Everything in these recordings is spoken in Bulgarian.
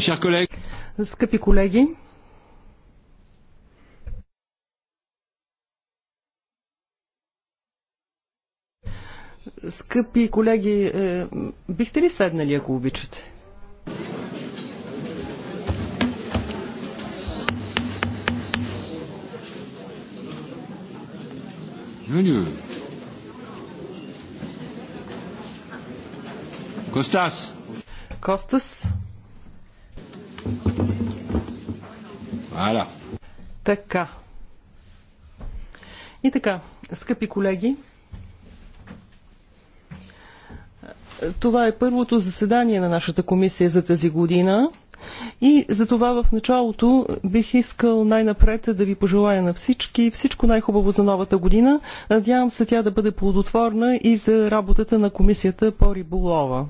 Скъпи колеги, Скъпи колеги, е, бихте ли седнали, ако обичате? Не, не. Kostas. Костас. Аля. Така. И така, скъпи колеги, това е първото заседание на нашата комисия за тази година. И за това в началото бих искал най-напред да ви пожелая на всички всичко най-хубаво за новата година. Надявам се тя да бъде плодотворна и за работата на комисията по риболова.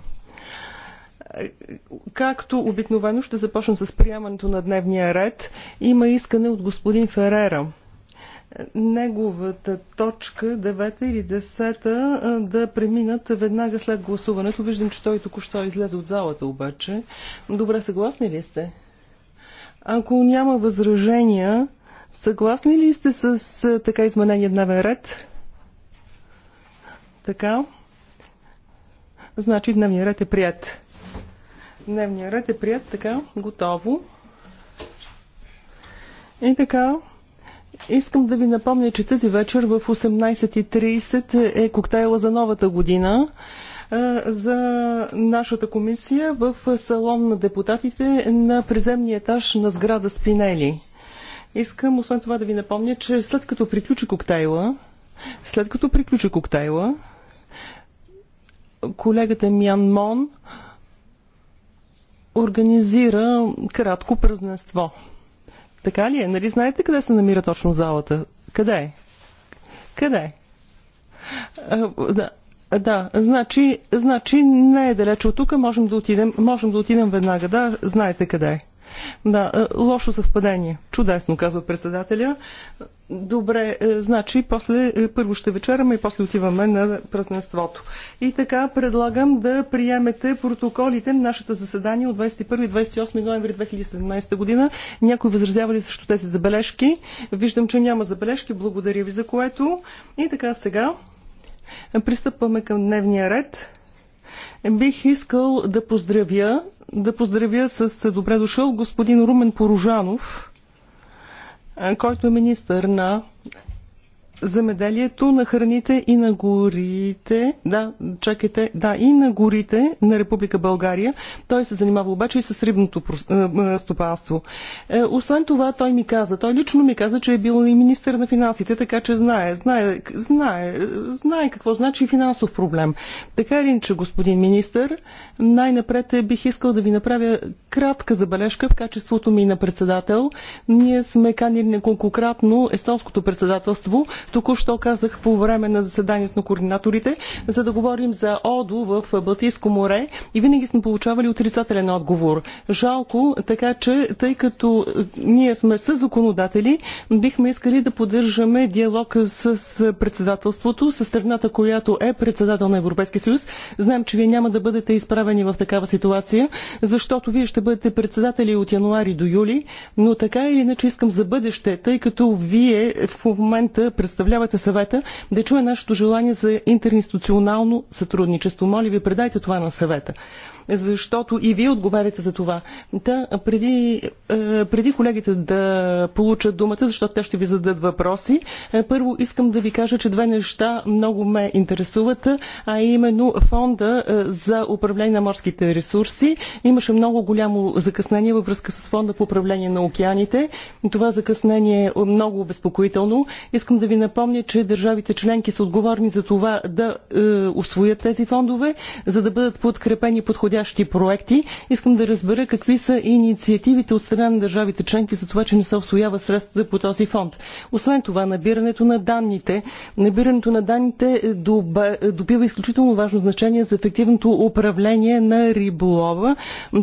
Както обикновено ще започна с приемането на дневния ред. Има искане от господин Ферера. Неговата точка 9 или 10 да преминат веднага след гласуването. Виждам, че той току-що излезе от залата обаче. Добре, съгласни ли сте? Ако няма възражения, съгласни ли сте с така изменения дневен ред? Така. Значи дневният ред е прият. Дневният ред е прият така, готово. И така, искам да ви напомня, че тази вечер в 18.30 е коктейла за новата година за нашата комисия в салон на депутатите на приземния етаж на сграда Спинели. Искам освен това да ви напомня, че след като приключи коктейла, след като приключи коктейла, колегата Мян Мон организира кратко празненство. Така ли е? Нали знаете къде се намира точно залата? Къде е? Къде е? Да. Да, значи, значи не е далече от тук, можем да отидем, можем да отидем веднага, да, знаете къде е. Да, лошо съвпадение. Чудесно, казва председателя. Добре, е, значи после е, първо ще вечераме и после отиваме на празненството. И така предлагам да приемете протоколите на нашето заседание от 21 28 ноември 2017 година. Някой възразява ли също тези забележки? Виждам, че няма забележки. Благодаря ви за което. И така сега пристъпваме към дневния ред. Бих искал да поздравя, да поздравя с добре дошъл господин Румен Порожанов който е министър на замеделието, на храните и на горите. Да, чакайте, да, и на горите на Република България. Той се занимава обаче и с рибното е, е, стопанство. Е, освен това, той ми каза, той лично ми каза, че е бил и министър на финансите, така че знае, знае, знае, знае какво значи финансов проблем. Така или иначе, господин министър, най-напред бих искал да ви направя кратка забележка в качеството ми на председател. Ние сме канили неколкократно естонското председателство, току-що казах по време на заседанието на координаторите, за да говорим за ОДО в Балтийско море и винаги сме получавали отрицателен отговор. Жалко, така че, тъй като е, ние сме с законодатели, бихме искали да поддържаме диалог с председателството, с страната, която е председател на Европейския съюз. Знаем, че вие няма да бъдете изправени в такава ситуация, защото вие ще бъдете председатели от януари до юли, но така или иначе искам за бъдеще, тъй като вие в момента през представлявате съвета, да чуе нашето желание за интернационално сътрудничество. Моля ви, предайте това на съвета защото и вие отговаряте за това. Да, преди, е, преди колегите да получат думата, защото те ще ви зададат въпроси, е, първо искам да ви кажа, че две неща много ме интересуват, а именно фонда е, за управление на морските ресурси. Имаше много голямо закъснение във връзка с фонда по управление на океаните. Това закъснение е много обезпокоително. Искам да ви напомня, че държавите членки са отговорни за това да е, освоят тези фондове, за да бъдат подкрепени подходящи подходящи проекти. Искам да разбера какви са инициативите от страна на държавите членки за това, че не се освоява средствата по този фонд. Освен това, набирането на данните. Набирането на данните е, е, добива изключително важно значение за ефективното управление на риболова,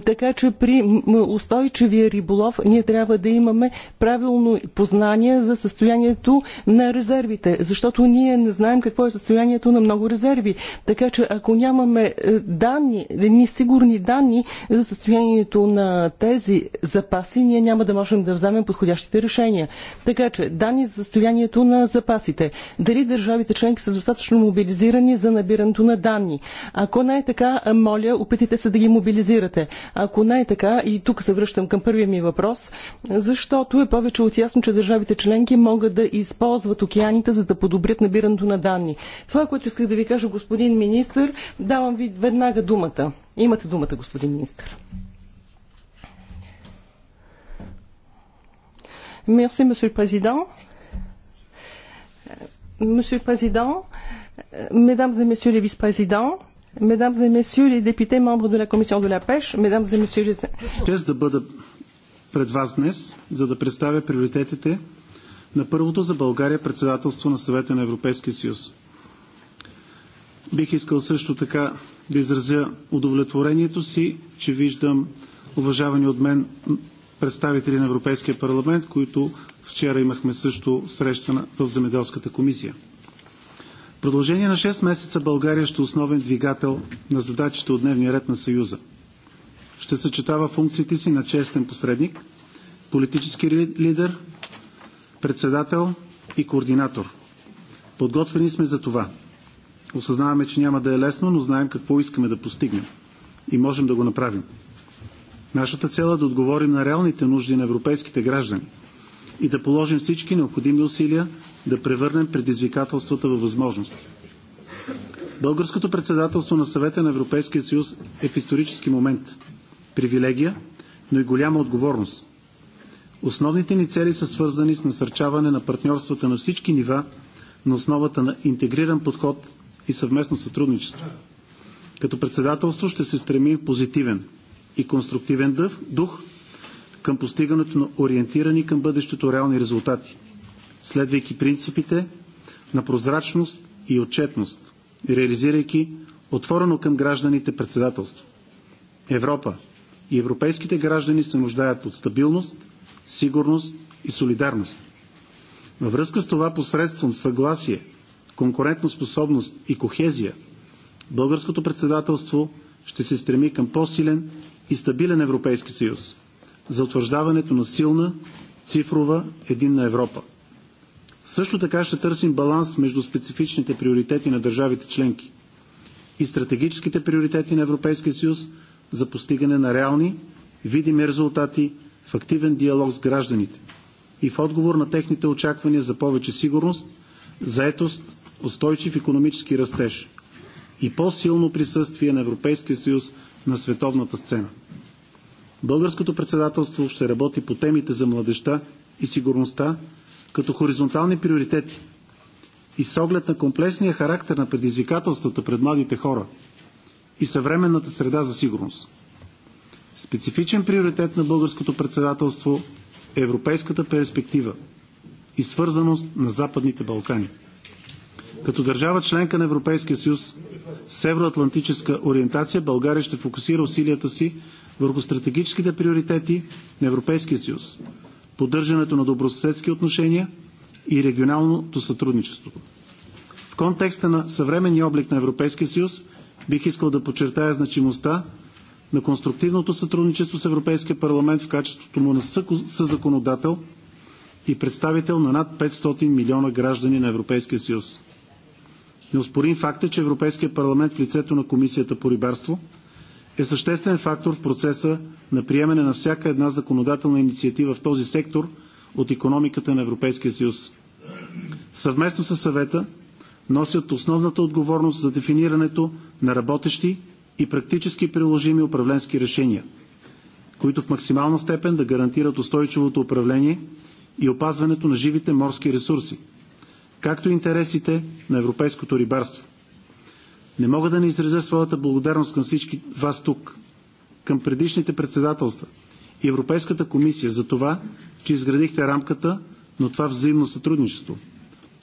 така че при устойчивия риболов ние трябва да имаме правилно познание за състоянието на резервите, защото ние не знаем какво е състоянието на много резерви. Така че ако нямаме е, данни, да ни сигурни данни за състоянието на тези запаси, ние няма да можем да вземем подходящите решения. Така че данни за състоянието на запасите. Дали държавите членки са достатъчно мобилизирани за набирането на данни? Ако не е така, моля, опитайте се да ги мобилизирате. Ако не е така, и тук се връщам към първия ми въпрос, защото е повече от ясно, че държавите членки могат да използват океаните, за да подобрят набирането на данни. Това, което исках да ви кажа, господин министр, давам ви веднага думата. Имате думата, господин министр. Merci, monsieur le président. Monsieur le président, mesdames et messieurs les vice-présidents, mesdames et messieurs les députés membres de la commission de la pêche, mesdames et messieurs les... Чест да бъда пред вас днес, за да представя приоритетите на първото за България председателство на съвета на Европейския съюз. Бих искал също така да изразя удовлетворението си, че виждам уважавани от мен представители на Европейския парламент, които вчера имахме също среща в Земеделската комисия. В продължение на 6 месеца България ще е основен двигател на задачите от дневния ред на Съюза. Ще съчетава функциите си на честен посредник, политически лидер, председател и координатор. Подготвени сме за това – Осъзнаваме, че няма да е лесно, но знаем какво искаме да постигнем и можем да го направим. Нашата цел е да отговорим на реалните нужди на европейските граждани и да положим всички необходими усилия да превърнем предизвикателствата във възможности. Българското председателство на съвета на Европейския съюз е в исторически момент. Привилегия, но и голяма отговорност. Основните ни цели са свързани с насърчаване на партньорствата на всички нива на основата на интегриран подход и съвместно сътрудничество. Като председателство ще се стреми позитивен и конструктивен дух към постигането на ориентирани към бъдещето реални резултати, следвайки принципите на прозрачност и отчетност, реализирайки отворено към гражданите председателство. Европа и европейските граждани се нуждаят от стабилност, сигурност и солидарност. Във връзка с това посредством съгласие конкурентоспособност и кохезия, българското председателство ще се стреми към по-силен и стабилен Европейски съюз за утвърждаването на силна цифрова единна Европа. Също така ще търсим баланс между специфичните приоритети на държавите членки и стратегическите приоритети на Европейския съюз за постигане на реални, видими резултати в активен диалог с гражданите и в отговор на техните очаквания за повече сигурност, заетост, устойчив економически растеж и по-силно присъствие на Европейския съюз на световната сцена. Българското председателство ще работи по темите за младеща и сигурността като хоризонтални приоритети и с оглед на комплексния характер на предизвикателствата пред младите хора и съвременната среда за сигурност. Специфичен приоритет на българското председателство е европейската перспектива и свързаност на Западните Балкани. Като държава членка на Европейския съюз с евроатлантическа ориентация България ще фокусира усилията си върху стратегическите приоритети на Европейския съюз, поддържането на добросъседски отношения и регионалното сътрудничество. В контекста на съвременния облик на Европейския съюз бих искал да подчертая значимостта на конструктивното сътрудничество с Европейския парламент в качеството му на съзаконодател и представител на над 500 милиона граждани на Европейския съюз. Неоспорим факт е, че Европейският парламент в лицето на Комисията по рибарство е съществен фактор в процеса на приемане на всяка една законодателна инициатива в този сектор от економиката на Европейския съюз. Съвместно с съвета носят основната отговорност за дефинирането на работещи и практически приложими управленски решения, които в максимална степен да гарантират устойчивото управление и опазването на живите морски ресурси – както и интересите на европейското рибарство. Не мога да не изразя своята благодарност към всички вас тук, към предишните председателства и Европейската комисия за това, че изградихте рамката на това взаимно сътрудничество,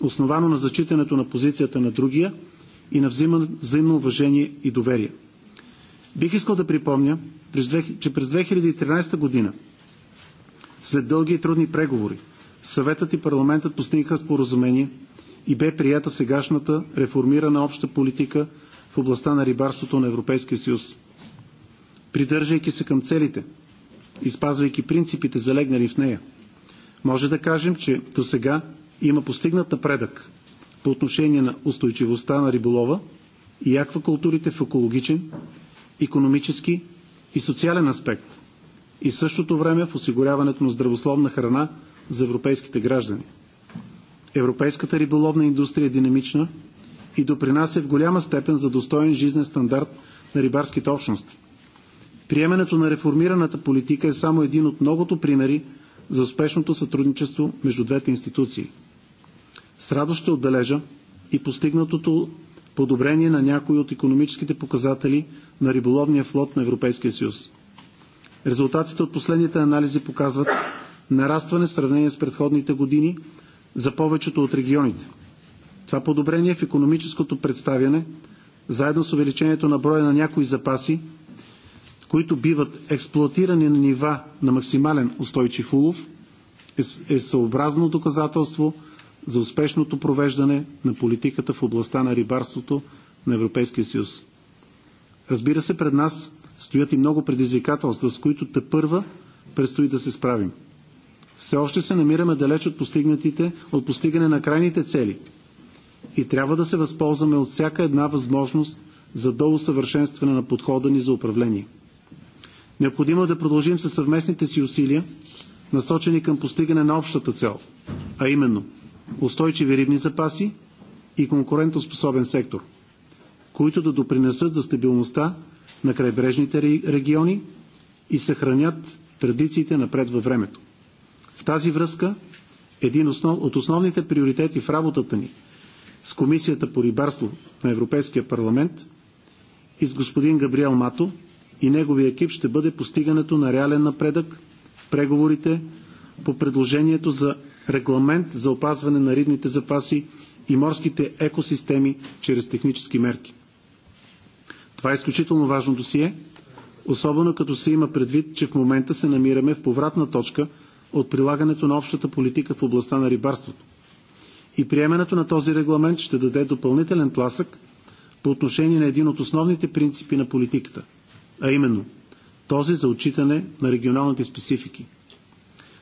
основано на зачитането на позицията на другия и на взаимно уважение и доверие. Бих искал да припомня, че през 2013 година, след дълги и трудни преговори, съветът и парламентът постигнаха споразумение – и бе прията сегашната реформирана обща политика в областта на рибарството на Европейския съюз. Придържайки се към целите и спазвайки принципите залегнали в нея, може да кажем, че до сега има постигнат напредък по отношение на устойчивостта на риболова и аквакултурите в екологичен, економически и социален аспект и в същото време в осигуряването на здравословна храна за европейските граждани – Европейската риболовна индустрия е динамична и допринася в голяма степен за достоен жизнен стандарт на рибарските общности. Приемането на реформираната политика е само един от многото примери за успешното сътрудничество между двете институции. С радост ще отбележа и постигнатото подобрение на някои от економическите показатели на риболовния флот на Европейския съюз. Резултатите от последните анализи показват нарастване в сравнение с предходните години за повечето от регионите. Това подобрение в економическото представяне, заедно с увеличението на броя на някои запаси, които биват експлоатирани на нива на максимален устойчив улов, е, е съобразно доказателство за успешното провеждане на политиката в областта на рибарството на Европейския съюз. Разбира се, пред нас стоят и много предизвикателства, с които те първа предстои да се справим – все още се намираме далеч от, постигнатите, от постигане на крайните цели и трябва да се възползваме от всяка една възможност за съвършенстване на подхода ни за управление. Необходимо е да продължим със съвместните си усилия, насочени към постигане на общата цел, а именно устойчиви рибни запаси и конкурентоспособен сектор, които да допринесат за стабилността на крайбрежните региони и съхранят традициите напред във времето. В тази връзка един от основните приоритети в работата ни с Комисията по рибарство на Европейския парламент и с господин Габриел Мато и неговия екип ще бъде постигането на реален напредък в преговорите по предложението за регламент за опазване на рибните запаси и морските екосистеми чрез технически мерки. Това е изключително важно досие, особено като се има предвид, че в момента се намираме в повратна точка – от прилагането на общата политика в областта на рибарството. И приемането на този регламент ще даде допълнителен тласък по отношение на един от основните принципи на политиката, а именно този за отчитане на регионалните специфики.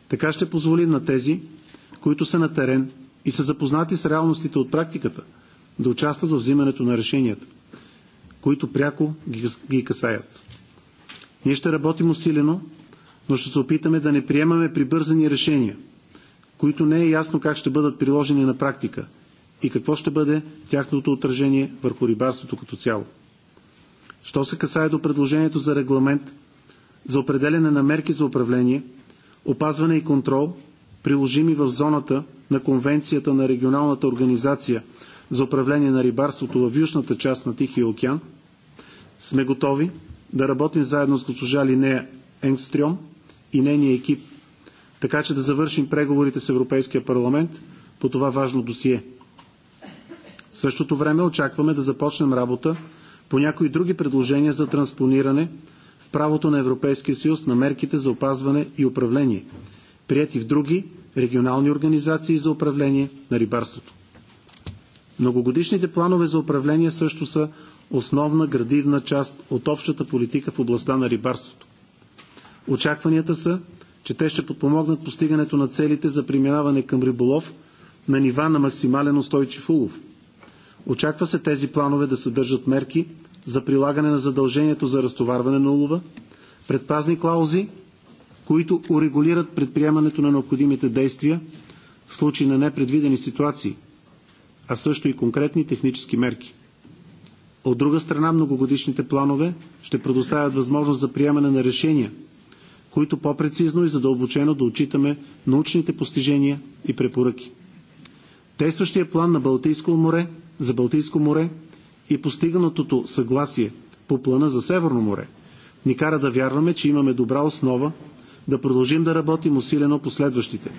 Така ще позволим на тези, които са на терен и са запознати с реалностите от практиката, да участват в взимането на решенията, които пряко ги, ги касаят. Ние ще работим усилено но ще се опитаме да не приемаме прибързани решения, които не е ясно как ще бъдат приложени на практика и какво ще бъде тяхното отражение върху рибарството като цяло. Що се касае до предложението за регламент за определене на мерки за управление, опазване и контрол, приложими в зоната на Конвенцията на регионалната организация за управление на рибарството в южната част на Тихия океан, сме готови да работим заедно с госпожа Линея Енгстрьом – и нейния екип, така че да завършим преговорите с Европейския парламент по това важно досие. В същото време очакваме да започнем работа по някои други предложения за транспониране в правото на Европейския съюз на мерките за опазване и управление, прияти в други регионални организации за управление на рибарството. Многогодишните планове за управление също са основна градивна част от общата политика в областта на рибарството. Очакванията са, че те ще подпомогнат постигането на целите за преминаване към риболов на нива на максимален устойчив улов. Очаква се тези планове да съдържат мерки за прилагане на задължението за разтоварване на улова, предпазни клаузи, които урегулират предприемането на необходимите действия в случай на непредвидени ситуации, а също и конкретни технически мерки. От друга страна, многогодишните планове ще предоставят възможност за приемане на решения – които по-прецизно и задълбочено да отчитаме научните постижения и препоръки. Действащия план на Балтийско море, за Балтийско море и постигнатото съгласие по плана за Северно море ни кара да вярваме, че имаме добра основа да продължим да работим усилено по следващите,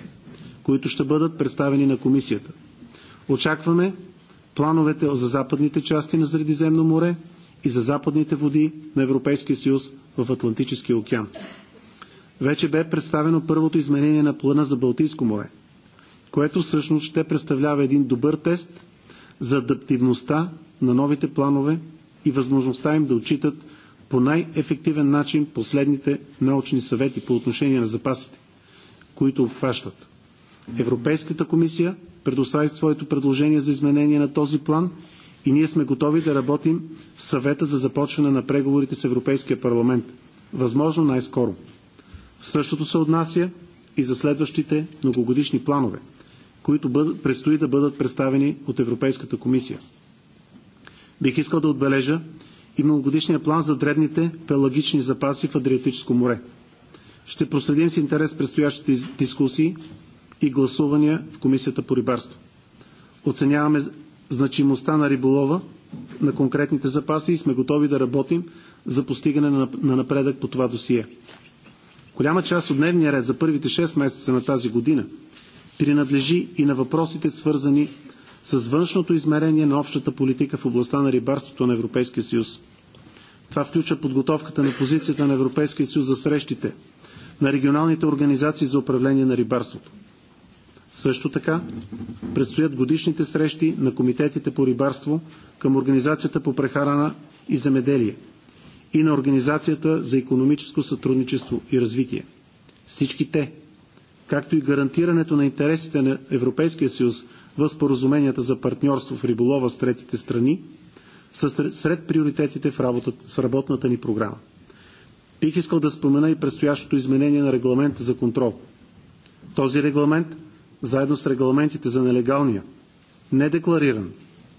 които ще бъдат представени на комисията. Очакваме плановете за западните части на Средиземно море и за западните води на Европейския съюз в Атлантическия океан вече бе представено първото изменение на плана за Балтийско море, което всъщност ще представлява един добър тест за адаптивността на новите планове и възможността им да отчитат по най-ефективен начин последните научни съвети по отношение на запасите, които обхващат. Европейската комисия предостави своето предложение за изменение на този план и ние сме готови да работим в съвета за започване на преговорите с Европейския парламент, възможно най-скоро. Същото се отнася и за следващите многогодишни планове, които предстои да бъдат представени от Европейската комисия. Бих искал да отбележа и многогодишния план за дребните пелагични запаси в Адриатическо море. Ще проследим с интерес предстоящите дискусии и гласувания в Комисията по рибарство. Оценяваме значимостта на риболова на конкретните запаси и сме готови да работим за постигане на напредък по това досие. Голяма част от дневния ред за първите 6 месеца на тази година принадлежи и на въпросите, свързани с външното измерение на общата политика в областта на рибарството на Европейския съюз. Това включва подготовката на позицията на Европейския съюз за срещите на регионалните организации за управление на рибарството. Също така предстоят годишните срещи на комитетите по рибарство към Организацията по прехарана и земеделие – и на Организацията за економическо сътрудничество и развитие. Всички те, както и гарантирането на интересите на Европейския съюз в споразуменията за партньорство в риболова с третите страни, са сред приоритетите в, работата, в работната ни програма. Бих искал да спомена и предстоящото изменение на регламента за контрол. Този регламент, заедно с регламентите за нелегалния, недеклариран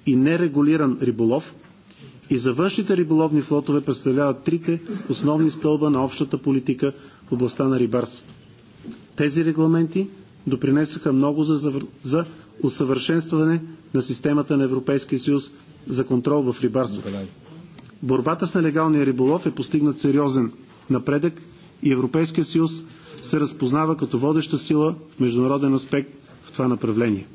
и нерегулиран риболов, и за външните риболовни флотове представляват трите основни стълба на общата политика в областта на рибарството. Тези регламенти допринесаха много за, за усъвършенстване на системата на Европейския съюз за контрол в рибарството. Борбата с нелегалния риболов е постигнат сериозен напредък и Европейския съюз се разпознава като водеща сила в международен аспект в това направление.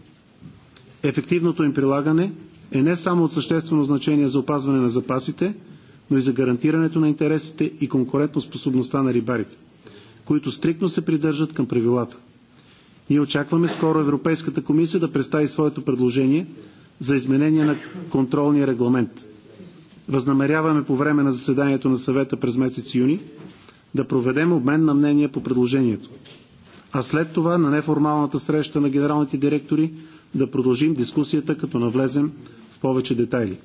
Ефективното им прилагане е не само от съществено значение за опазване на запасите, но и за гарантирането на интересите и конкурентоспособността на рибарите, които стриктно се придържат към правилата. Ние очакваме скоро Европейската комисия да представи своето предложение за изменение на контролния регламент. Възнамеряваме по време на заседанието на съвета през месец юни да проведем обмен на мнения по предложението. А след това на неформалната среща на генералните директори да продължим дискусията, като навлезем в повече детайли.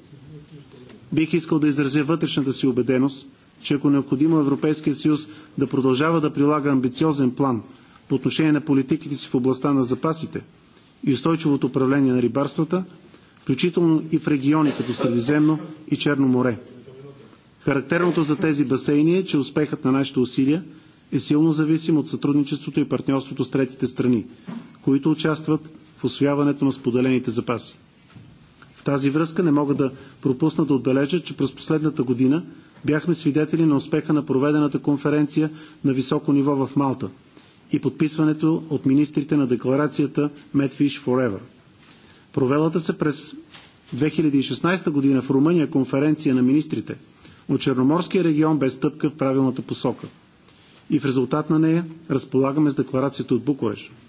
Бих искал да изразя вътрешната си убеденост, че ако е необходимо Европейския съюз да продължава да прилага амбициозен план по отношение на политиките си в областта на запасите и устойчивото управление на рибарствата, включително и в региони като Средиземно и Черно море. Характерното за тези басейни е, че успехът на нашите усилия е силно зависим от сътрудничеството и партньорството с третите страни, които участват в освояването на споделените запаси. В тази връзка не мога да пропусна да отбележа, че през последната година бяхме свидетели на успеха на проведената конференция на високо ниво в Малта и подписването от министрите на декларацията Medfish Forever. Провелата се през 2016 година в Румъния конференция на министрите от Черноморския регион без стъпка в правилната посока. И в резултат на нея разполагаме с декларацията от Букурещ –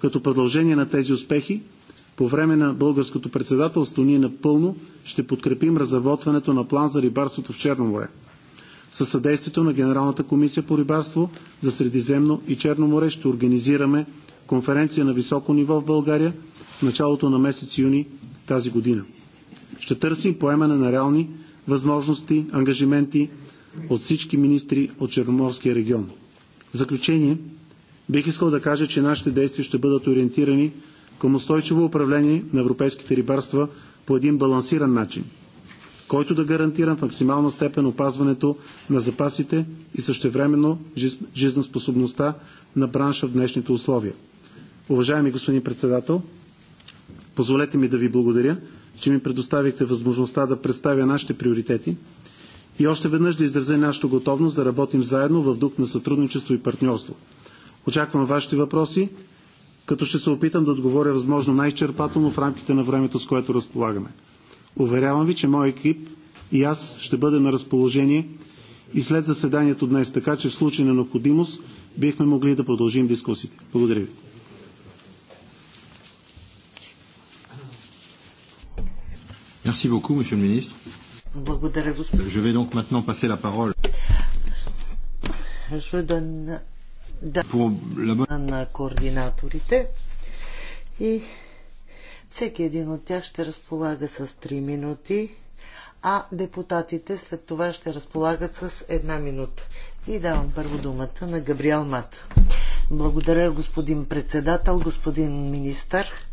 като продължение на тези успехи, по време на българското председателство ние напълно ще подкрепим разработването на план за рибарството в Черно море. Със съдействието на Генералната комисия по рибарство за Средиземно и Черно море ще организираме конференция на високо ниво в България в началото на месец юни тази година. Ще търсим поемане на реални възможности, ангажименти от всички министри от Черноморския регион. В заключение, Бих искал да кажа, че нашите действия ще бъдат ориентирани към устойчиво управление на европейските рибарства по един балансиран начин, който да гарантира в максимална степен опазването на запасите и същевременно жизнеспособността на бранша в днешните условия. Уважаеми господин председател, позволете ми да ви благодаря, че ми предоставихте възможността да представя нашите приоритети и още веднъж да изразя нашата готовност да работим заедно в дух на сътрудничество и партньорство – Очаквам вашите въпроси, като ще се опитам да отговоря възможно най-изчерпателно в рамките на времето, с което разполагаме. Уверявам ви, че мой екип и аз ще бъде на разположение и след заседанието днес, така че в случай на необходимост бихме могли да продължим дискусите. Благодаря ви. Merci beaucoup, Monsieur le Ministre. Благодаря, господин. Je vais donc maintenant passer la parole. Je donne да, на координаторите и всеки един от тях ще разполага с 3 минути, а депутатите след това ще разполагат с една минута. И давам първо думата на Габриел Мат. Благодаря, господин председател, господин министър.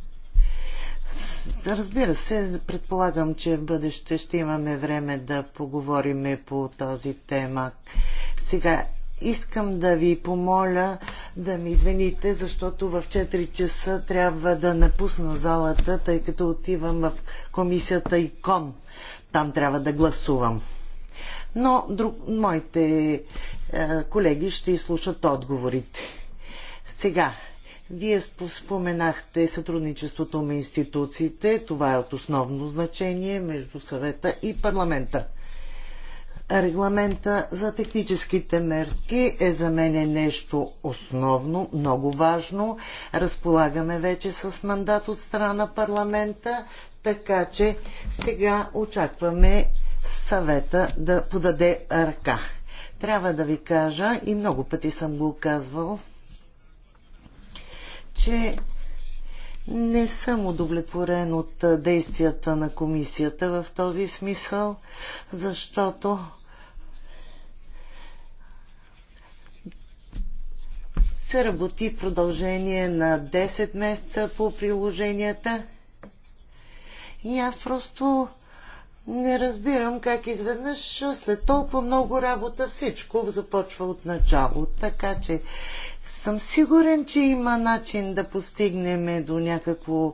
Разбира се, предполагам, че в бъдеще ще имаме време да поговорим по тази тема. Сега искам да ви помоля да ми извините, защото в 4 часа трябва да напусна залата, тъй като отивам в комисията ИКОН. Там трябва да гласувам. Но друг, моите е, колеги ще изслушат отговорите. Сега, вие споменахте сътрудничеството на институциите. Това е от основно значение между съвета и парламента. Регламента за техническите мерки е за мен е нещо основно, много важно. Разполагаме вече с мандат от страна на парламента, така че сега очакваме съвета да подаде ръка. Трябва да ви кажа, и много пъти съм го казвал, че не съм удовлетворен от действията на комисията в този смисъл, защото се работи в продължение на 10 месеца по приложенията. И аз просто не разбирам как изведнъж след толкова много работа всичко започва от начало. Така че съм сигурен, че има начин да постигнем до някакво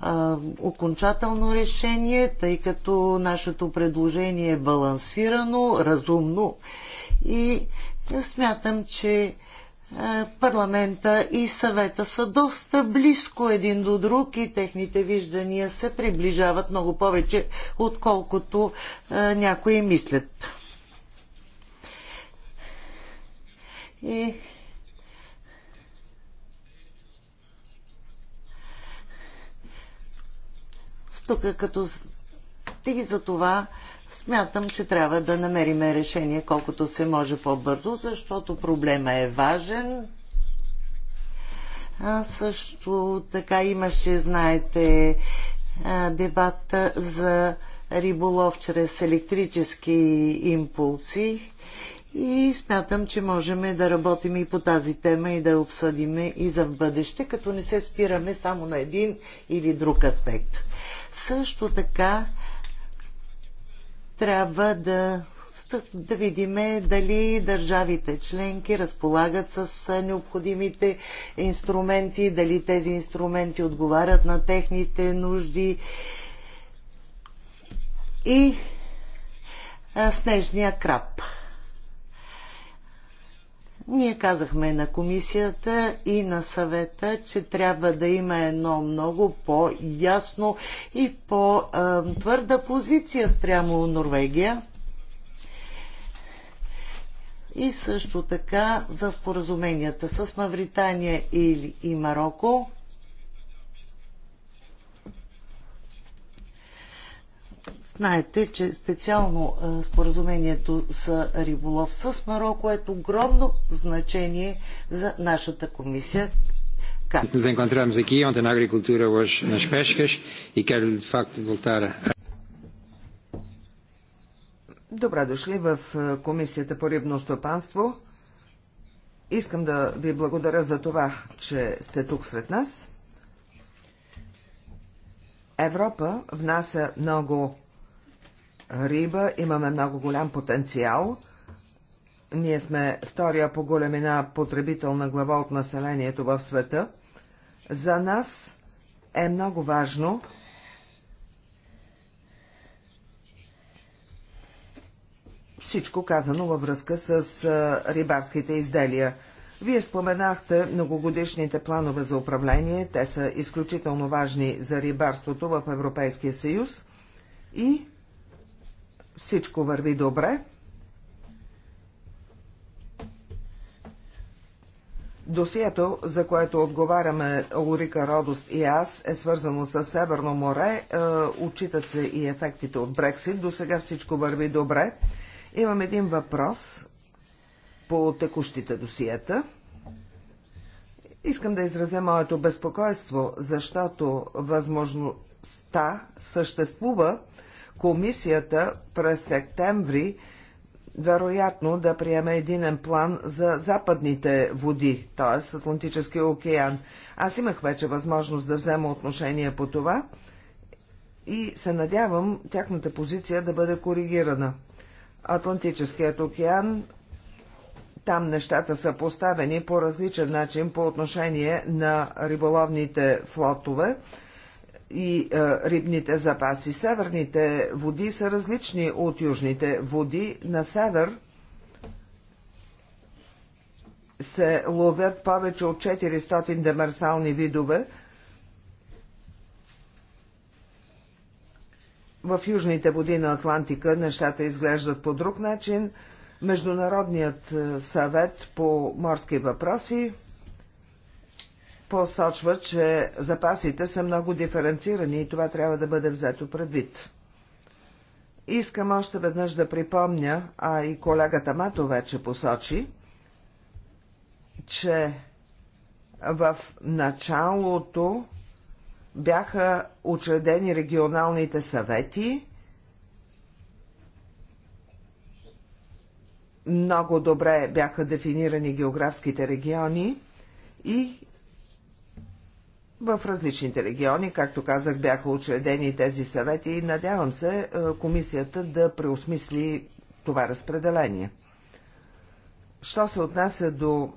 а, окончателно решение, тъй като нашето предложение е балансирано, разумно и смятам, че е, парламента и съвета са доста близко един до друг и техните виждания се приближават много повече, отколкото е, някои мислят. И тук като стиги за това, Смятам, че трябва да намерим решение колкото се може по-бързо, защото проблема е важен. А също така имаше, знаете, дебата за риболов чрез електрически импулси и смятам, че можем да работим и по тази тема и да обсъдим и за в бъдеще, като не се спираме само на един или друг аспект. Също така трябва да, да видиме дали държавите членки разполагат с необходимите инструменти, дали тези инструменти отговарят на техните нужди. И снежния краб. Ние казахме на комисията и на съвета, че трябва да има едно много по-ясно и по-твърда позиция спрямо Норвегия. И също така за споразуменията с Мавритания и, Марокко Знаете, че специално е, споразумението за риболов с Марокко е огромно значение за нашата комисия. Nos encontramos aqui ontem na agricultura, hoje nas pescas e quero de facto voltar a... Добре дошли в е, Комисията по рибно стопанство. Искам да ви благодаря за това, че сте тук сред нас. Европа внася много риба. Имаме много голям потенциал. Ние сме втория по големина потребител на глава от населението в света. За нас е много важно всичко казано във връзка с рибарските изделия. Вие споменахте многогодишните планове за управление. Те са изключително важни за рибарството в Европейския съюз. И всичко върви добре. Досието, за което отговаряме Лорика Родост и аз, е свързано с Северно море. Е, отчитат се и ефектите от Брексит. До сега всичко върви добре. Имам един въпрос по текущите досиета. Искам да изразя моето безпокойство, защото възможността съществува комисията през септември вероятно да приеме единен план за западните води, т.е. Атлантическия океан. Аз имах вече възможност да взема отношение по това и се надявам тяхната позиция да бъде коригирана. Атлантическият океан, там нещата са поставени по различен начин по отношение на риболовните флотове и е, рибните запаси. Северните води са различни от южните води. На север се ловят повече от 400 демерсални видове. В южните води на Атлантика нещата изглеждат по друг начин. Международният е, съвет по морски въпроси посочва, че запасите са много диференцирани и това трябва да бъде взето предвид. Искам още веднъж да припомня, а и колегата Мато вече посочи, че в началото бяха учредени регионалните съвети. Много добре бяха дефинирани географските региони и в различните региони, както казах, бяха учредени тези съвети и надявам се е, комисията да преосмисли това разпределение. Що се отнася до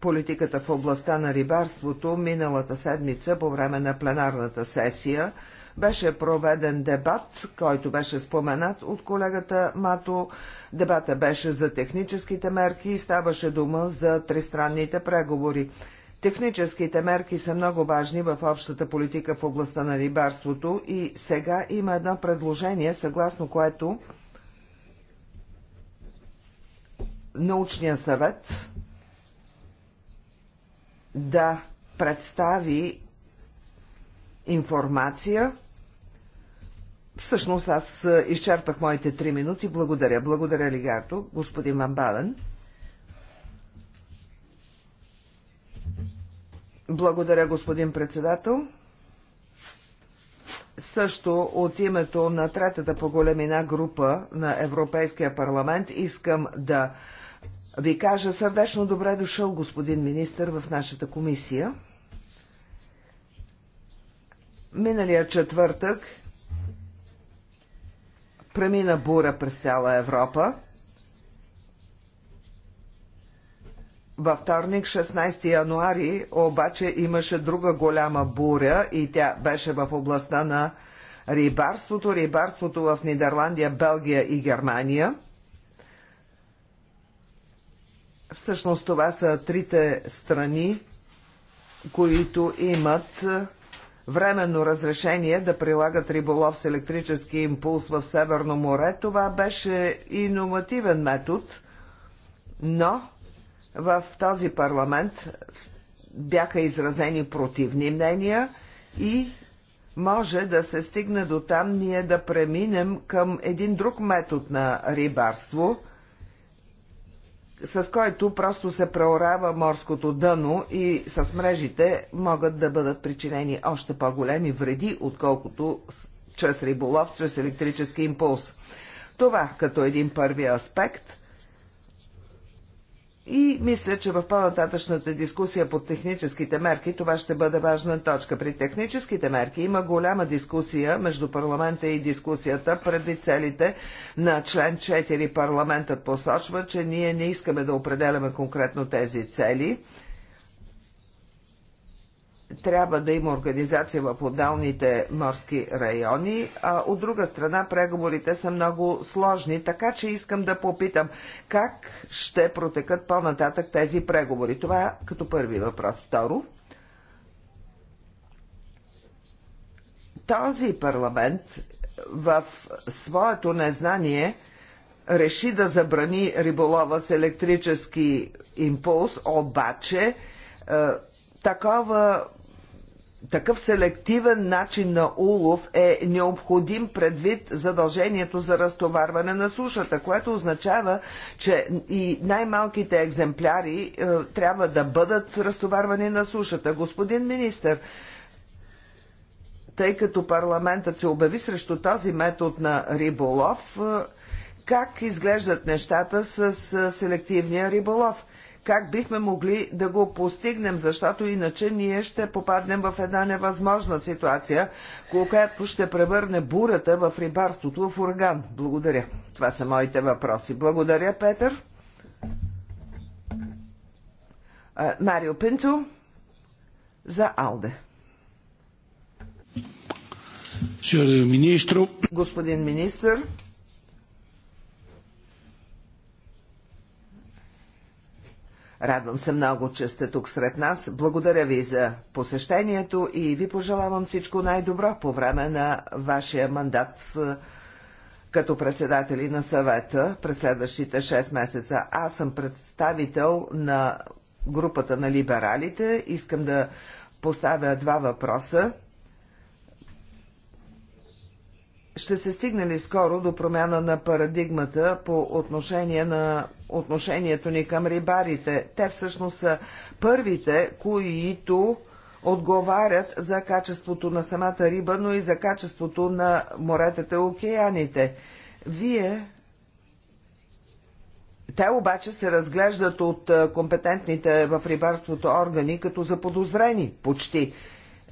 политиката в областта на рибарството, миналата седмица по време на пленарната сесия – беше проведен дебат, който беше споменат от колегата Мато. Дебата беше за техническите мерки и ставаше дума за тристранните преговори. Техническите мерки са много важни в общата политика в областта на рибарството и сега има едно предложение, съгласно което научния съвет да представи информация Всъщност аз изчерпах моите три минути. Благодаря. Благодаря, Лигарто. Господин Мамбален. Благодаря, господин председател. Също от името на третата по големина група на Европейския парламент искам да ви кажа сърдечно добре дошъл, господин министр, в нашата комисия. Миналия четвъртък премина бура през цяла Европа. Във вторник, 16 януари, обаче имаше друга голяма буря и тя беше в областта на рибарството. Рибарството в Нидерландия, Белгия и Германия. Всъщност това са трите страни, които имат временно разрешение да прилагат риболов с електрически импулс в Северно море. Това беше иновативен метод, но в този парламент бяха изразени противни мнения и може да се стигне до там ние да преминем към един друг метод на рибарство – с който просто се преорава морското дъно и с мрежите могат да бъдат причинени още по-големи вреди, отколкото чрез риболов, чрез електрически импулс. Това като един първи аспект – и мисля, че в по-нататъчната дискусия по техническите мерки това ще бъде важна точка. При техническите мерки има голяма дискусия между парламента и дискусията преди целите на член 4. Парламентът посочва, че ние не искаме да определяме конкретно тези цели трябва да има организация в отдалните морски райони, а от друга страна преговорите са много сложни, така че искам да попитам как ще протекат по-нататък тези преговори. Това като първи въпрос. Второ, този парламент в своето незнание реши да забрани риболова с електрически импулс, обаче е, такова такъв селективен начин на улов е необходим предвид задължението за разтоварване на сушата, което означава, че и най-малките екземпляри е, трябва да бъдат разтоварвани на сушата. Господин министр, тъй като парламентът се обяви срещу този метод на риболов, е, как изглеждат нещата с е, селективния риболов? как бихме могли да го постигнем, защото иначе ние ще попаднем в една невъзможна ситуация, която ще превърне бурата в рибарството в ураган. Благодаря. Това са моите въпроси. Благодаря, Петър. Марио Пинто за Алде. Господин министр, Радвам се много, че сте тук сред нас. Благодаря ви за посещението и ви пожелавам всичко най-добро по време на вашия мандат като председатели на съвета през следващите 6 месеца. Аз съм представител на групата на либералите. Искам да поставя два въпроса. ще се стигне ли скоро до промяна на парадигмата по отношение на отношението ни към рибарите? Те всъщност са първите, които отговарят за качеството на самата риба, но и за качеството на моретата и океаните. Вие те обаче се разглеждат от компетентните в рибарството органи като заподозрени почти.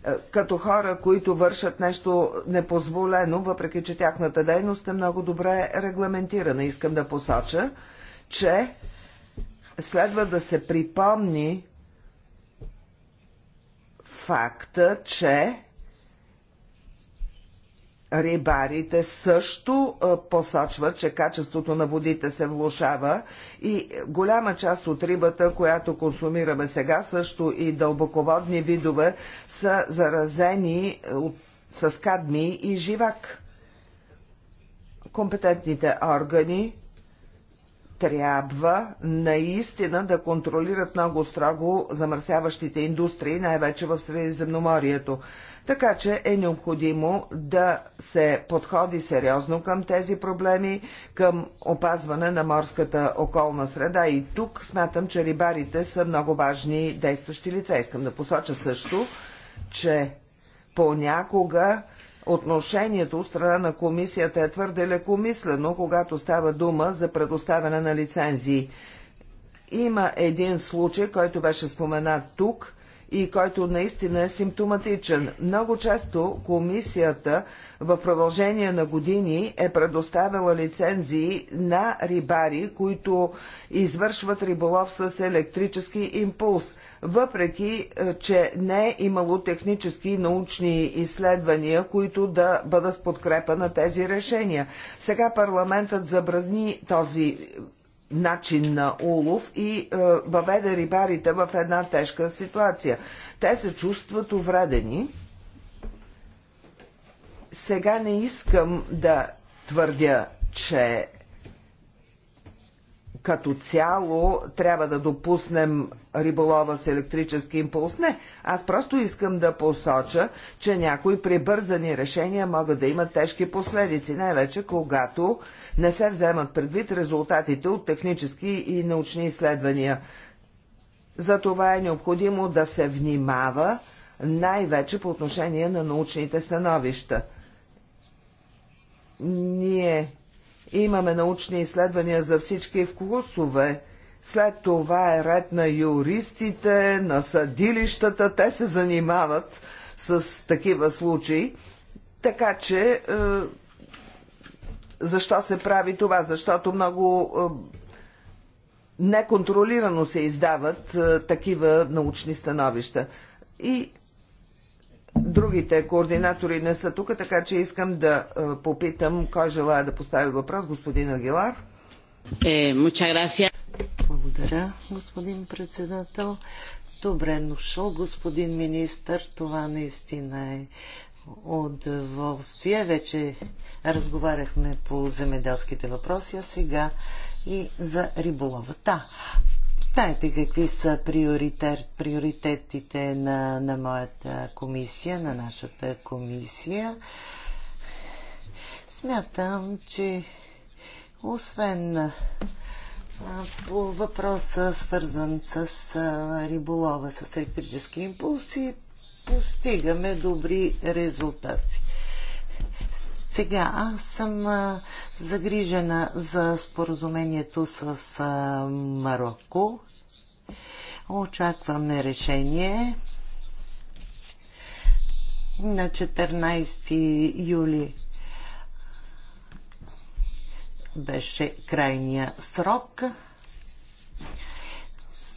Е, като хора, които вършат нещо непозволено, въпреки че тяхната дейност е много добре регламентирана. Искам да посоча, че следва да се припомни факта, че рибарите също посочват, че качеството на водите се влушава и голяма част от рибата, която консумираме сега, също и дълбоководни видове, са заразени с кадми и живак. Компетентните органи трябва наистина да контролират много строго замърсяващите индустрии, най-вече в Средиземноморието. Така че е необходимо да се подходи сериозно към тези проблеми, към опазване на морската околна среда. И тук смятам, че рибарите са много важни действащи лица. Искам да посоча също, че понякога отношението от страна на комисията е твърде лекомислено, когато става дума за предоставяне на лицензии. Има един случай, който беше споменат тук и който наистина е симптоматичен. Много често комисията в продължение на години е предоставила лицензии на рибари, които извършват риболов с електрически импулс – въпреки е, че не е имало технически и научни изследвания, които да бъдат в подкрепа на тези решения. Сега парламентът забрани този начин на улов и е, въведе рибарите в една тежка ситуация. Те се чувстват увредени. Сега не искам да твърдя, че като цяло трябва да допуснем риболова с електрически импулс. Не, аз просто искам да посоча, че някои прибързани решения могат да имат тежки последици, най-вече когато не се вземат предвид резултатите от технически и научни изследвания. За това е необходимо да се внимава най-вече по отношение на научните становища. Ние Имаме научни изследвания за всички вкусове. След това е ред на юристите, на съдилищата. Те се занимават с такива случаи. Така че, е, защо се прави това? Защото много е, неконтролирано се издават е, такива научни становища. И другите координатори не са тук, така че искам да е, попитам кой желая да постави въпрос. Господин Агилар. Е, Благодаря, господин председател. Добре дошъл, господин министр. Това наистина е удоволствие. Вече разговаряхме по земеделските въпроси, а сега и за риболовата. Знаете какви са приоритет, приоритетите на, на моята комисия, на нашата комисия. Смятам, че освен по въпроса, свързан с риболова, с електрически импулси, постигаме добри резултати. Сега аз съм а, загрижена за споразумението с а, Марокко. Очакваме решение на 14 юли беше крайния срок.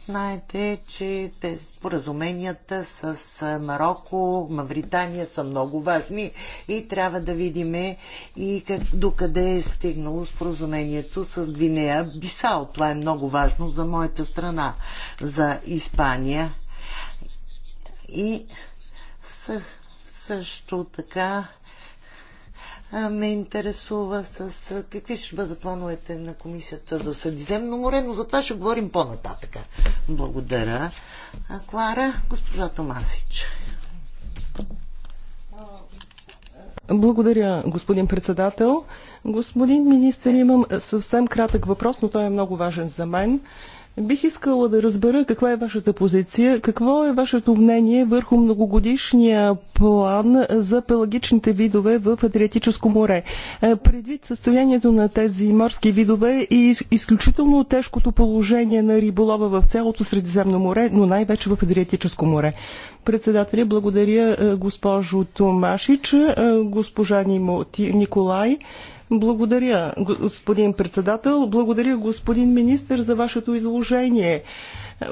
Знаете, че те споразуменията с Марокко, Мавритания са много важни и трябва да видим и как, докъде е стигнало споразумението с Гвинея Бисал. Това е много важно за моята страна, за Испания. И също така ме интересува с какви ще бъдат плановете на комисията за Средиземно море, но за това ще говорим по-нататъка. Благодаря. Клара, госпожа Томасич. Благодаря, господин председател. Господин министр, имам съвсем кратък въпрос, но той е много важен за мен. Бих искала да разбера каква е вашата позиция, какво е вашето мнение върху многогодишния план за пелагичните видове в Адриатическо море. Е, предвид състоянието на тези морски видове и изключително тежкото положение на риболова в цялото Средиземно море, но най-вече в Адриатическо море. Председателя, благодаря е, госпожо Томашич, е, госпожа Нимо Николай. Благодаря, господин председател. Благодаря, господин министр, за вашето изложение.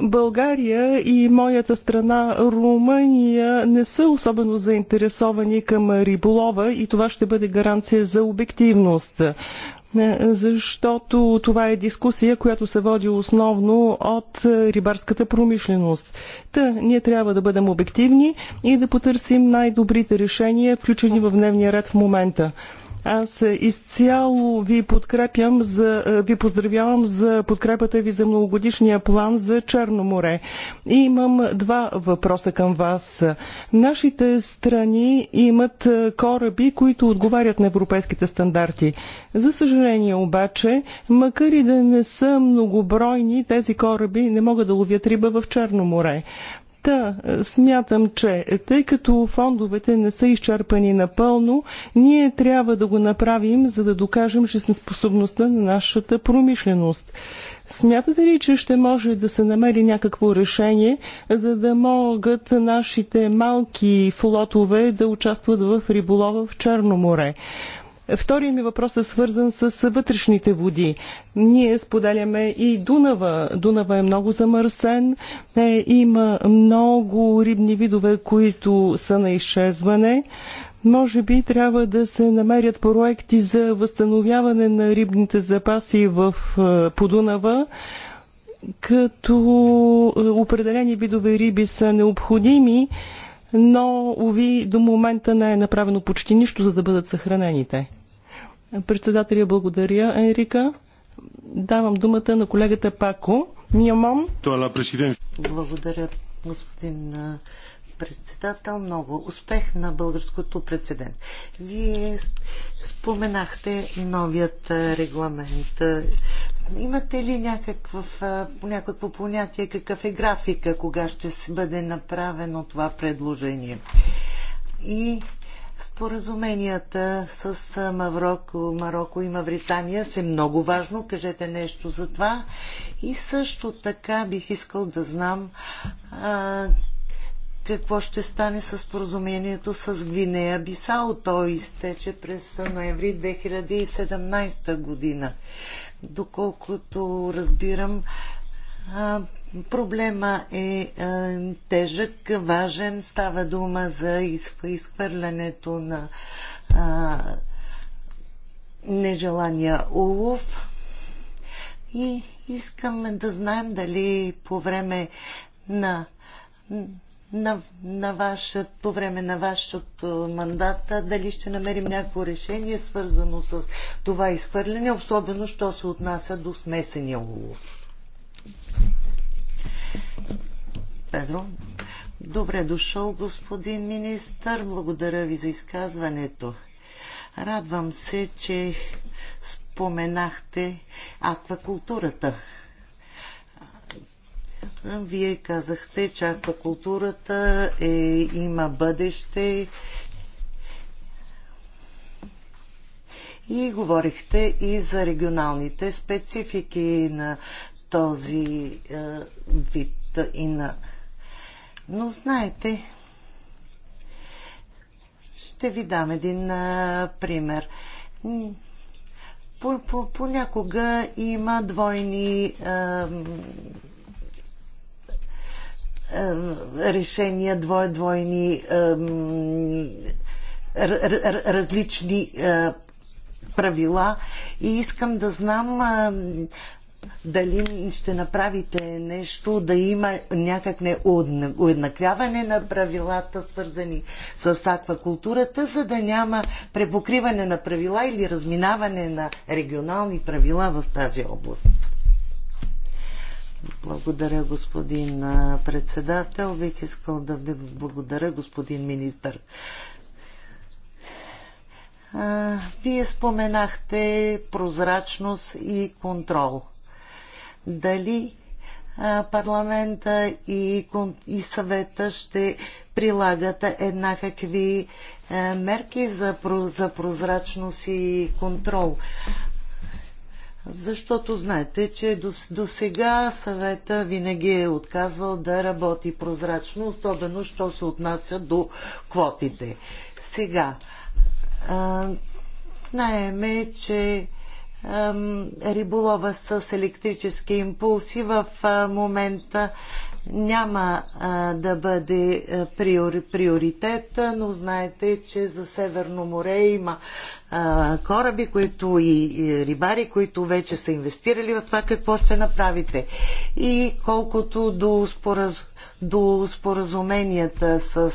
България и моята страна Румъния не са особено заинтересовани към риболова и това ще бъде гаранция за обективност защото това е дискусия, която се води основно от рибарската промишленост. Та, ние трябва да бъдем обективни и да потърсим най-добрите решения, включени в дневния ред в момента. Аз изцяло ви подкрепям за, е, ви поздравявам за подкрепата ви за многогодишния план за Черно море. И имам два въпроса към вас. Нашите страни имат е, кораби, които отговарят на европейските стандарти. За съжаление обаче, макар и да не са многобройни, тези кораби не могат да ловят риба в Черно море. Та, смятам, че тъй като фондовете не са изчерпани напълно, ние трябва да го направим, за да докажем жизнеспособността на нашата промишленост. Смятате ли, че ще може да се намери някакво решение, за да могат нашите малки флотове да участват в риболова в Черно море? Вторият ми въпрос е свързан с вътрешните води. Ние споделяме и Дунава. Дунава е много замърсен. Е, има много рибни видове, които са на изчезване. Може би трябва да се намерят проекти за възстановяване на рибните запаси в е, Подунава, като е, определени видове риби са необходими, но, уви, до момента не е направено почти нищо, за да бъдат съхранените. Председателя благодаря, Енрика. Давам думата на колегата Пако. Миямон. Е благодаря, господин председател. Много успех на българското председател. Вие споменахте новият регламент. Имате ли някакъв, някакво понятие какъв е графика, кога ще бъде направено това предложение? И Споразуменията с Мавроко, Марокко и Мавритания са много важно. Кажете нещо за това. И също така бих искал да знам а, какво ще стане с споразумението с Гвинея Бисао. Той изтече през ноември 2017 година. Доколкото разбирам, а, Проблема е, е, тежък, важен. Става дума за изхвърлянето на нежелания улов. И искам да знаем дали по време на на, на ваша, по време на вашето мандата, дали ще намерим някакво решение, свързано с това изхвърляне, особено, що се отнася до смесения улов. Педро. Добре дошъл, господин министър. Благодаря ви за изказването. Радвам се, че споменахте аквакултурата. Вие казахте, че аквакултурата е, има бъдеще и говорихте и за регионалните специфики на този е, вид и на... Но знаете, ще ви дам един а, е, пример. По, по, понякога има двойни а, е, а, решения, двое, двойни а, различни а, правила и искам да знам а, дали ще направите нещо да има някакне уеднаквяване на правилата, свързани с аквакултурата, за да няма препокриване на правила или разминаване на регионални правила в тази област. Благодаря, господин председател. Бих искал да ви благодаря, господин министър. Вие споменахте прозрачност и контрол дали парламента и, и съвета ще прилагат еднакви мерки за, за прозрачност и контрол. Защото знаете, че до, сега съвета винаги е отказвал да работи прозрачно, особено що се отнася до квотите. Сега, а, знаеме, че риболова с електрически импулси в момента няма да бъде приоритет, но знаете, че за Северно море има кораби които и рибари, които вече са инвестирали в това какво ще направите. И колкото до, спораз... до споразуменията с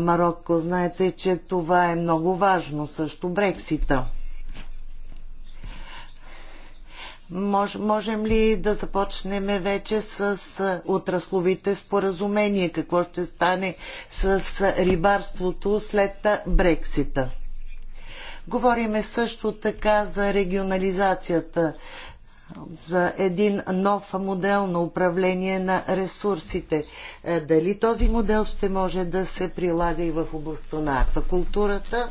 Марокко, знаете, че това е много важно също Брексита. Мож, можем ли да започнем вече с отрасловите споразумения? Какво ще стане с рибарството след Брексита? Говориме също така за регионализацията, за един нов модел на управление на ресурсите. Е, дали този модел ще може да се прилага и в областта на аквакултурата?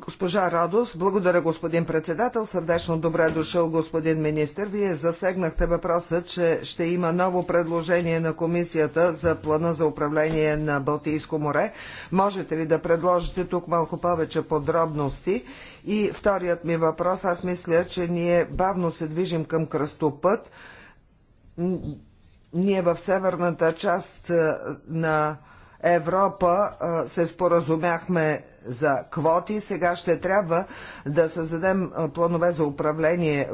Госпожа Радос, благодаря господин председател. Сърдечно добре дошъл господин министр. Вие засегнахте въпроса, че ще има ново предложение на комисията за плана за управление на Балтийско море. Можете ли да предложите тук малко повече подробности? И вторият ми въпрос, аз мисля, че ние бавно се движим към кръстопът. Ние в северната част на Европа се споразумяхме за квоти. Сега ще трябва да създадем планове за управление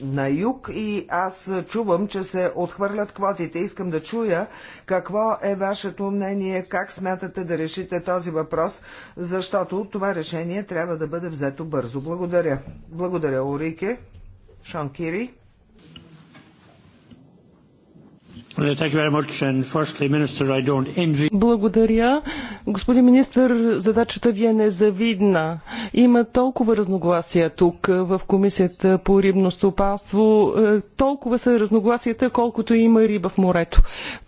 на юг и аз чувам, че се отхвърлят квотите. Искам да чуя какво е вашето мнение, как смятате да решите този въпрос, защото това решение трябва да бъде взето бързо. Благодаря. Благодаря, Орике. Шон Кири. Благодаря. Господин министр, задачата ви е незавидна. Има толкова разногласия тук е, в Комисията по рибно стопанство. Е, толкова са разногласията, колкото има риба в морето.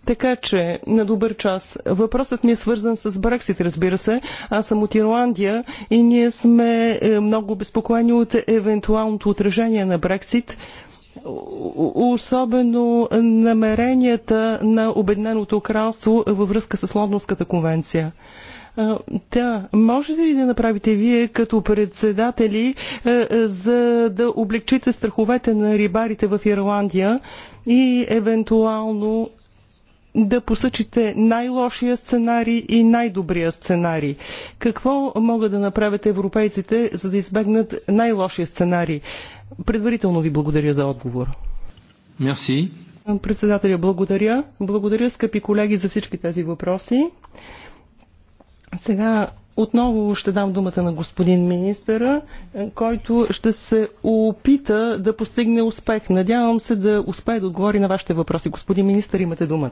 Така че, на добър час. Въпросът ми е свързан с Брексит, разбира се. Аз съм от Ирландия и ние сме е, много обезпокоени от евентуалното отражение на Брексит особено намеренията на обедненото кралство във връзка с Лондонската конвенция. Да, можете ли да направите вие като председатели, за да облегчите страховете на рибарите в Ирландия и евентуално да посъчите най-лошия сценарий и най-добрия сценарий. Какво могат да направят европейците, за да избегнат най-лошия сценарий? Предварително ви благодаря за отговор. Мерси. Председателя, благодаря. Благодаря, скъпи колеги, за всички тези въпроси. Сега отново ще дам думата на господин министъра, който ще се опита да постигне успех. Надявам се да успее да отговори на вашите въпроси. Господин министър, имате думата.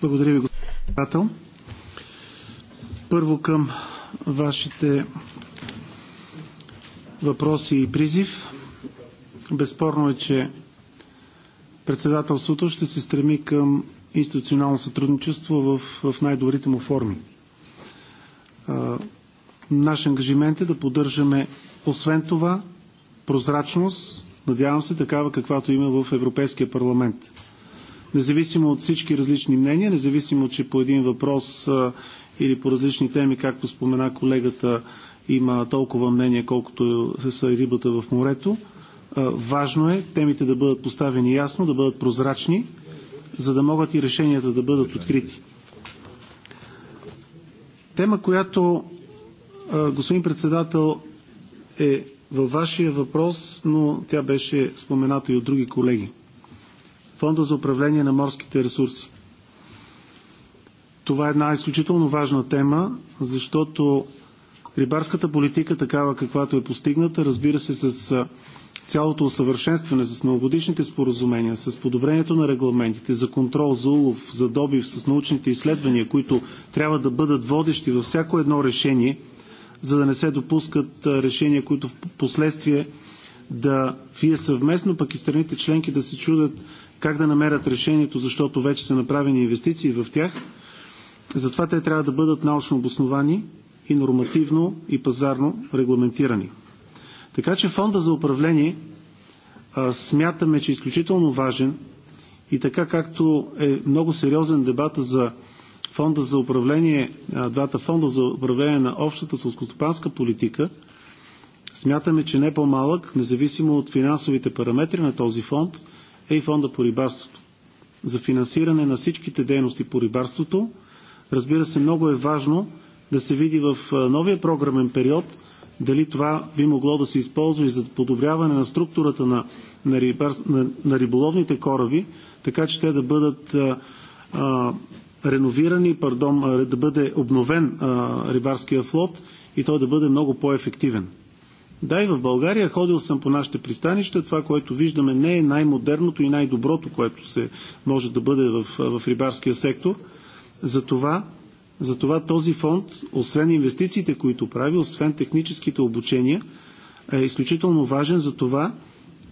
Благодаря ви, господин председател. Първо към вашите въпроси и призив. Безспорно е, че председателството ще се стреми към институционално сътрудничество в, в най-добрите му форми. А, наш ангажимент е да поддържаме, освен това, прозрачност, надявам се, такава каквато има в Европейския парламент. Независимо от всички различни мнения, независимо, че по един въпрос а, или по различни теми, както спомена колегата, има толкова мнение, колкото са рибата в морето. Важно е темите да бъдат поставени ясно, да бъдат прозрачни, за да могат и решенията да бъдат открити. Тема, която, господин председател, е във вашия въпрос, но тя беше спомената и от други колеги. Фонда за управление на морските ресурси. Това е една изключително важна тема, защото рибарската политика, такава каквато е постигната, разбира се, с цялото усъвършенстване, с многогодишните споразумения, с подобрението на регламентите за контрол, за улов, за добив, с научните изследвания, които трябва да бъдат водещи във всяко едно решение, за да не се допускат решения, които в последствие да вие съвместно, пък и страните членки да се чудят как да намерят решението, защото вече са направени инвестиции в тях. Затова те трябва да бъдат научно обосновани и нормативно и пазарно регламентирани. Така че фонда за управление а, смятаме, че е изключително важен и така както е много сериозен дебат за фонда за управление, а, двата фонда за управление на общата сълскостопанска политика, смятаме, че не по-малък, независимо от финансовите параметри на този фонд, е и фонда по рибарството. За финансиране на всичките дейности по рибарството, разбира се, много е важно – да се види в новия програмен период дали това би могло да се използва и за подобряване на структурата на, на, рибар, на, на риболовните кораби, така че те да бъдат а, а, реновирани, пардон, а, да бъде обновен а, рибарския флот и той да бъде много по-ефективен. Да, и в България ходил съм по нашите пристанища. Това, което виждаме, не е най-модерното и най-доброто, което се може да бъде в, в рибарския сектор. Затова затова този фонд, освен инвестициите, които прави, освен техническите обучения, е изключително важен. За това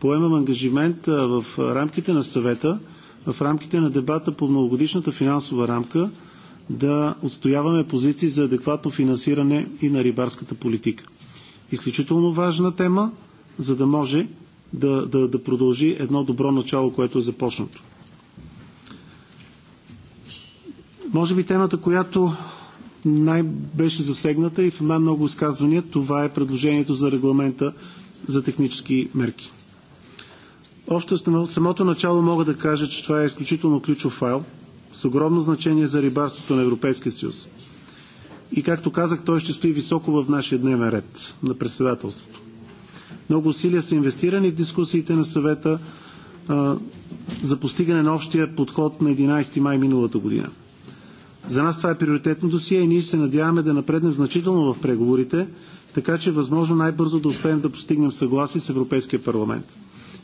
поемам ангажимент в рамките на съвета, в рамките на дебата по многогодишната финансова рамка, да отстояваме позиции за адекватно финансиране и на рибарската политика. Изключително важна тема, за да може да, да, да продължи едно добро начало, което е започнато. Може би темата, която най беше засегната и в най-много изказвания, това е предложението за регламента за технически мерки. Още в самото начало мога да кажа, че това е изключително ключов файл с огромно значение за рибарството на Европейския съюз. И както казах, той ще стои високо в нашия дневен ред на председателството. Много усилия са инвестирани в дискусиите на съвета а, за постигане на общия подход на 11 май миналата година – за нас това е приоритетно досие и ние се надяваме да напреднем значително в преговорите, така че възможно най-бързо да успеем да постигнем съгласие с Европейския парламент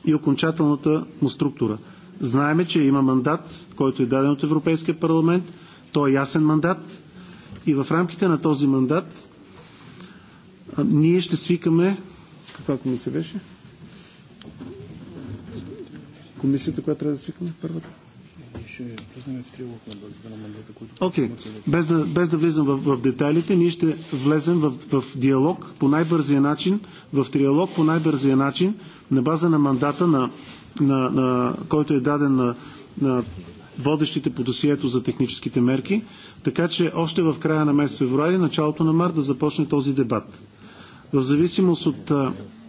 и окончателната му структура. Знаеме, че има мандат, който е даден от Европейския парламент. Той е ясен мандат и в рамките на този мандат ние ще свикаме. Каква комисия беше? Комисията, която трябва да свикаме? Първата. Окей, okay. без, да, без да влизам в, в детайлите, ние ще влезем в, в диалог по най-бързия начин, в триалог по най-бързия начин, на база на мандата, на, на, на, който е даден на, на водещите по досието за техническите мерки, така че още в края на месец февруари, началото на март да започне този дебат. В зависимост от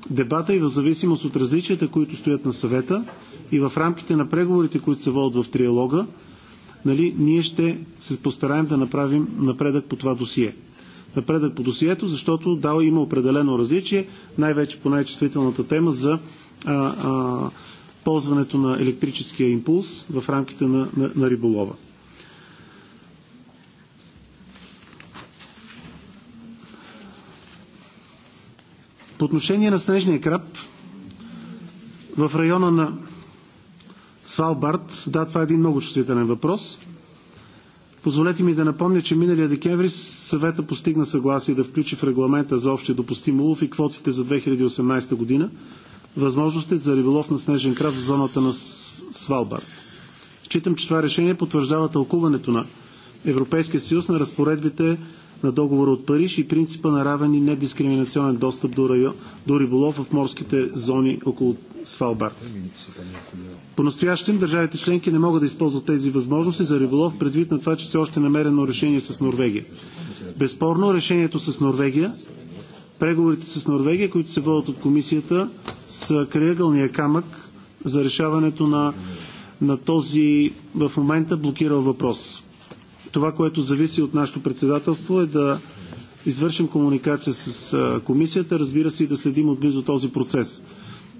дебата и в зависимост от различията, които стоят на съвета, и в рамките на преговорите, които се водят в триалога, нали, ние ще се постараем да направим напредък по това досие. Напредък по досието, защото да, има определено различие, най-вече по най-чувствителната тема за а, а, ползването на електрическия импулс в рамките на, на, на риболова. По отношение на снежния краб, в района на Свалбард, да, това е един много чувствителен въпрос. Позволете ми да напомня, че миналия декември съвета постигна съгласие да включи в регламента за общия допустим улов и квотите за 2018 година възможности за риболов на снежен краб в зоната на Свалбард. Считам, че това решение потвърждава тълкуването на Европейския съюз на разпоредбите на договора от Париж и принципа на равен и недискриминационен достъп до, район, до риболов в морските зони около Свалбард. По-настоящем държавите членки не могат да използват тези възможности за риболов предвид на това, че все още е намерено решение с Норвегия. Безспорно решението с Норвегия, преговорите с Норвегия, които се водят от комисията, са крайъгълния камък за решаването на, на този в момента блокирал въпрос. Това, което зависи от нашето председателство е да извършим комуникация с комисията, разбира се и да следим отблизо този процес.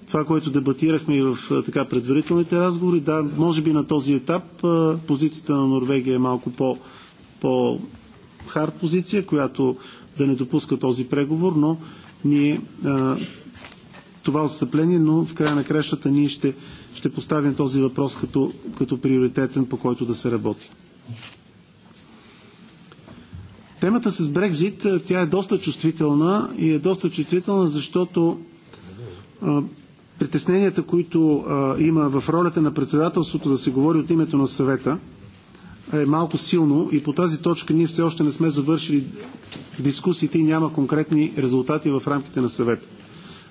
Това, което дебатирахме и в така предварителните разговори, да, може би на този етап позицията на Норвегия е малко по, по хард позиция, която да не допуска този преговор, но ние а, това отстъпление, но в края на кращата ние ще, ще поставим този въпрос като, като приоритетен, по който да се работи. Темата с Брекзит, тя е доста чувствителна и е доста чувствителна, защото притесненията, които има в ролята на председателството да се говори от името на съвета, е малко силно и по тази точка ние все още не сме завършили дискусиите и няма конкретни резултати в рамките на съвета.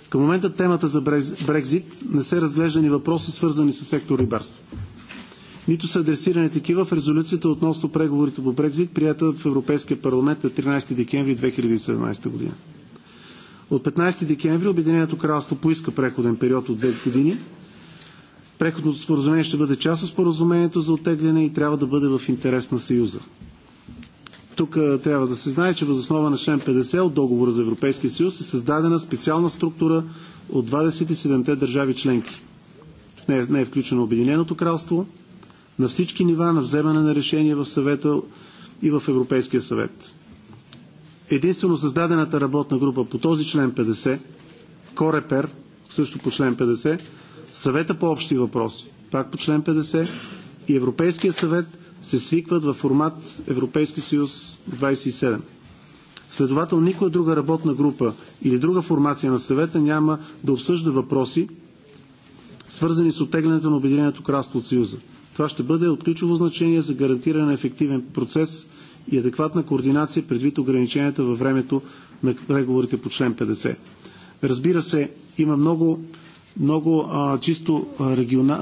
Към момента темата за Брекзит не се разглежда ни въпроси, свързани с сектор рибарство нито са адресирани такива в резолюцията относно преговорите по Брекзит, прията в Европейския парламент на 13 декември 2017 година. От 15 декември Обединеното кралство поиска преходен период от 9 години. Преходното споразумение ще бъде част от споразумението за оттегляне и трябва да бъде в интерес на Съюза. Тук трябва да се знае, че възоснова на член 50 от договора за Европейския съюз е създадена специална структура от 27-те държави членки. В нея е, не е включено Обединеното кралство, на всички нива на вземане на решения в съвета и в Европейския съвет. Единствено създадената работна група по този член 50, Корепер, също по член 50, съвета по общи въпроси, пак по член 50 и Европейския съвет се свикват в формат Европейски съюз 27. Следователно никоя друга работна група или друга формация на съвета няма да обсъжда въпроси, свързани с оттеглянето на Обединеното кралство от Съюза. Това ще бъде от ключово значение за гарантиране на ефективен процес и адекватна координация предвид ограниченията във времето на преговорите по член 50. Разбира се, има много, много а, чисто а, региона,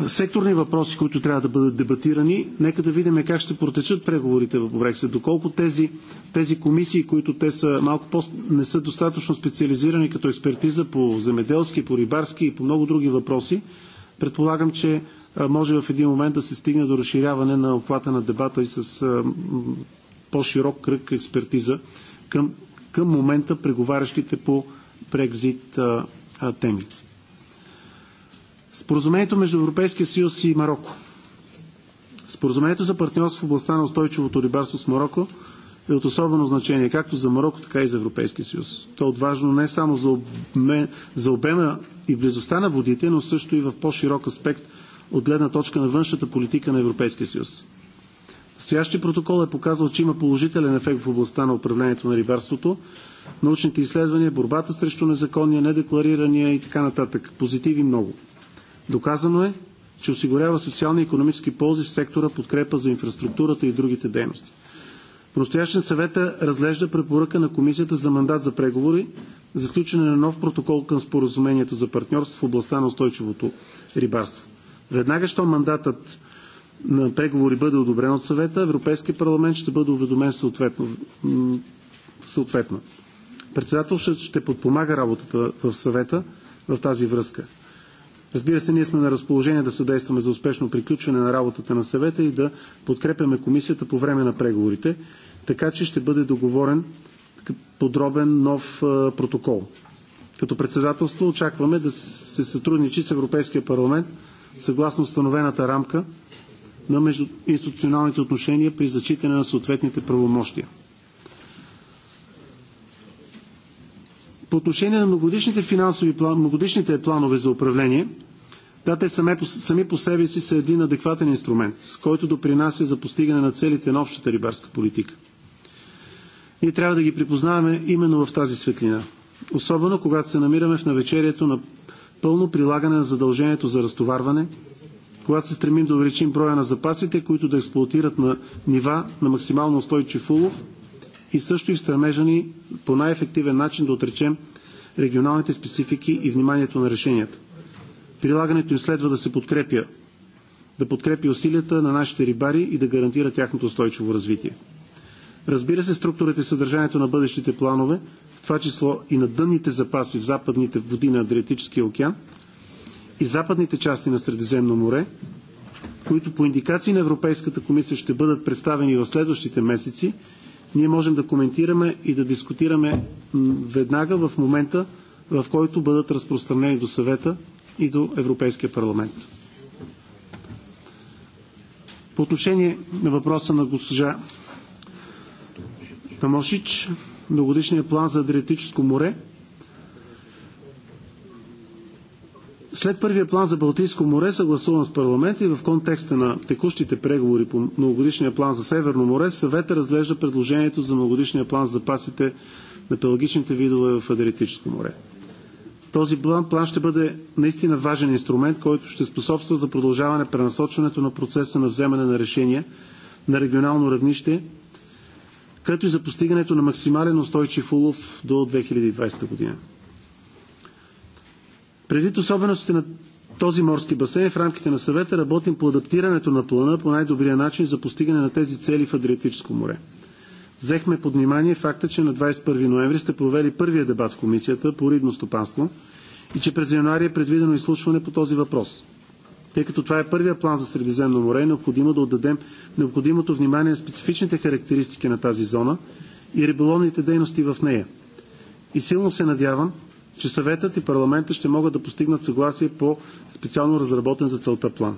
а, секторни въпроси, които трябва да бъдат дебатирани. Нека да видим как ще протечат преговорите в Брексит. Доколко тези, тези комисии, които те са малко по не са достатъчно специализирани като експертиза по земеделски, по рибарски и по много други въпроси, Предполагам, че може в един момент да се стигне до разширяване на обхвата на дебата и с по-широк кръг експертиза към, към момента преговарящите по Брекзит теми. Споразумението между Европейския съюз и Марокко. Споразумението за партньорство в областта на устойчивото рибарство с Марокко е от особено значение както за Марокко, така и за Европейския съюз. То е важно не само за, обме, за обема и близостта на водите, но също и в по-широк аспект от гледна точка на външната политика на Европейския съюз. Настоящия протокол е показал, че има положителен ефект в областта на управлението на рибарството, научните изследвания, борбата срещу незаконния, недекларирания и така нататък. Позитиви много. Доказано е, че осигурява социални и економически ползи в сектора подкрепа за инфраструктурата и другите дейности. Понастоящен съвета разглежда препоръка на Комисията за мандат за преговори за сключване на нов протокол към споразумението за партньорство в областта на устойчивото рибарство. Веднага, щом мандатът на преговори бъде одобрен от съвета, Европейския парламент ще бъде уведомен съответно. съответно. Председателството ще подпомага работата в съвета в тази връзка. Разбира се, ние сме на разположение да съдействаме за успешно приключване на работата на съвета и да подкрепяме комисията по време на преговорите, така че ще бъде договорен подробен нов протокол. Като председателство очакваме да се сътрудничи с Европейския парламент съгласно установената рамка на междуинституционалните отношения при зачитане на съответните правомощия. По отношение на многодишните финансови план, многодишните планове за управление, да, те сами по, сами по себе си са един адекватен инструмент, който допринася за постигане на целите на общата рибарска политика. Ние трябва да ги припознаваме именно в тази светлина. Особено когато се намираме в навечерието на пълно прилагане на задължението за разтоварване, когато се стремим да увеличим броя на запасите, които да експлуатират на нива на максимално устойчив улов – и също и в стремежа ни по най-ефективен начин да отречем регионалните специфики и вниманието на решенията. Прилагането им следва да се подкрепя, да подкрепи усилията на нашите рибари и да гарантира тяхното устойчиво развитие. Разбира се, структурата и съдържанието на бъдещите планове, в това число и на дънните запаси в западните води на Адриатическия океан и западните части на Средиземно море, които по индикации на Европейската комисия ще бъдат представени в следващите месеци ние можем да коментираме и да дискутираме веднага в момента, в който бъдат разпространени до съвета и до Европейския парламент. По отношение на въпроса на госпожа Тамошич, многогодишният план за Адриатическо море След първия план за Балтийско море, съгласуван с парламента и в контекста на текущите преговори по многогодишния план за Северно море, съвета разглежда предложението за многогодишния план за запасите на пелагичните видове в Адриатическо море. Този план, план ще бъде наистина важен инструмент, който ще способства за продължаване пренасочването на процеса на вземане на решения на регионално равнище, като и за постигането на максимален устойчив улов до 2020 година. Предвид особеностите на този морски басейн в рамките на съвета работим по адаптирането на плана по най-добрия начин за постигане на тези цели в Адриатическо море. Взехме под внимание факта, че на 21 ноември сте провели първия дебат в комисията по рибно стопанство и че през януари е предвидено изслушване по този въпрос. Тъй като това е първия план за Средиземно море, е необходимо да отдадем необходимото внимание на специфичните характеристики на тази зона и риболовните дейности в нея. И силно се надявам, че съветът и парламентът ще могат да постигнат съгласие по специално разработен за целта план.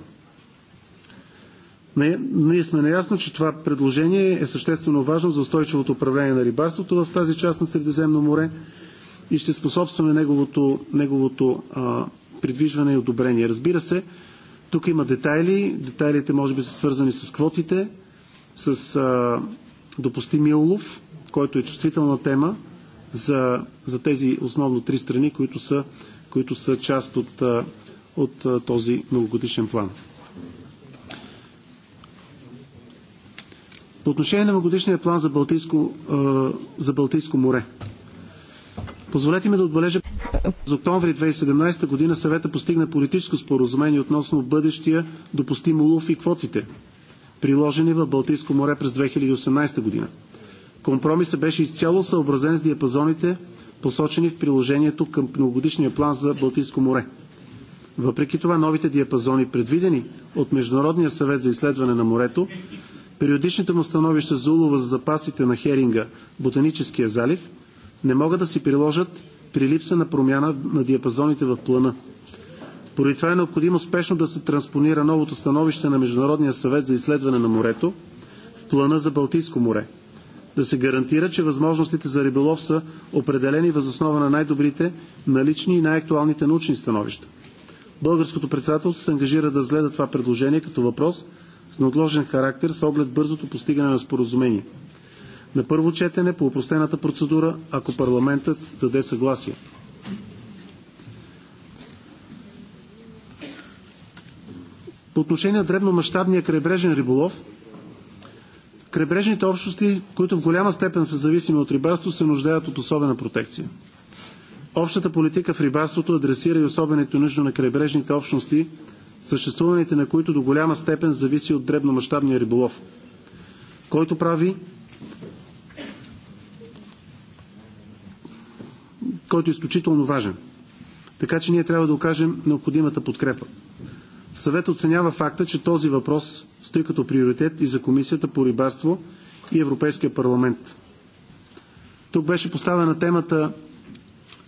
Ние сме наясно, че това предложение е съществено важно за устойчивото управление на рибарството в тази част на Средиземно море и ще способстваме неговото, неговото а, придвижване и одобрение. Разбира се, тук има детайли. Детайлите може би са свързани с квотите, с а, допустимия улов, който е чувствителна тема за, за тези основно три страни, които са, които са част от, от този многогодишен план. По отношение на годишния план за Балтийско, за Балтийско море. Позволете ми да отбележа, за октомври 2017 година съвета постигна политическо споразумение относно бъдещия допустим улов и квотите, приложени в Балтийско море през 2018 година. Компромисът беше изцяло съобразен с диапазоните, посочени в приложението към многогодишния план за Балтийско море. Въпреки това, новите диапазони, предвидени от Международния съвет за изследване на морето, периодичните му становища за улова за запасите на херинга Ботаническия залив, не могат да се приложат при липса на промяна на диапазоните в плана. Поради това е необходимо спешно да се транспонира новото становище на Международния съвет за изследване на морето в плана за Балтийско море – да се гарантира, че възможностите за риболов са определени въз основа на най-добрите налични и най-актуалните научни становища. Българското председателство се ангажира да разгледа това предложение като въпрос с неотложен характер с оглед бързото постигане на споразумение. На първо четене по упростената процедура, ако парламентът даде съгласие. По отношение на дребномащабния крайбрежен риболов, Крайбрежните общности, които в голяма степен са зависими от рибарство, се нуждаят от особена протекция. Общата политика в рибарството адресира и особените нужди на крайбрежните общности, съществуването на които до голяма степен зависи от дребномащабния риболов, който прави който е изключително важен. Така че ние трябва да окажем необходимата подкрепа. Съвет оценява факта, че този въпрос стои като приоритет и за Комисията по рибарство и Европейския парламент. Тук беше поставена темата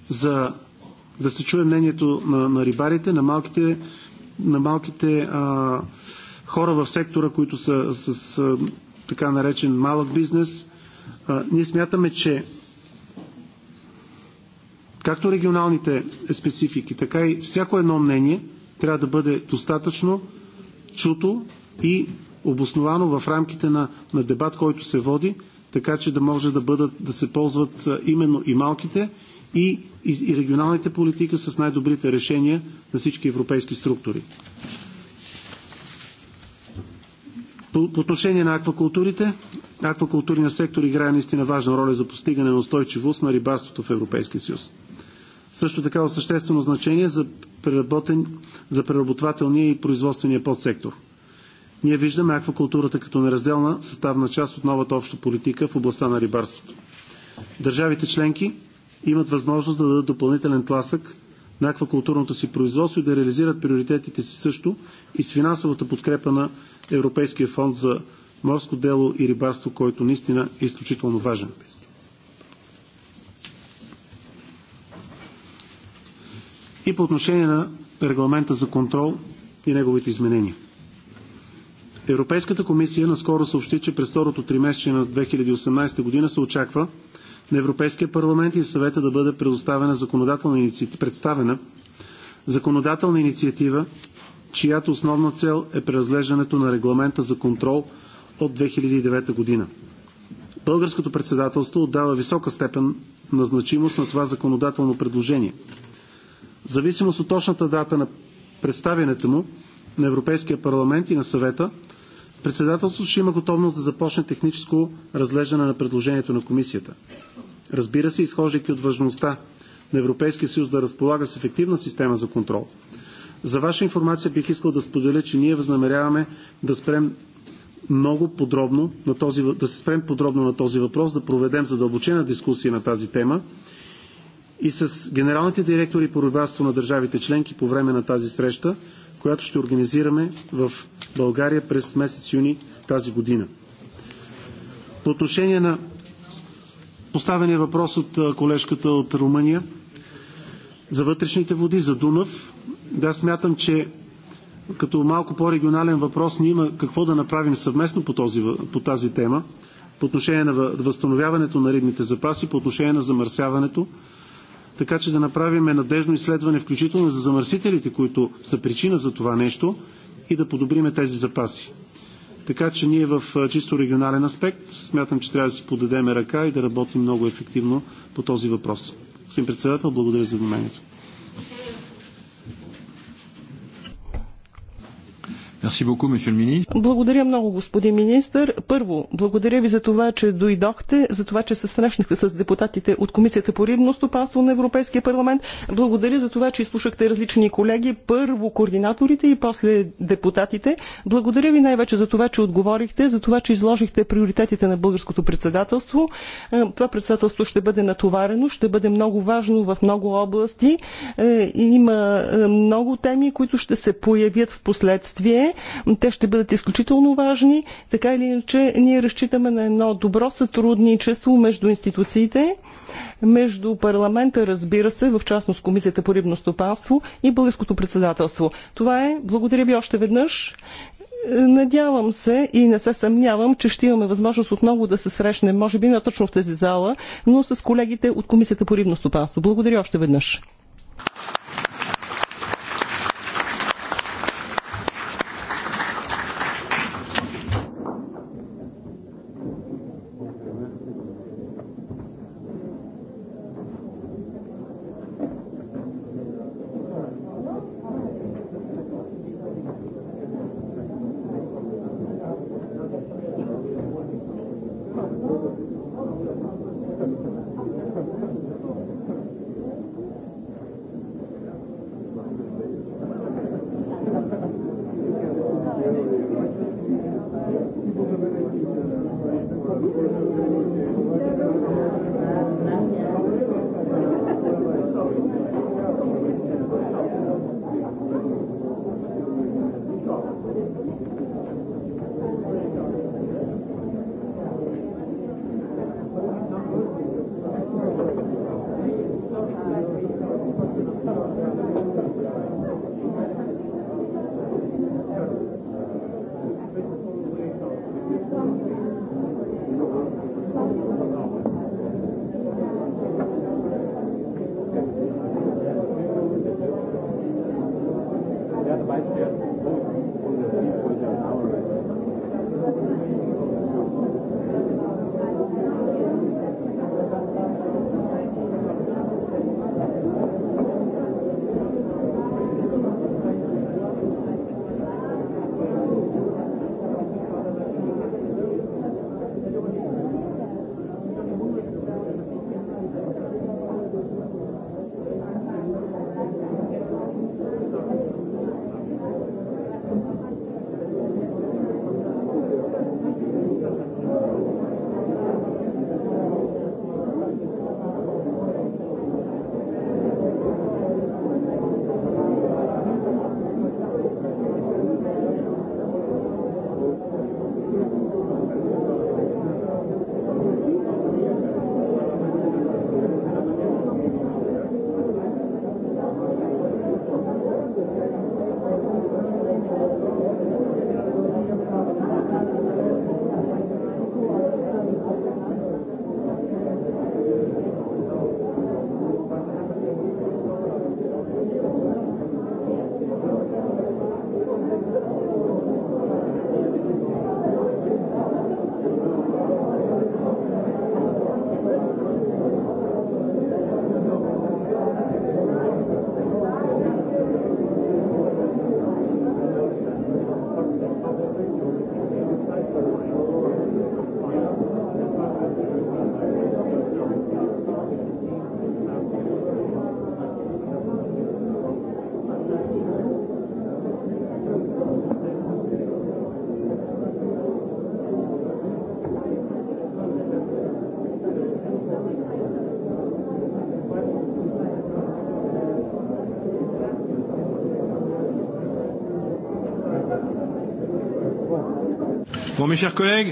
за да се чуе мнението на, на рибарите, на малките, на малките а, хора в сектора, които са с а, така наречен малък бизнес. А, ние смятаме, че както регионалните е специфики, така и всяко едно мнение – трябва да бъде достатъчно чуто и обосновано в рамките на, на дебат, който се води, така че да може да, бъдат, да се ползват именно и малките, и, и, и регионалните политики с най-добрите решения на всички европейски структури. По, по отношение на аквакултурите, аквакултурният сектор играе наистина важна роля за постигане на устойчивост на рибарството в Европейския съюз също така от съществено значение за, за преработвателния и производствения подсектор. Ние виждаме аквакултурата като неразделна съставна част от новата обща политика в областта на рибарството. Държавите членки имат възможност да дадат допълнителен тласък на аквакултурното си производство и да реализират приоритетите си също и с финансовата подкрепа на Европейския фонд за морско дело и рибарство, който наистина е изключително важен. и по отношение на регламента за контрол и неговите изменения. Европейската комисия наскоро съобщи, че през второто тримесечие на 2018 година се очаква на Европейския парламент и в съвета да бъде предоставена законодателна инициатива, представена законодателна инициатива, чиято основна цел е преразглеждането на регламента за контрол от 2009 година. Българското председателство отдава висока степен на значимост на това законодателно предложение – в зависимост от точната дата на представянето му на Европейския парламент и на съвета, председателството ще има готовност да започне техническо разглеждане на предложението на комисията. Разбира се, изхождайки от важността на Европейския съюз да разполага с ефективна система за контрол. За ваша информация бих искал да споделя, че ние възнамеряваме да спрем много подробно на този, да се спрем подробно на този въпрос, да проведем задълбочена дискусия на тази тема и с генералните директори по рибарство на държавите членки по време на тази среща, която ще организираме в България през месец юни тази година. По отношение на поставения въпрос от колежката от Румъния за вътрешните води, за Дунав, да смятам, че като малко по-регионален въпрос ние има какво да направим съвместно по, този, по тази тема, по отношение на възстановяването на рибните запаси, по отношение на замърсяването, така че да направим надежно изследване, включително за замърсителите, които са причина за това нещо и да подобриме тези запаси. Така че ние в чисто регионален аспект смятам, че трябва да си подадем ръка и да работим много ефективно по този въпрос. Господин председател, благодаря за вниманието. Благодаря много, господин министр. Първо, благодаря ви за това, че дойдохте, за това, че се срещнахте с депутатите от Комисията по рибно стопанство на Европейския парламент. Благодаря за това, че изслушахте различни колеги, първо координаторите и после депутатите. Благодаря ви най-вече за това, че отговорихте, за това, че изложихте приоритетите на българското председателство. Е, това председателство ще бъде натоварено, ще бъде много важно в много области. Е, има е, много теми, които ще се появят в последствие. Те ще бъдат изключително важни. Така или иначе, ние разчитаме на едно добро сътрудничество между институциите, между парламента, разбира се, в частност Комисията по рибно стопанство и Българското председателство. Това е. Благодаря ви още веднъж. Надявам се и не се съмнявам, че ще имаме възможност отново да се срещнем, може би не точно в тази зала, но с колегите от Комисията по рибно стопанство. Благодаря още веднъж. Bon, mes chers collègues,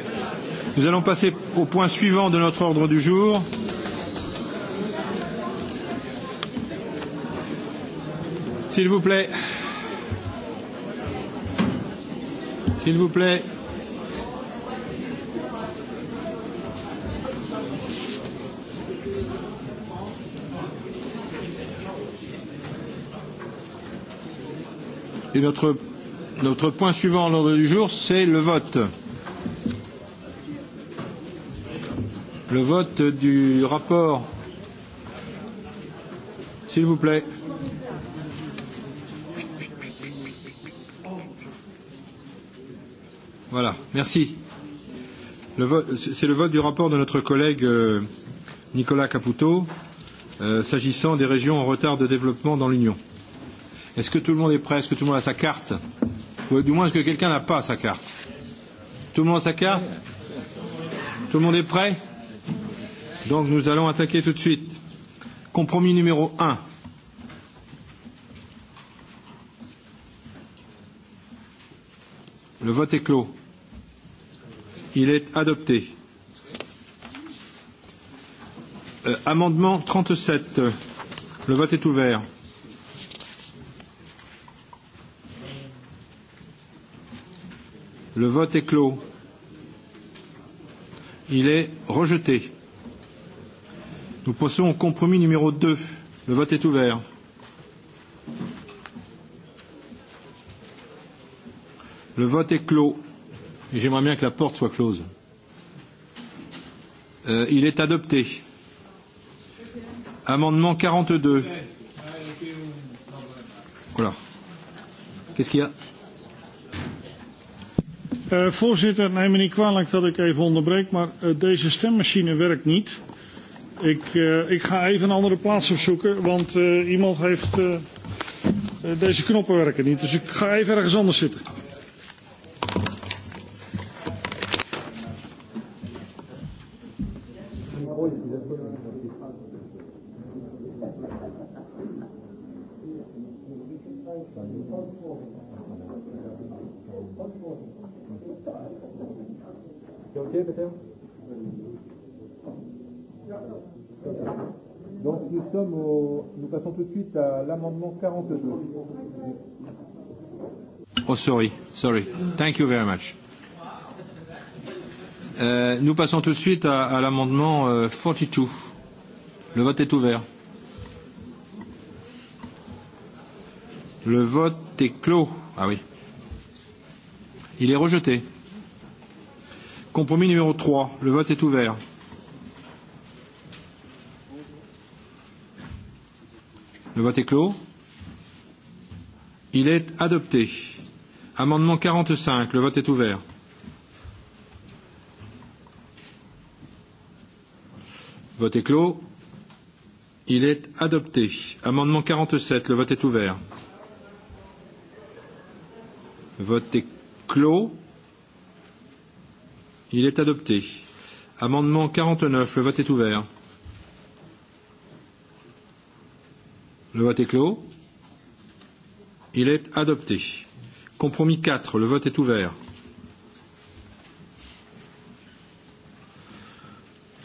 nous allons passer au point suivant de notre ordre du jour. S'il vous plaît. S'il vous plaît. Et notre, notre point suivant à l'ordre du jour, c'est le vote. le vote du rapport. S'il vous plaît. Voilà, merci. C'est le vote du rapport de notre collègue Nicolas Caputo s'agissant des régions en retard de développement dans l'Union. Est-ce que tout le monde est prêt Est-ce que tout le monde a sa carte Ou du moins, est-ce que quelqu'un n'a pas sa carte Tout le monde a sa carte Tout le monde est prêt Donc nous allons attaquer tout de suite. Compromis numéro 1. Le vote est clos. Il est adopté. Euh, amendement 37. Le vote est ouvert. Le vote est clos. Il est rejeté. Nous passons au compromis numéro 2. Le vote est ouvert. Le vote est clos. Et j'aimerais bien que la porte soit close. Euh, il est adopté. Amendement 42. Voilà. Qu'est-ce qu'il y a Uh, voorzitter, neem me niet kwalijk dat ik even onderbreek, maar uh, deze stemmachine werkt niet. Ik, uh, ik ga even een andere plaats opzoeken, want uh, iemand heeft uh, deze knoppen werken niet. Dus ik ga even ergens anders zitten. Thank you. Donc nous sommes au, nous passons tout de suite à l'amendement 42. Oh sorry, sorry. Thank you very much. Euh, nous passons tout de suite à, à l'amendement euh, 42. Le vote est ouvert. Le vote est clos. Ah oui. Il est rejeté. Compromis numéro 3. Le vote est ouvert. Le vote est clos. Il est adopté. Amendement 45. Le vote est ouvert. Vote est clos. Il est adopté. Amendement 47. Le vote est ouvert. Vote est clos. Il est adopté. Amendement 49. Le vote est ouvert. Le vote est clos. Il est adopté. Compromis 4. Le vote est ouvert.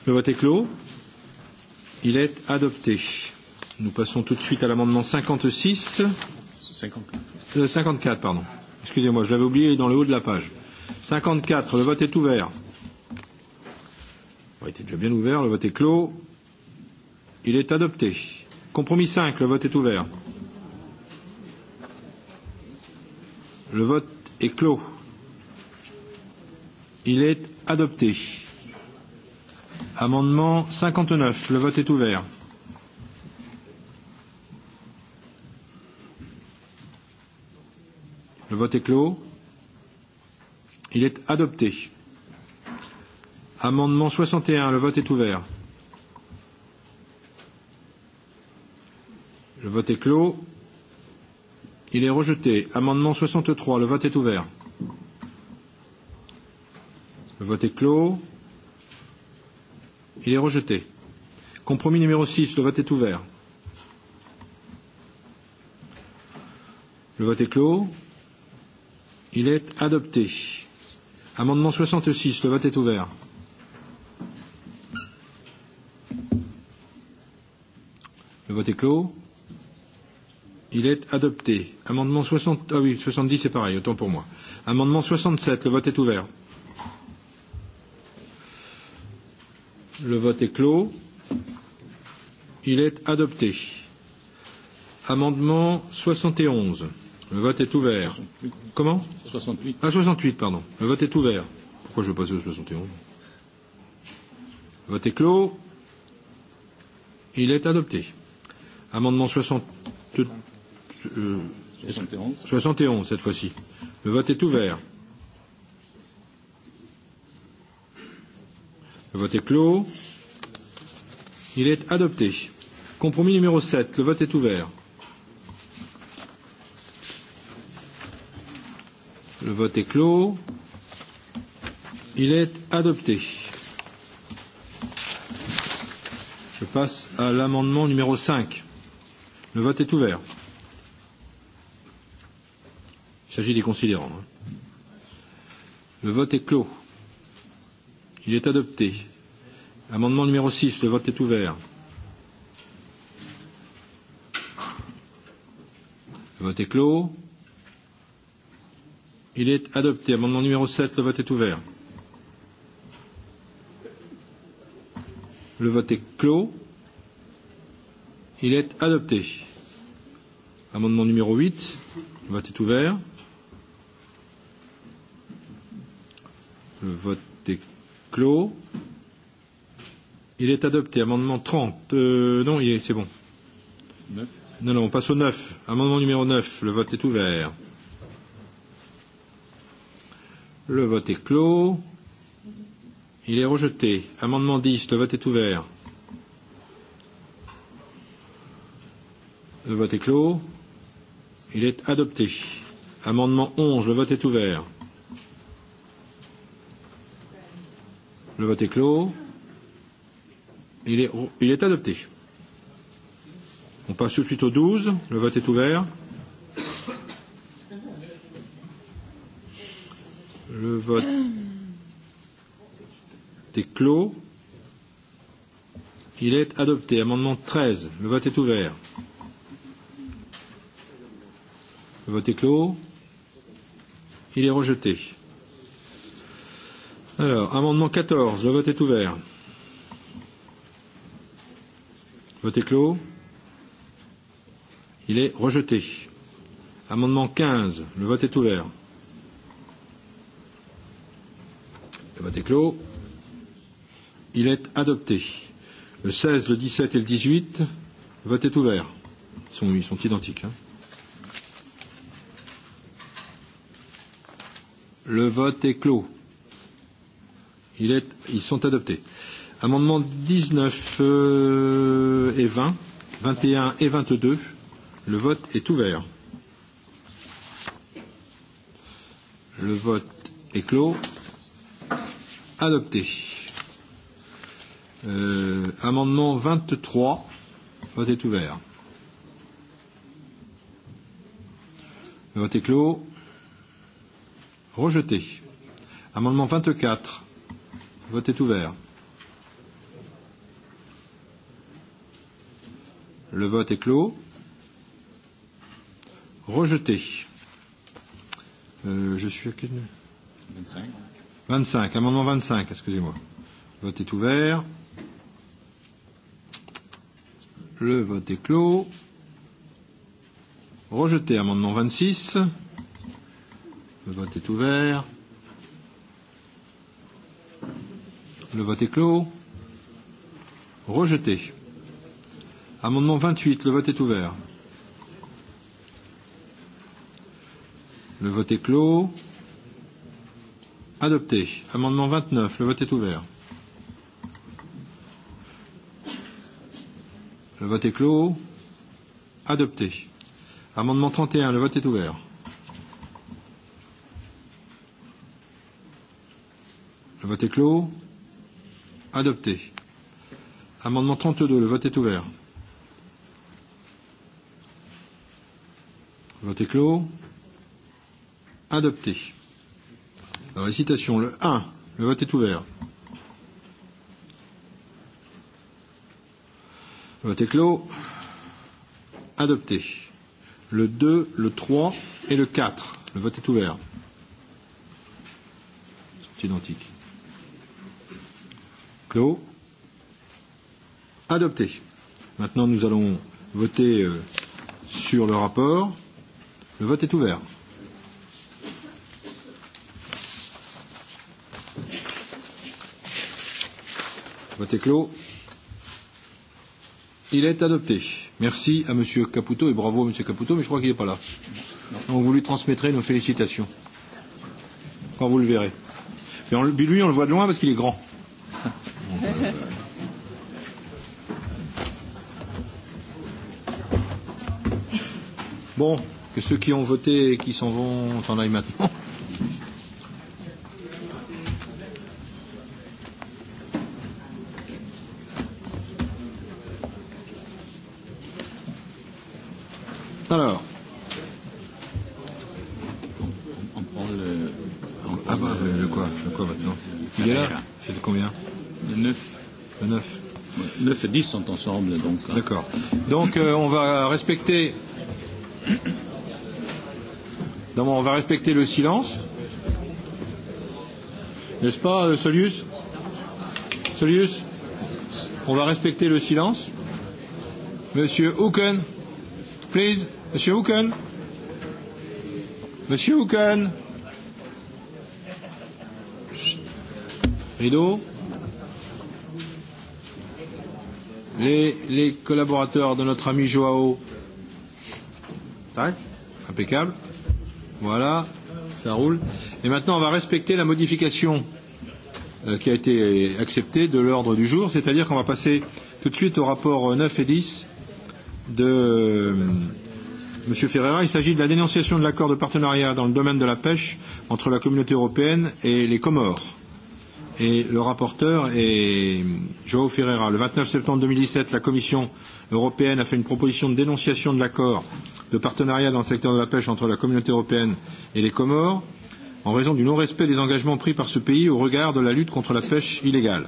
Le vote est clos. Il est adopté. Nous passons tout de suite à l'amendement 56. 54. Euh, 54, pardon. Excusez-moi, je l'avais oublié dans le haut de la page. 54. Le vote est ouvert. Il était déjà bien ouvert. Le vote est clos. Il est adopté. Compromis 5, le vote est ouvert. Le vote est clos. Il est adopté. Amendement 59, le vote est ouvert. Le vote est clos. Il est adopté. Amendement 61, le vote est ouvert. Le vote est clos. Il est rejeté. Amendement 63. Le vote est ouvert. Le vote est clos. Il est rejeté. Compromis numéro 6. Le vote est ouvert. Le vote est clos. Il est adopté. Amendement 66. Le vote est ouvert. Le vote est clos. Il est adopté. Amendement 60... Ah oui, 70, c'est pareil, autant pour moi. Amendement 67, le vote est ouvert. Le vote est clos. Il est adopté. Amendement 71. Le vote est ouvert. 68. Comment 68. Ah, 68, pardon. Le vote est ouvert. Pourquoi je vais passer au 71 Le vote est clos. Il est adopté. Amendement 60 euh, 71 cette fois-ci. Le vote est ouvert. Le vote est clos. Il est adopté. Compromis numéro 7. Le vote est ouvert. Le vote est clos. Il est adopté. Je passe à l'amendement numéro 5. Le vote est ouvert s'agit des considérants. Le vote est clos. Il est adopté. Amendement numéro 6, le vote est ouvert. Le vote est clos. Il est adopté. Amendement numéro 7, le vote est ouvert. Le vote est clos. Il est adopté. Amendement numéro 8, le vote est ouvert. Le vote est clos. Il est adopté. Amendement 30. Euh, non, c'est bon. 9. Non, non, on passe au 9. Amendement numéro 9. Le vote est ouvert. Le vote est clos. Il est rejeté. Amendement 10. Le vote est ouvert. Le vote est clos. Il est adopté. Amendement 11. Le vote est ouvert. Le vote est clos. Il est, il est adopté. On passe tout de suite au 12. Le vote est ouvert. Le vote est clos. Il est adopté. Amendement 13. Le vote est ouvert. Le vote est clos. Il est rejeté. Alors, amendement 14, le vote est ouvert. Vote est clos. Il est rejeté. Amendement 15, le vote est ouvert. Le vote est clos. Il est adopté. Le 16, le 17 et le 18, le vote est ouvert. Ils sont, ils sont identiques. Hein. Le vote est clos. Il est, ils sont adoptés. Amendements 19 euh, et 20, 21 et 22. Le vote est ouvert. Le vote est clos. Adopté. Euh, amendement 23. Vote est ouvert. Le vote est clos. Rejeté. Amendement 24 vote est ouvert. Le vote est clos. Rejeté. Euh, je suis à quel 25. 25, amendement 25, excusez-moi. vote est ouvert. Le vote est clos. Rejeté, amendement 26. Le vote est ouvert. Le vote est clos. Rejeté. Amendement 28. Le vote est ouvert. Le vote est clos. Adopté. Amendement 29. Le vote est ouvert. Le vote est clos. Adopté. Amendement 31. Le vote est ouvert. Le vote est clos. Adopté. Amendement 32, le vote est ouvert. Le vote est clos. Adopté. Alors, citation, le 1, le vote est ouvert. Le vote est clos. Adopté. Le 2, le 3 et le 4. Le vote est ouvert. C'est identique. Clos. Adopté. Maintenant, nous allons voter sur le rapport. Le vote est ouvert. Vote est clos. Il est adopté. Merci à Monsieur Caputo et bravo à Monsieur Caputo, mais je crois qu'il n'est pas là. Donc vous lui transmettrez nos félicitations. Quand vous le verrez. Mais lui, on le voit de loin parce qu'il est grand. Bon, que ceux qui ont voté et qui s'en vont s'en aillent maintenant. Alors. On, on prend le. On ah bah, le, le quoi Le quoi maintenant Il est là C'est de combien Le 9. Le 9. 9 et 10 sont ensemble, donc. D'accord. Donc, euh, on va respecter Non, bon, on va respecter le silence. N'est-ce pas, Solius Solius On va respecter le silence. Monsieur Hooken, please. Monsieur Hooken. Monsieur Hooken. Rideau. Les, les collaborateurs de notre ami Joao. Tac. Impeccable. Voilà, ça roule. Et maintenant, on va respecter la modification qui a été acceptée de l'ordre du jour, c'est-à-dire qu'on va passer tout de suite au rapport 9 et 10 de M. Ferreira. Il s'agit de la dénonciation de l'accord de partenariat dans le domaine de la pêche entre la communauté européenne et les Comores et le rapporteur est Joao Ferreira. Le 29 septembre 2017, la Commission européenne a fait une proposition de dénonciation de l'accord de partenariat dans le secteur de la pêche entre la communauté européenne et les Comores en raison du non-respect des engagements pris par ce pays au regard de la lutte contre la pêche illégale.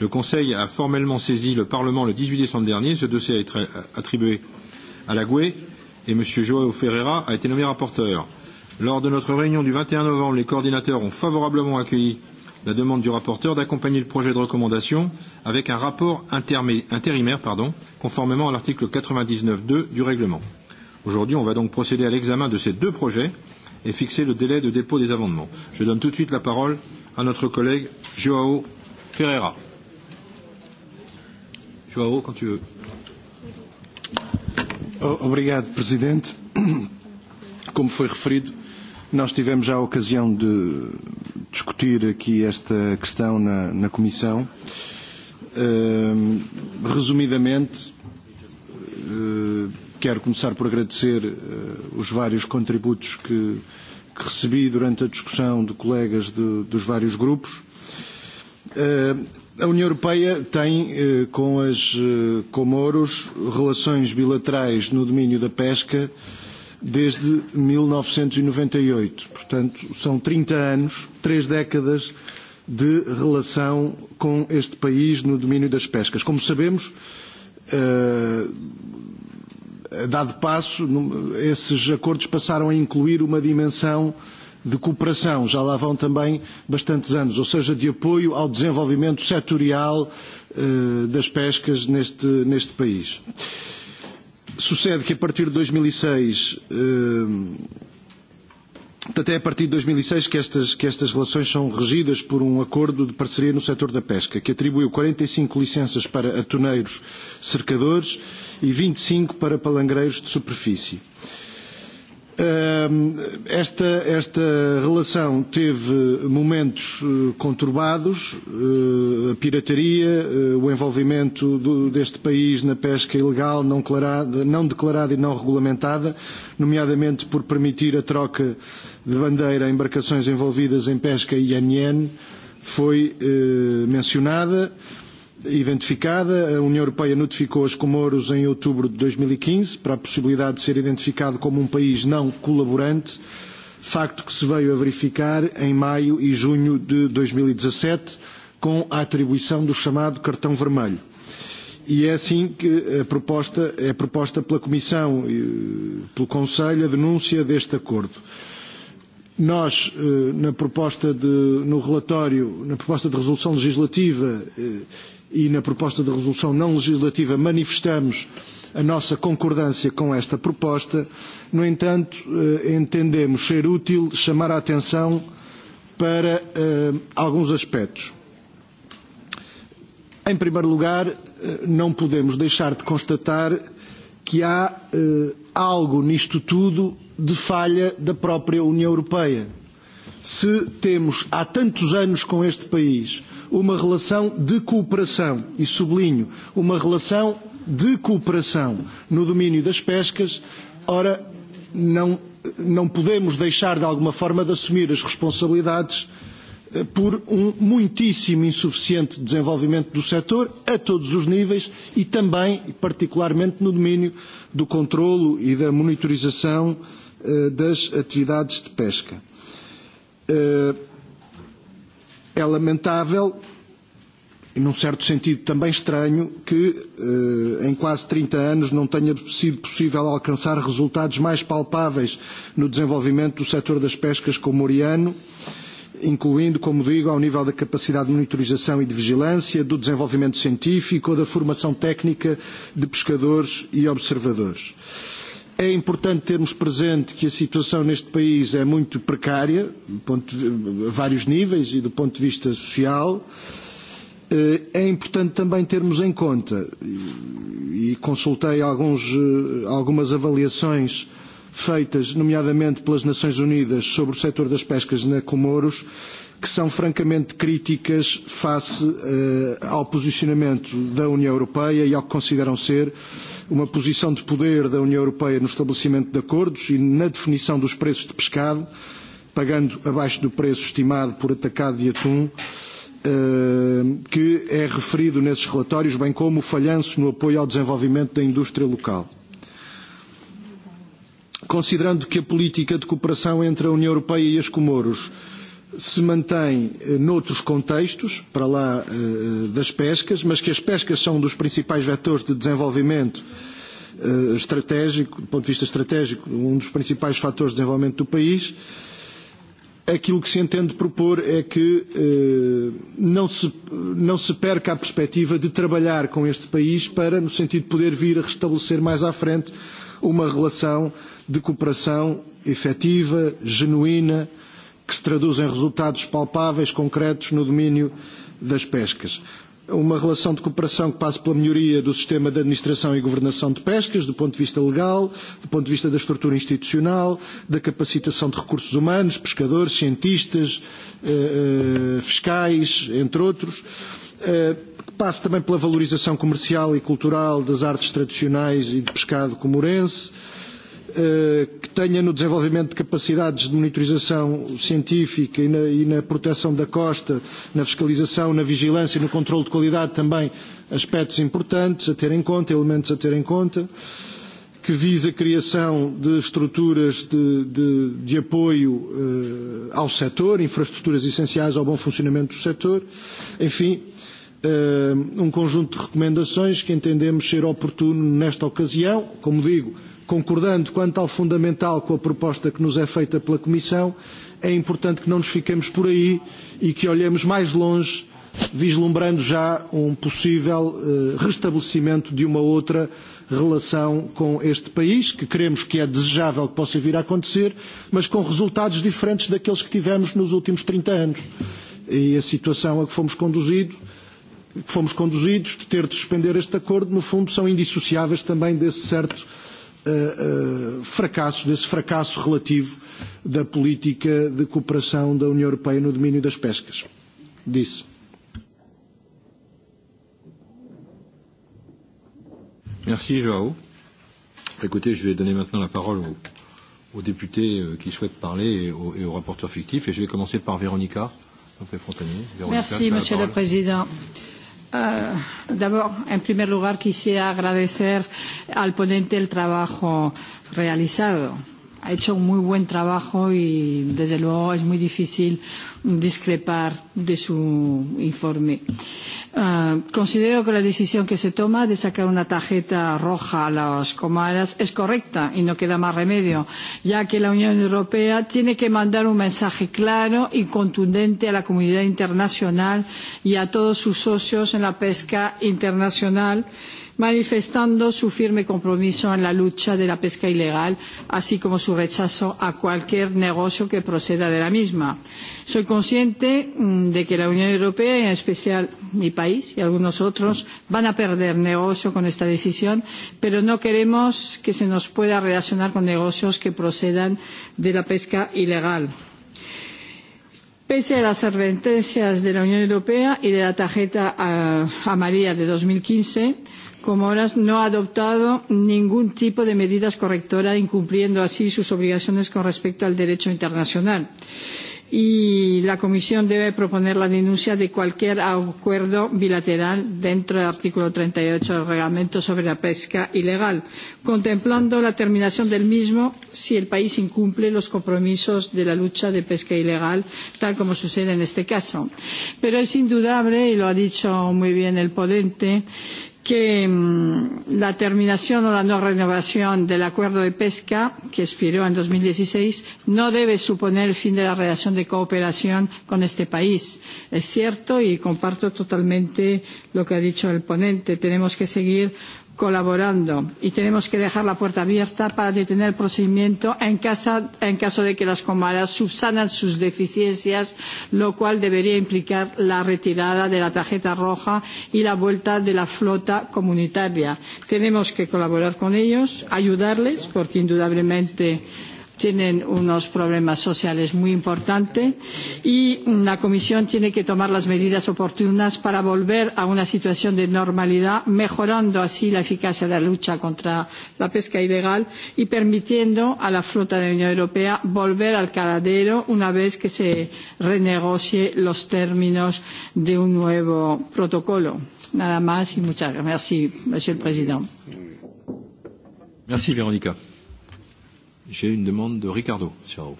Le Conseil a formellement saisi le Parlement le 18 décembre dernier. Ce dossier a été attribué à la GUE et M. Joao Ferreira a été nommé rapporteur. Lors de notre réunion du 21 novembre, les coordinateurs ont favorablement accueilli la demande du rapporteur d'accompagner le projet de recommandation avec un rapport intérimaire, pardon, conformément à l'article 99.2 du règlement. Aujourd'hui, on va donc procéder à l'examen de ces deux projets et fixer le délai de dépôt des amendements. Je donne tout de suite la parole à notre collègue Joao Ferreira. Joao, quand tu veux. Obrigado, Presidente. Como foi referido, Nós tivemos já a ocasião de discutir aqui esta questão na, na Comissão. Uh, resumidamente, uh, quero começar por agradecer uh, os vários contributos que, que recebi durante a discussão de colegas de, dos vários grupos. Uh, a União Europeia tem uh, com as uh, Comoros relações bilaterais no domínio da pesca uh, desde 1998. Portanto, são 30 anos, três décadas de relação com este país no domínio das pescas. Como sabemos, dado passo, esses acordos passaram a incluir uma dimensão de cooperação, já lá vão também bastantes anos, ou seja, de apoio ao desenvolvimento setorial das pescas neste, neste país. Uh, Sucede que a partir de 2006, até a partir de 2006 que estas, que estas relações são regidas por um acordo de parceria no setor da pesca, que atribuiu 45 licenças para atoneiros cercadores e 25 para palangreiros de superfície. Uh, Esta, esta relação teve momentos conturbados, a pirataria, o envolvimento do, deste país na pesca ilegal não, declarada, não declarada e não regulamentada, nomeadamente por permitir a troca de bandeira a embarcações envolvidas em pesca INN, foi eh, mencionada. Eh, identificada. A União Europeia notificou os Comoros em outubro de 2015 para a possibilidade de ser identificado como um país não colaborante, facto que se veio a verificar em maio e junho de 2017 com a atribuição do chamado cartão vermelho. E é assim que a proposta, é proposta pela Comissão e pelo Conselho a denúncia deste acordo. Nós, na proposta de, no relatório, na proposta de resolução legislativa, e na proposta de resolução não legislativa manifestamos a nossa concordância com esta proposta. No entanto, entendemos ser útil chamar a atenção para alguns aspectos. Em primeiro lugar, não podemos deixar de constatar que há algo nisto tudo de falha da própria União Europeia. Se temos há tantos anos com este país uma relação de cooperação, e sublinho, uma relação de cooperação no domínio das pescas, ora, não, não podemos deixar de alguma forma de assumir as responsabilidades por um muitíssimo insuficiente desenvolvimento do setor a todos os níveis e também, particularmente, no domínio do controlo e da monitorização das atividades de pesca. Uh, É lamentável e num certo sentido também estranho, que em quase trinta anos não tenha sido possível alcançar resultados mais palpáveis no desenvolvimento do setor das pescas comoriano, incluindo, como digo, ao nível da capacidade de monitorização e de vigilância, do desenvolvimento científico ou da formação técnica de pescadores e observadores. É importante termos presente que a situação neste país é muito precária, a vários níveis e do ponto de vista social. É importante também termos em conta, e consultei alguns, algumas avaliações feitas, nomeadamente pelas Nações Unidas, sobre o setor das pescas na Comoros, que são francamente críticas face ao posicionamento da União Europeia e ao que consideram ser uma posição de poder da União Europeia no estabelecimento de acordos e na definição dos preços de pescado, pagando abaixo do preço estimado por atacado de atum, que é referido nesses relatórios, bem como o falhanço no apoio ao desenvolvimento da indústria local considerando que a política de cooperação entre a União Europeia e as Comoros se mantém noutros contextos, para lá das pescas, mas que as pescas são um dos principais vetores de desenvolvimento estratégico, do ponto de vista estratégico, um dos principais fatores de desenvolvimento do país. Aquilo que se entende propor é que não se, não se perca a perspectiva de trabalhar com este país para, no sentido de poder vir a restabelecer mais à frente uma relação de cooperação efetiva, genuína, que se traduzem resultados palpáveis, concretos, no domínio das pescas uma relação de cooperação que passa pela melhoria do sistema de administração e governação de pescas, do ponto de vista legal, do ponto de vista da estrutura institucional, da capacitação de recursos humanos, pescadores, cientistas, fiscais, entre outros. Que passa também pela valorização comercial e cultural das artes tradicionais e de pescado comorense. Eh, que tenha no desenvolvimento de capacidades de monitorização científica e na, proteção da costa, na fiscalização, na vigilância e no controle de qualidade também aspectos importantes a ter em conta, elementos a ter em conta, que visa a criação de estruturas de, apoio ao setor, infraestruturas essenciais ao bom funcionamento do setor, enfim, um conjunto de recomendações que entendemos ser oportuno nesta ocasião, como digo, Concordando quanto ao fundamental com a proposta que nos é feita pela Comissão, é importante que não nos fiquemos por aí e que olhemos mais longe, vislumbrando já um possível restabelecimento de uma outra relação com este país, que queremos que é desejável que possa vir a acontecer, mas com resultados diferentes daqueles que tivemos nos últimos 30 anos. E a situação a que fomos conduzidos que fomos conduzidos, de ter de suspender este acordo, no fundo, são indissociáveis também desse certo fracasso, desse fracasso relativo da política de cooperação da União Europeia no domínio das pescas. Disse. Merci, Joao. Écoutez, je vais donner maintenant la parole aux, aux députés qui souhaitent parler et aux, et aux rapporteurs fictifs. Et je vais commencer par Véronica Lopé-Fontanier. Merci, Monsieur le Président. Euh, D'abord, en primer lugar, quisiera agradecer al ponente el trabajo realizado ha hecho un muy buen trabajo y desde luego es muy difícil discrepar de su informe. considero que la decisión que se toma de sacar una tarjeta roja a las comaras es correcta y no queda más remedio, ya que la Unión Europea tiene que mandar un mensaje claro y contundente a la comunidad internacional y a todos sus socios en la pesca internacional manifestando su firme compromiso en la lucha de la pesca ilegal, así como su rechazo a cualquier negocio que proceda de la misma. Soy consciente de que la Unión Europea, y en especial mi país y algunos otros, van a perder negocio con esta decisión, pero no queremos que se nos pueda relacionar con negocios que procedan de la pesca ilegal. Pese a las advertencias de la Unión Europea y de la tarjeta amarilla de dos mil quince, como ahora no ha adoptado ningún tipo de medidas correctoras, incumpliendo así sus obligaciones con respecto al derecho internacional. Y la Comisión debe proponer la denuncia de cualquier acuerdo bilateral dentro del artículo treinta y ocho del Reglamento sobre la pesca ilegal, contemplando la terminación del mismo si el país incumple los compromisos de la lucha de pesca ilegal, tal como sucede en este caso. Pero es indudable, y lo ha dicho muy bien el ponente, que la terminación o la no renovación del acuerdo de pesca, que expiró en dos mil dieciseis, no debe suponer el fin de la relación de cooperación con este país. Es cierto y comparto totalmente lo que ha dicho el ponente. Tenemos que seguir colaborando y tenemos que dejar la puerta abierta para detener el procedimiento en, caso de que las comaras subsanan sus deficiencias, lo cual debería implicar la retirada de la tarjeta roja y la vuelta de la flota comunitaria. Tenemos que colaborar con ellos, ayudarles, porque indudablemente tienen unos problemas sociales muy importantes y la Comisión tiene que tomar las medidas oportunas para volver a una situación de normalidad, mejorando así la eficacia de la lucha contra la pesca ilegal y permitiendo a la flota de la Unión Europea volver al caladero una vez que se renegocie los términos de un nuevo protocolo. Nada más y muchas gracias, señor presidente. J'ai une demande de Ricardo Serrao.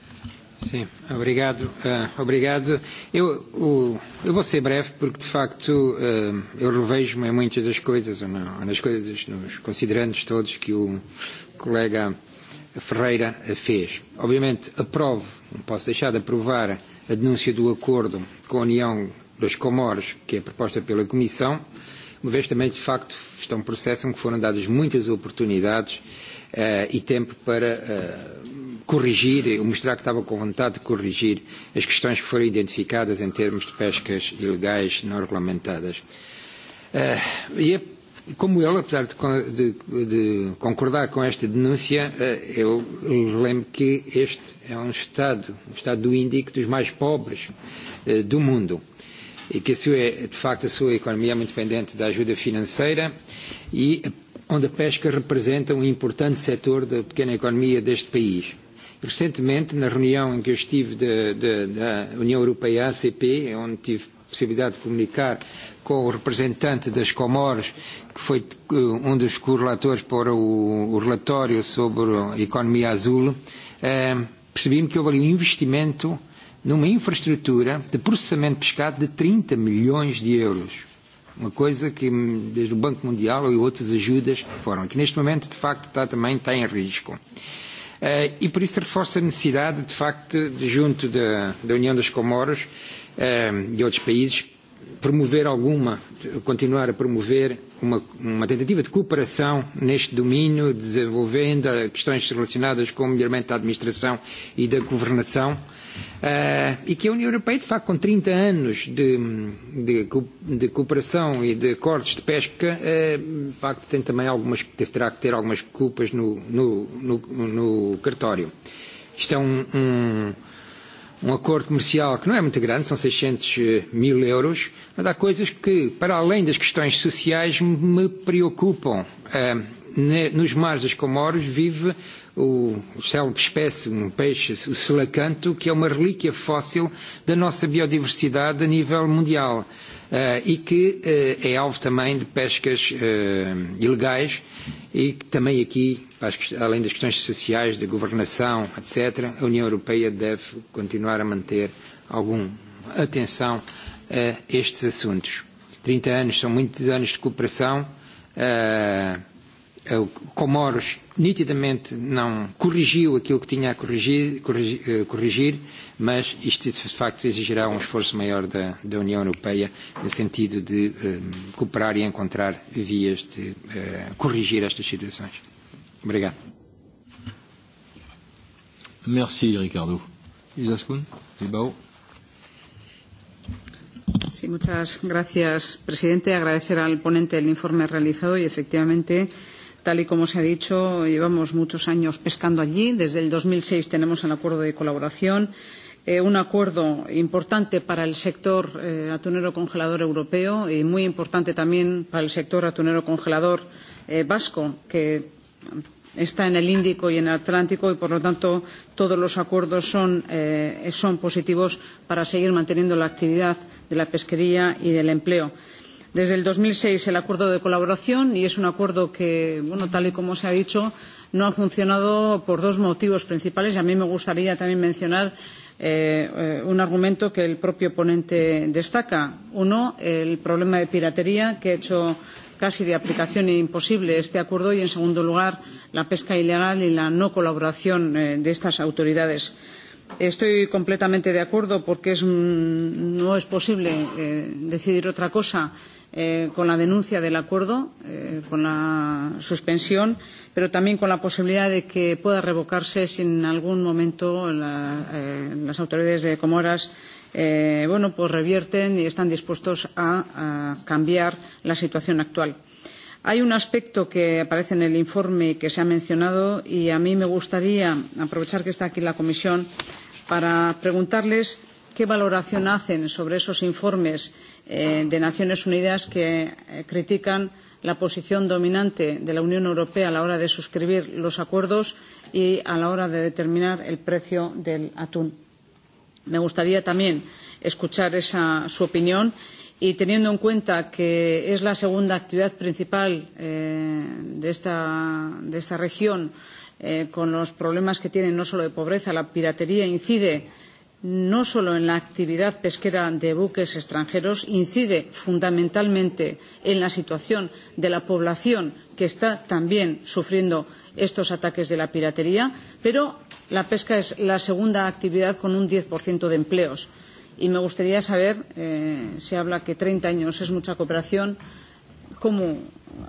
Sim, obrigado. Uh, obrigado. Eu, o, eu vou ser breve porque, de facto, uh, eu revejo-me em muitas das coisas, ou, não, ou nas coisas, nos considerantes todos que o colega Ferreira fez. Obviamente, aprovo, não posso deixar de aprovar a denúncia do acordo com a União dos Comores, que é proposta pela Comissão, uma vez também, de facto, estão um processo em que foram dadas muitas oportunidades uh, e tempo para corrigir, ou mostrar que estava com vontade de corrigir as questões que foram identificadas em termos de pescas ilegais não regulamentadas. E é como ele, apesar de, de, de concordar com esta denúncia, eu lembro que este é um Estado, um Estado do Índico dos mais pobres do mundo. E que a sua, de facto a sua economia é muito dependente da ajuda financeira e onde a pesca representa um importante setor da pequena economia deste país. Recentemente, na reunião em que eu estive de, de, da União Europeia ACP, onde tive possibilidade de comunicar com o representante das Comores, que foi um dos correlatores para o, o relatório sobre a economia azul, eh, percebi-me que houve ali um investimento numa infraestrutura de processamento de pescado de 30 milhões de euros uma coisa que desde o Banco Mundial e outras ajudas foram, que neste momento de facto está, também está em risco. Uh, e por isso reforça a necessidade de facto, junto da, da União das Comoras uh, e outros países, promover alguma continuar a promover uma, uma tentativa de cooperação neste domínio, desenvolvendo questões relacionadas com o melhoramento da administração e da governação, uh, e que a União Europeia, de facto, com 30 anos de, de, de cooperação e de acordos de pesca, uh, de facto, tem também algumas, terá que ter algumas culpas no, no, no, no cartório. Isto é um, um um acordo comercial que não é muito grande, são 600 mil euros, mas há coisas que, para além das questões sociais, me preocupam. Nos mares das Comoros vive o célebre espécie, um peixe, o selacanto, que é uma relíquia fóssil da nossa biodiversidade a nível mundial e que é alvo também de pescas ilegais e que também aqui, além das questões sociais, da governação, etc., a União Europeia deve continuar a manter alguma atenção a estes assuntos. 30 anos são muitos anos de cooperação Comoros nitidamente não corrigiu aquilo que tinha a corrigir, corrigir corrigir mas isto de facto exigirá um esforço maior da, da União Europeia no sentido de eh, cooperar e encontrar vias de eh, corrigir estas situações. Obrigado. Merci, Ricardo. Isaskun, Ibao. Sí, muchas gracias, presidente. Agradecer al ponente el informe realizado y, efectivamente, Tal y como se ha dicho, llevamos muchos años pescando allí. Desde el dos mil seis tenemos el acuerdo de colaboración, un acuerdo importante para el sector atunero congelador europeo y muy importante también para el sector atunero congelador vasco, que está en el Índico y en el Atlántico y, por lo tanto, todos los acuerdos son, positivos para seguir manteniendo la actividad de la pesquería y del empleo desde dos mil seis el acuerdo de colaboración y es un acuerdo que, tal y como se ha dicho, no ha funcionado por dos motivos principales. y A mí me gustaría también mencionar un argumento que el propio ponente destaca. Uno, el problema de piratería que ha hecho casi de aplicación imposible este acuerdo y, en segundo lugar, la pesca ilegal y la no colaboración de estas autoridades. Estoy completamente de acuerdo porque no es posible decidir otra cosa eh, con la denuncia del acuerdo, eh, con la suspensión, pero también con la posibilidad de que pueda revocarse si en algún momento la, eh, las autoridades de Comoras eh, bueno, pues revierten y están dispuestos a, a cambiar la situación actual. Hay un aspecto que aparece en el informe que se ha mencionado y a mí me gustaría aprovechar que está aquí la comisión para preguntarles qué valoración hacen sobre esos informes de de Naciones Unidas que critican la posición dominante de la Unión Europea a la hora de suscribir los acuerdos y a la hora de determinar el precio del atún. Me gustaría también escuchar esa, su opinión y teniendo en cuenta que es la segunda actividad principal eh, de, esta, de esta región eh, con los problemas que tiene no solo de pobreza, la piratería incide no solo en la actividad pesquera de buques extranjeros, incide fundamentalmente en la situación de la población que está también sufriendo estos ataques de la piratería, pero la pesca es la segunda actividad con un diez de empleos. Y me gustaría saber, se habla que treinta años es mucha cooperación,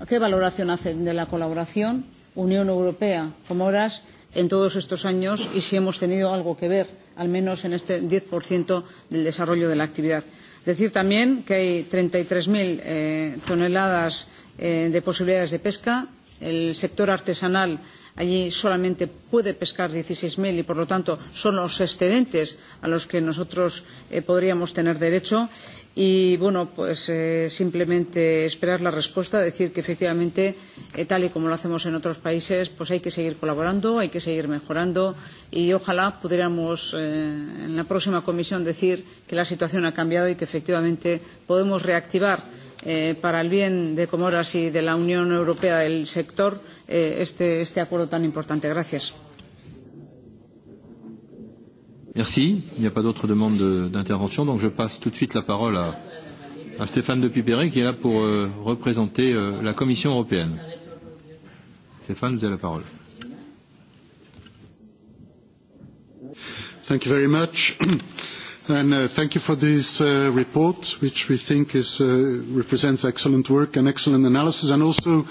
¿qué valoración hacen de la colaboración Unión Europea, Comoras en todos estos años y si hemos tenido algo que ver, al menos en este 10% del desarrollo de la actividad. Decir también que hay 33.000 eh, toneladas eh, de posibilidades de pesca. El sector artesanal allí solamente puede pescar 16.000 y, por lo tanto, son los excedentes a los que nosotros eh, podríamos tener derecho. Y bueno, pues eh, simplemente esperar la respuesta, decir que efectivamente, eh, tal y como lo hacemos en otros países, pues hay que seguir colaborando, hay que seguir mejorando y ojalá pudiéramos eh, en la próxima comisión decir que la situación ha cambiado y que efectivamente podemos reactivar eh, para el bien de Comoras y de la Unión Europea del sector eh, este, este acuerdo tan importante. Gracias. Merci. Il n'y a pas d'autres demandes d'intervention, donc je passe tout de suite la parole à, à Stéphane de Pipéré qui est là pour euh, représenter euh, la Commission européenne. Stéphane, vous avez la parole. Thank you very much. And uh, thank you for this uh, report, which we think is, uh, represents excellent work and excellent analysis, and also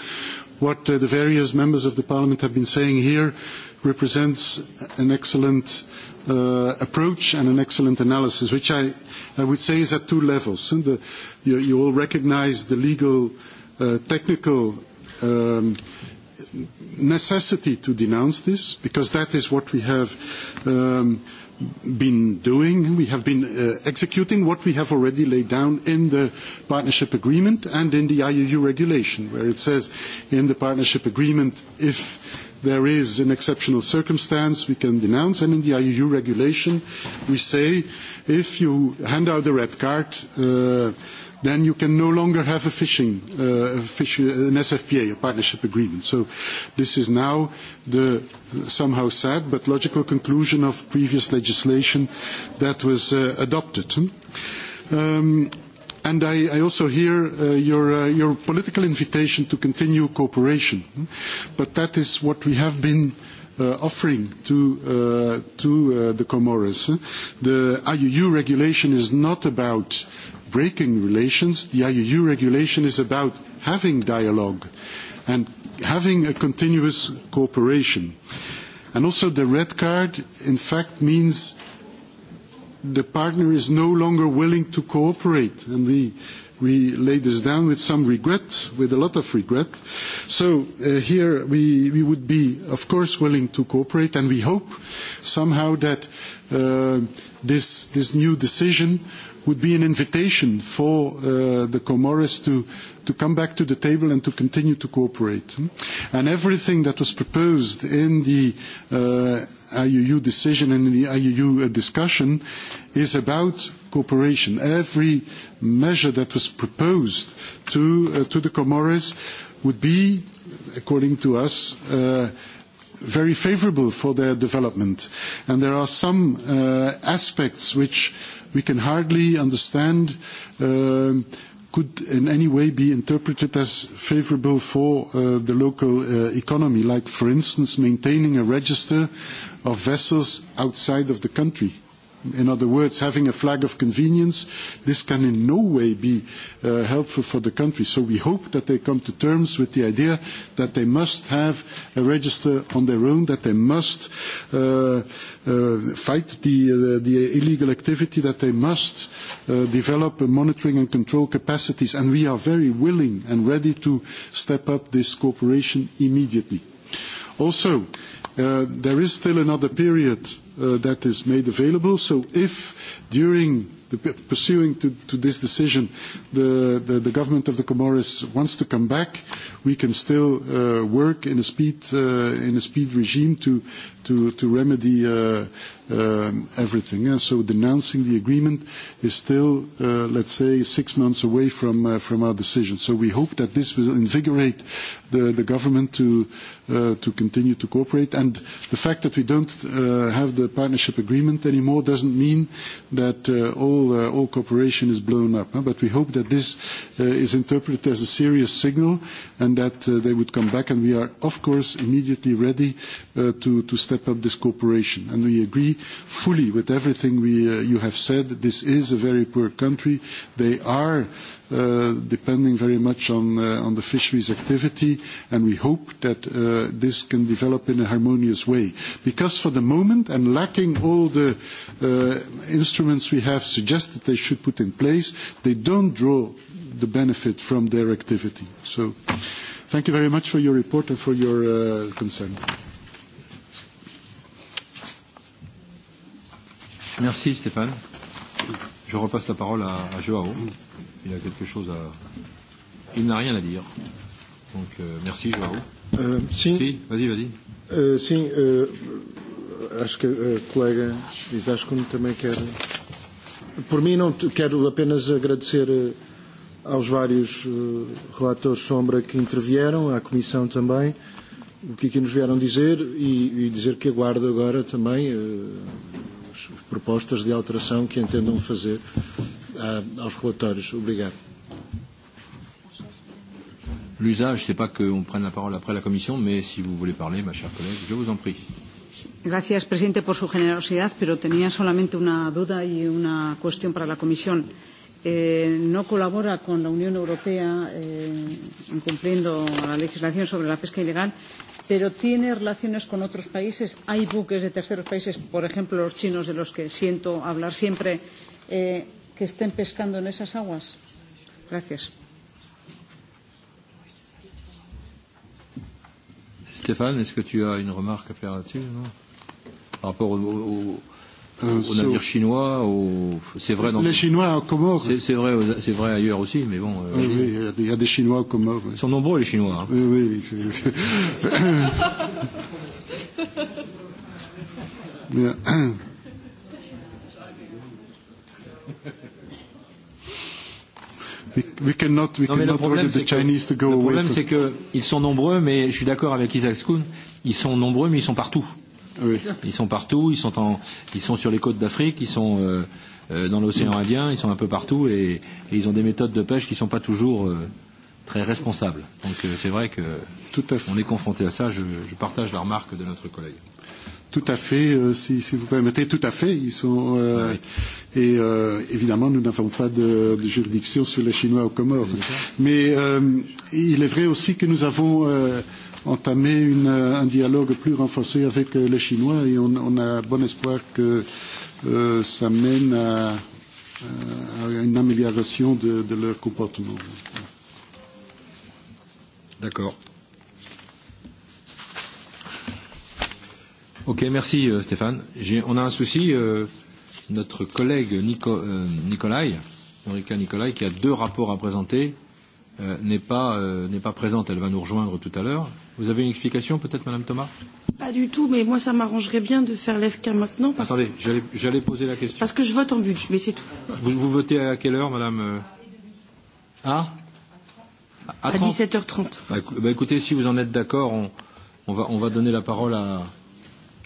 what uh, the various members of the Parliament have been saying here represents an excellent approach and an excellent analysis, which I, I would say is at two levels. And the, you, you all recognize the legal, uh, technical um, necessity to denounce this, because that is what we have um, been doing. We have been uh, executing what we have already laid down in the partnership agreement and in the IUU regulation, where it says in the partnership agreement if there is an exceptional circumstance, we can denounce. And in the IUU regulation, we say if you hand out the red card, then you can no longer have a fishing, an SFPA, a partnership agreement. So this is now the somehow sad but logical conclusion of previous legislation that was adopted. And I, I also hear uh, your, uh, your political invitation to continue cooperation. But that is what we have been offering to, the Comoros. The IUU regulation is not about breaking relations. The IUU regulation is about having dialogue and having a continuous cooperation. And also the red card, in fact, means the partner is no longer willing to cooperate. And we, we lay this down with some regret, with a lot of regret. So here we, we would be, of course, willing to cooperate, and we hope somehow that this, this new decision would be an invitation for the Comores to, to come back to the table and to continue to cooperate. And everything that was proposed in the IUU decision and in the IUU discussion is about cooperation. Every measure that was proposed to, the Comores would be, according to us, very favourable for their development. And there are some aspects which we can hardly understand could in any way be interpreted as favourable for the local economy, like, for instance, maintaining a register of vessels outside of the country. In other words, having a flag of convenience, this can in no way be helpful for the country. So we hope that they come to terms with the idea that they must have a register on their own, that they must fight the, illegal activity, that they must develop monitoring and control capacities. And we are very willing and ready to step up this cooperation immediately. Also, there is still another period that is made available. So if during the pursuing to, to this decision, the, the, the government of the Comoros wants to come back, we can still uh, work in a speed uh, in a speed regime to to, to remedy uh, uh, everything. And so denouncing the agreement is still, uh, let's say, six months away from, uh, from our decision. So we hope that this will invigorate the, the government to, uh, to continue to cooperate. And the fact that we don't uh, have the partnership agreement anymore doesn't mean that uh, all, uh, all cooperation is blown up. Huh? But we hope that this uh, is interpreted as a serious signal and that uh, they would come back. And we are, of course, immediately ready uh, to, to step step up this cooperation. And we agree fully with everything we, uh, you have said. This is a very poor country. They are uh, depending very much on, uh, on the fisheries activity, and we hope that uh, this can develop in a harmonious way. Because for the moment, and lacking all the uh, instruments we have suggested they should put in place, they don't draw the benefit from their activity. So thank you very much for your report and for your uh, consent. Merci Stéphane. Je repasse la parole à, à Joao. Il a quelque chose à. Il n'a rien à dire. Donc euh, merci Joao. Euh, si. si vas-y, vas-y. Euh, si, euh, acho que euh, collègue a colega Isascun também quer. Por mim, não quero apenas agradecer aos vários uh, relatores sombra que intervieram, à Comissão também, o que aqui nos vieram dizer e, e dizer que aguardo agora também. Uh, as propostas de alteração que entendam fazer aos relatórios. Obrigado. L'usage, c'est pas qu'on prenne la parole après la commission, mais si vous voulez parler, ma chère collègue, je vous en prie. Gracias, presidente, por su generosidad, pero tenía solamente una duda y una cuestión para la comisión. Eh, no colabora con la Unión Europea eh, incumpliendo la legislación sobre la pesca ilegal pero tiene relaciones con otros países. Hay buques de terceros países, por ejemplo los chinos, de los que siento hablar siempre, eh, que estén pescando en esas aguas. Gracias. Stéphane, est-ce que tu as une remarque à faire là-dessus Par rapport au, au navire chinois, au... c'est vrai dans les Chinois aux Comores. C'est vrai, c'est vrai ailleurs aussi, mais bon. Euh... Oui, oui, il y, a des Chinois aux Comores. Ils sont nombreux les Chinois. Hein. Oui, oui. We cannot, we cannot order Chinese to go Le problème, c'est qu'ils sont nombreux, mais je suis d'accord avec Isaac Skoun, ils sont nombreux, mais ils sont partout. Oui. Ils sont partout, ils sont, en, ils sont sur les côtes d'Afrique, ils sont euh, dans l'océan Indien, ils sont un peu partout et, et ils ont des méthodes de pêche qui ne sont pas toujours euh, très responsables. Donc euh, c'est vrai que Tout à fait. on est confronté à ça. Je, je partage la remarque de notre collègue. Tout à fait, euh, si, si vous permettez, tout à fait. Ils sont euh, oui. et euh, évidemment, nous n'avons pas de, de juridiction sur les Chinois aux Comores. Mais euh, il est vrai aussi que nous avons euh, entamer une, un dialogue plus renforcé avec les Chinois et on, on a bon espoir que euh, ça mène à, à une amélioration de, de leur comportement. D'accord. Ok, merci Stéphane. On a un souci, euh, notre collègue Nico, euh, Nicolai, Enrica Nicolai, qui a deux rapports à présenter euh, n'est pas, euh, pas présente. Elle va nous rejoindre tout à l'heure. Vous avez une explication peut-être, Madame Thomas Pas du tout, mais moi ça m'arrangerait bien de faire l'FK maintenant. Parce... Attendez, j'allais poser la question. Parce que je vote en budget, mais c'est tout. Vous, vous votez à quelle heure, Madame Ah À, à 17h30. Bah, bah, écoutez, si vous en êtes d'accord, on, on, va, on va donner la parole à,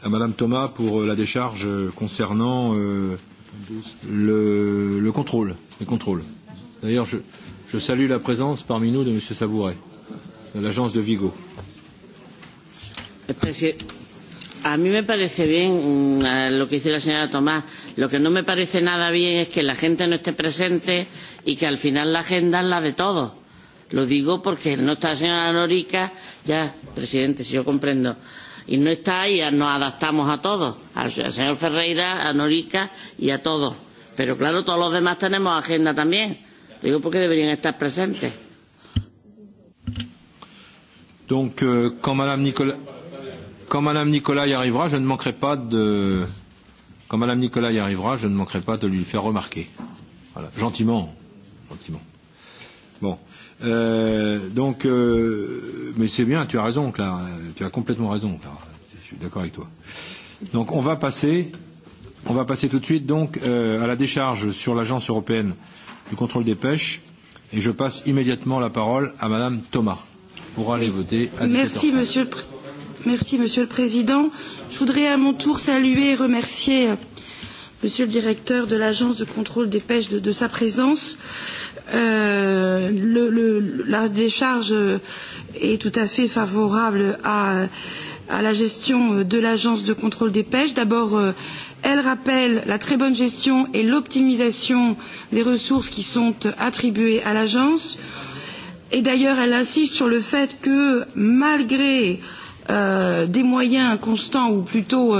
à Madame Thomas pour la décharge concernant euh, le, le contrôle. Les contrôles. D'ailleurs, je, Je salue la présence parmi nous de M. Sabouret, de l'agence de Vigo. A mí me parece bien lo que dice la señora Tomás. Lo que no me parece nada bien es que la gente no esté presente y que al final la agenda es la de todos. Lo digo porque no está la señora Norica, ya, presidente, si yo comprendo, y no está y nos adaptamos a todos, al señor Ferreira, a Norica y a todos. Pero claro, todos los demás tenemos agenda también Digo porque deberían estar presentes. Donc, euh, quand Madame Nicolas, quand Madame Nicolas y arrivera, je ne manquerai pas de, quand Madame Nicolas y arrivera, je ne manquerai pas de lui faire remarquer. Voilà, gentiment, gentiment. Bon, euh, donc, euh, mais c'est bien, tu as raison, Clara. Tu as complètement raison, Clara. Je suis d'accord avec toi. Donc, on va passer, on va passer tout de suite donc euh, à la décharge sur l'agence européenne euh, du contrôle des pêches. Et je passe immédiatement la parole à Madame Thomas pour aller voter à Merci, monsieur le h Merci Monsieur le Président. Je voudrais à mon tour saluer et remercier Monsieur le Directeur de l'Agence de contrôle des pêches de, de sa présence. Euh, le, le, la décharge est tout à fait favorable à à la gestion de l'agence de contrôle des pêches. D'abord, euh, Elle rappelle la très bonne gestion et l'optimisation des ressources qui sont attribuées à l'agence. Et d'ailleurs, elle insiste sur le fait que malgré des moyens constants, ou plutôt,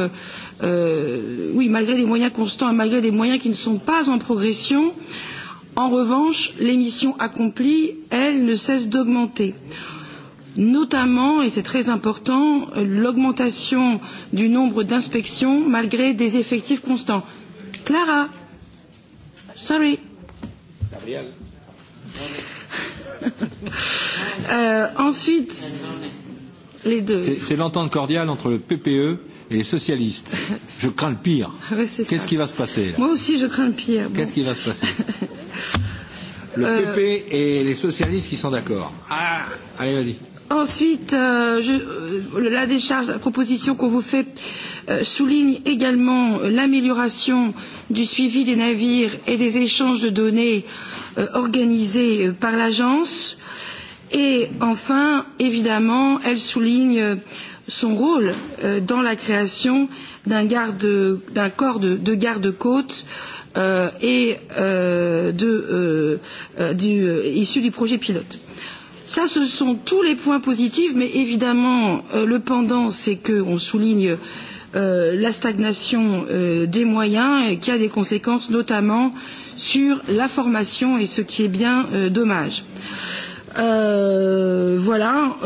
oui, malgré des moyens constants et malgré des moyens qui ne sont pas en progression, en revanche, les missions accomplies, elles, ne cessent d'augmenter notamment, et c'est très important, l'augmentation du nombre d'inspections malgré des effectifs constants. Clara, sorry. Gabriel. euh, ensuite, les deux. C'est l'entente cordiale entre le PPE et les socialistes. Je crains le pire. Qu'est-ce qui va se passer là Moi aussi, je crains le pire. Qu'est-ce qui va se passer Le PP et les socialistes qui sont d'accord. Ah, allez, vas-y. Ensuite, je, la décharge, la proposition qu'on vous fait souligne également l'amélioration du suivi des navires et des échanges de données organisés par l'agence. Et enfin, évidemment, elle souligne son rôle dans la création d'un corps de, garde euh, et issu du projet pilote. Ça, ce sont tous les points positifs, mais évidemment, le pendant, c'est qu'on souligne la stagnation des moyens et qui a des conséquences notamment sur la formation et ce qui est bien dommage. voilà.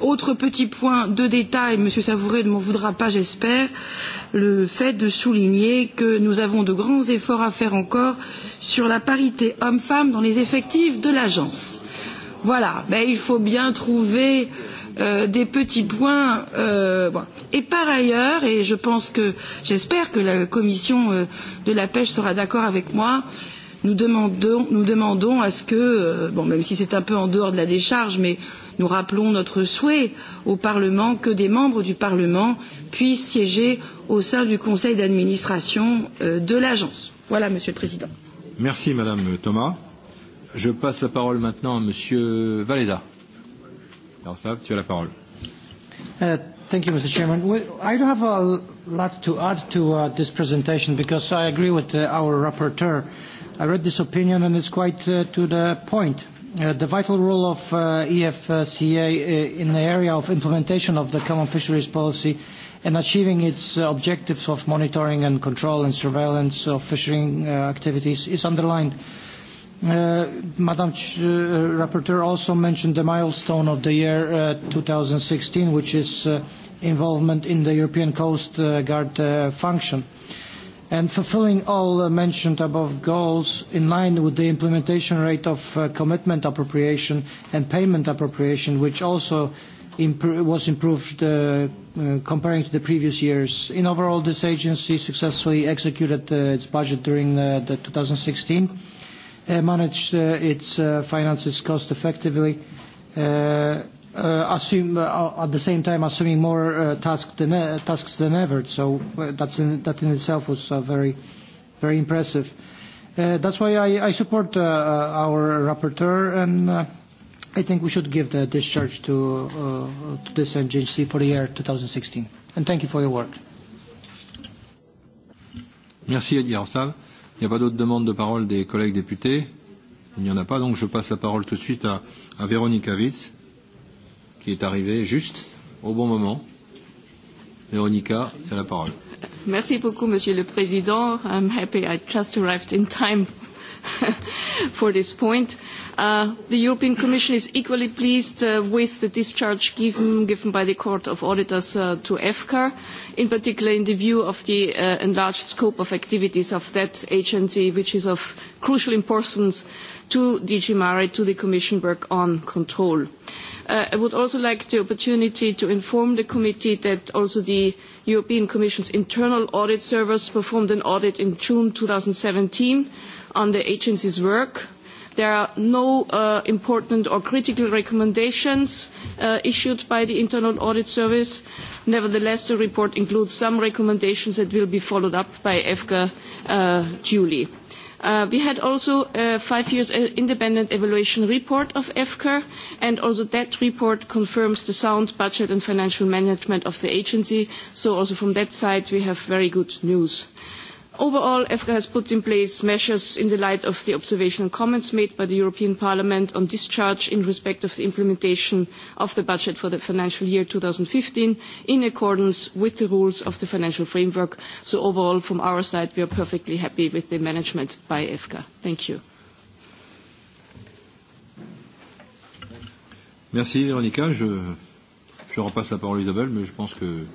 autre petit point de détail, Monsieur Savouret ne m'en voudra pas, j'espère, le fait de souligner que nous avons de grands efforts à faire encore sur la parité hommes-femmes dans les effectifs de l'agence. Voilà, ben, il faut bien trouver euh, des petits points. Euh, bon. Et par ailleurs, et je pense que j'espère que la commission euh, de la pêche sera d'accord avec moi, nous demandons, nous demandons à ce que, euh, bon, même si c'est un peu en dehors de la décharge, mais nous rappelons notre souhait au Parlement que des membres du Parlement puissent siéger au sein du conseil d'administration de l'agence. Voilà, Monsieur le Président. Merci, Madame Thomas. Je passe la parole maintenant à Monsieur Valeda. ça, tu as la parole. Thank you, Mr. Chairman. I don't have a lot to add to this presentation because I agree with our rapporteur. I read this opinion, and it's quite to the point. The vital role of EFCA in the area of implementation of the common fisheries policy and achieving its objectives of monitoring and control and surveillance of fishing activities is underlined Madam Rapporteur also mentioned the milestone of the year uh, 2016, which is involvement in the European Coast Guard function. And fulfilling all mentioned above goals in line with the implementation rate of commitment appropriation and payment appropriation, which also was improved comparing to the previous years. In overall, this agency successfully executed its budget during the 2016 manage its finances cost effectively, at the same time assuming more tasks than ever. So that in itself was very impressive. That's why I support our rapporteur, and I think we should give the discharge to this agency for the year 2016. And Thank you for your work. Merci, Eddie Il n'y a pas d'autres demandes de parole des collègues députés Il n'y en a pas, donc je passe la parole tout de suite à, à Véronique Avitz, qui est arrivée juste au bon moment. Véronica, c'est la parole. Merci beaucoup, Monsieur le Président. I'm happy I just arrived in time for this point. the European Commission is equally pleased with the discharge given, by the Court of Auditors to EFCAR, in particular in the view of the enlarged scope of activities of that agency, which is of crucial importance to DG Mare, to the Commission work on control. I would also like the opportunity to inform the committee that also the European Commission's internal audit service performed an audit in June seventeen on the agency's work. There are no important or critical recommendations issued by the Internal Audit Service. Nevertheless, the report includes some recommendations that will be followed up by EFCA duly. we had also a five years independent evaluation report of EFCA, and also that report confirms the sound budget and financial management of the agency. So also from that side, we have very good news. Uh, Overall, EFCA has put in place measures in the light of the observation and comments made by the European Parliament on discharge in respect of the implementation of the budget for the financial year fifteen in accordance with the rules of the financial framework. So overall, from our side, we are perfectly happy with the management by EFCA. Thank you. Merci, Je, repasse la parole à Isabelle, mais je pense que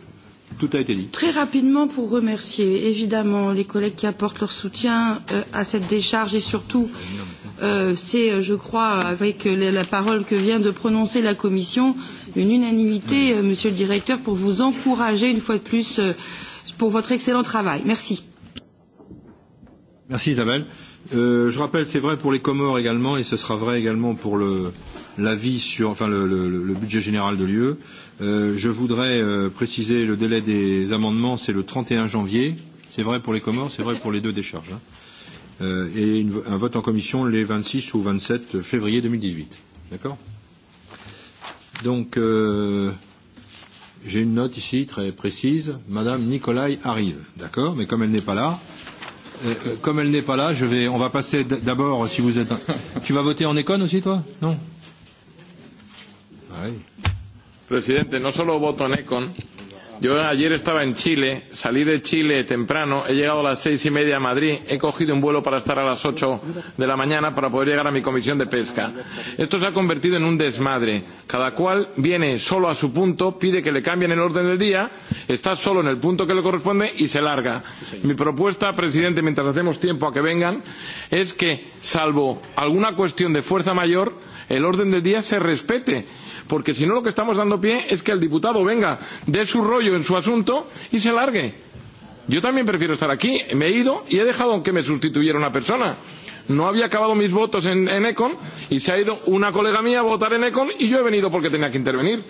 Tout a été dit. Très rapidement, pour remercier évidemment les collègues qui apportent leur soutien à cette décharge et surtout, c'est, je crois, avec la parole que vient de prononcer la Commission, une unanimité, Monsieur le Directeur, pour vous encourager une fois de plus pour votre excellent travail. Merci. Merci Isabelle. Euh, je rappelle, c'est vrai pour les Comores également, et ce sera vrai également pour le, vie sur, enfin le, le, le budget général de l'UE. Euh, je voudrais préciser le délai des amendements, c'est le 31 janvier. C'est vrai pour les Comores, c'est vrai pour les deux décharges. Hein. et une, un vote en commission les 26 ou 27 février 2018. D'accord Donc, euh, j'ai une note ici très précise. Madame Nicolai arrive. D'accord Mais comme elle n'est pas là, comme elle n'est pas là, je vais, on va passer d'abord, si vous êtes. Tu vas voter en école aussi, toi Non Oui. Presidente, no solo voto en Econ. Yo ayer estaba en Chile, salí de Chile temprano, he llegado a las seis y media a Madrid, he cogido un vuelo para estar a las ocho de la mañana para poder llegar a mi comisión de pesca. Esto se ha convertido en un desmadre. Cada cual viene solo a su punto, pide que le cambien el orden del día, está solo en el punto que le corresponde y se larga. Mi propuesta, presidente, mientras hacemos tiempo a que vengan, es que, salvo alguna cuestión de fuerza mayor, el orden del día se respete Porque si no, lo que estamos dando pie es que el diputado venga, dé su rollo en su asunto y se largue. Yo también prefiero estar aquí. Me he ido y he dejado que me sustituyera una persona. No había acabado mis votos en, en Econ y se ha ido una colega mía a votar en Econ y yo he venido porque tenía que intervenir.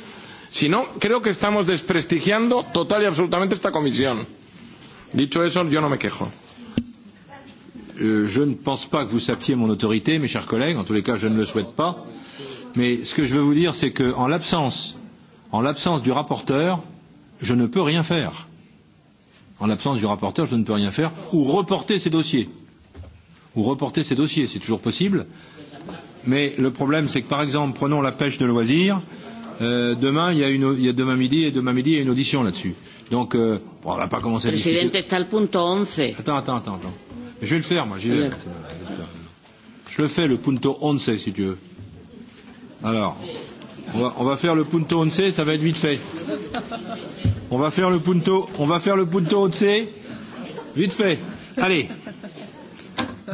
Si no, creo que estamos desprestigiando total y absolutamente esta comisión. Dicho eso, yo no me quejo je ne pense pas que vous sapiez mon autorité, mes chers collègues. En tous les cas, je ne le souhaite pas. Mais ce que je veux vous dire, c'est qu'en l'absence, en l'absence du rapporteur, je ne peux rien faire. En l'absence du rapporteur, je ne peux rien faire ou reporter ces dossiers. Ou reporter ces dossiers, c'est toujours possible. Mais le problème, c'est que par exemple, prenons la pêche de loisirs. Euh, demain, il y, a une, il y a demain midi et demain midi, il y a une audition là-dessus. Donc, euh, bon, on n'a pas commencé à discuter. Président, punto 11. Attends, attends, attends. attends. Je vais le faire, moi. Je le fais, le punto 11, si tu veux. Alors, on va, on va faire le punto once, ça va être vite fait. On va faire le punto, on va faire le punto once, vite fait. Allez.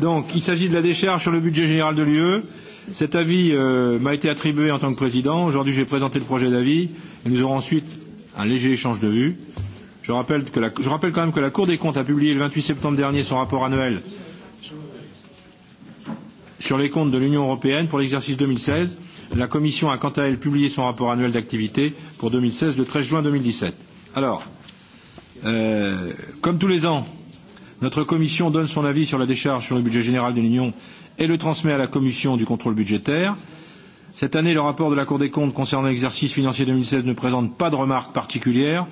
Donc, il s'agit de la décharge sur le budget général de l'UE. Cet avis euh, m'a été attribué en tant que président. Aujourd'hui, je vais présenter le projet d'avis et nous aurons ensuite un léger échange de vues. Je rappelle, que la, je rappelle quand même que la Cour des comptes a publié le 28 septembre dernier son rapport annuel sur les comptes de l'Union européenne pour l'exercice 2016 La Commission a quant à elle publié son rapport annuel d'activité pour 2016 le 13 juin 2017. Alors, euh, comme tous les ans, notre Commission donne son avis sur la décharge sur le budget général de l'Union et le transmet à la Commission du contrôle budgétaire. Cette année, le rapport de la Cour des comptes concernant l'exercice financier 2016 ne présente pas de remarques particulières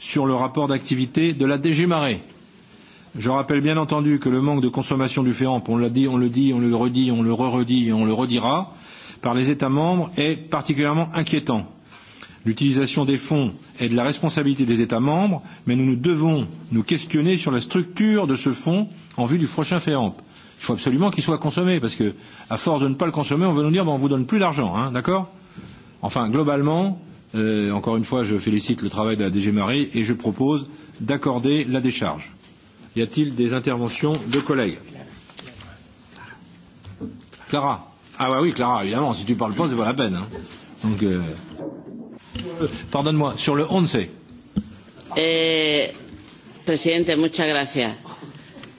sur le rapport d'activité de la DG Marais. Je rappelle bien entendu que le manque de consommation du FEAMP, on l'a dit, on le dit, on le redit, on le re-redit et on le redira, par les États membres est particulièrement inquiétant. L'utilisation des fonds est de la responsabilité des États membres, mais nous, nous devons nous questionner sur la structure de ce fonds en vue du prochain FEAMP. Il faut absolument qu'il soit consommé, parce que, à force de ne pas le consommer, on va nous dire, bon, on ne vous donne plus d'argent, hein, d'accord Enfin, globalement, euh, encore une fois, je félicite le travail de la DG Marie et je propose d'accorder la décharge. Y a-t-il des interventions de collègues Clara. Ah bah oui, Clara, évidemment, si tu parles pas, c'est pas la peine. Hein. Donc, euh... pardonne-moi, sur le 11. Eh, presidente, muchas gracias.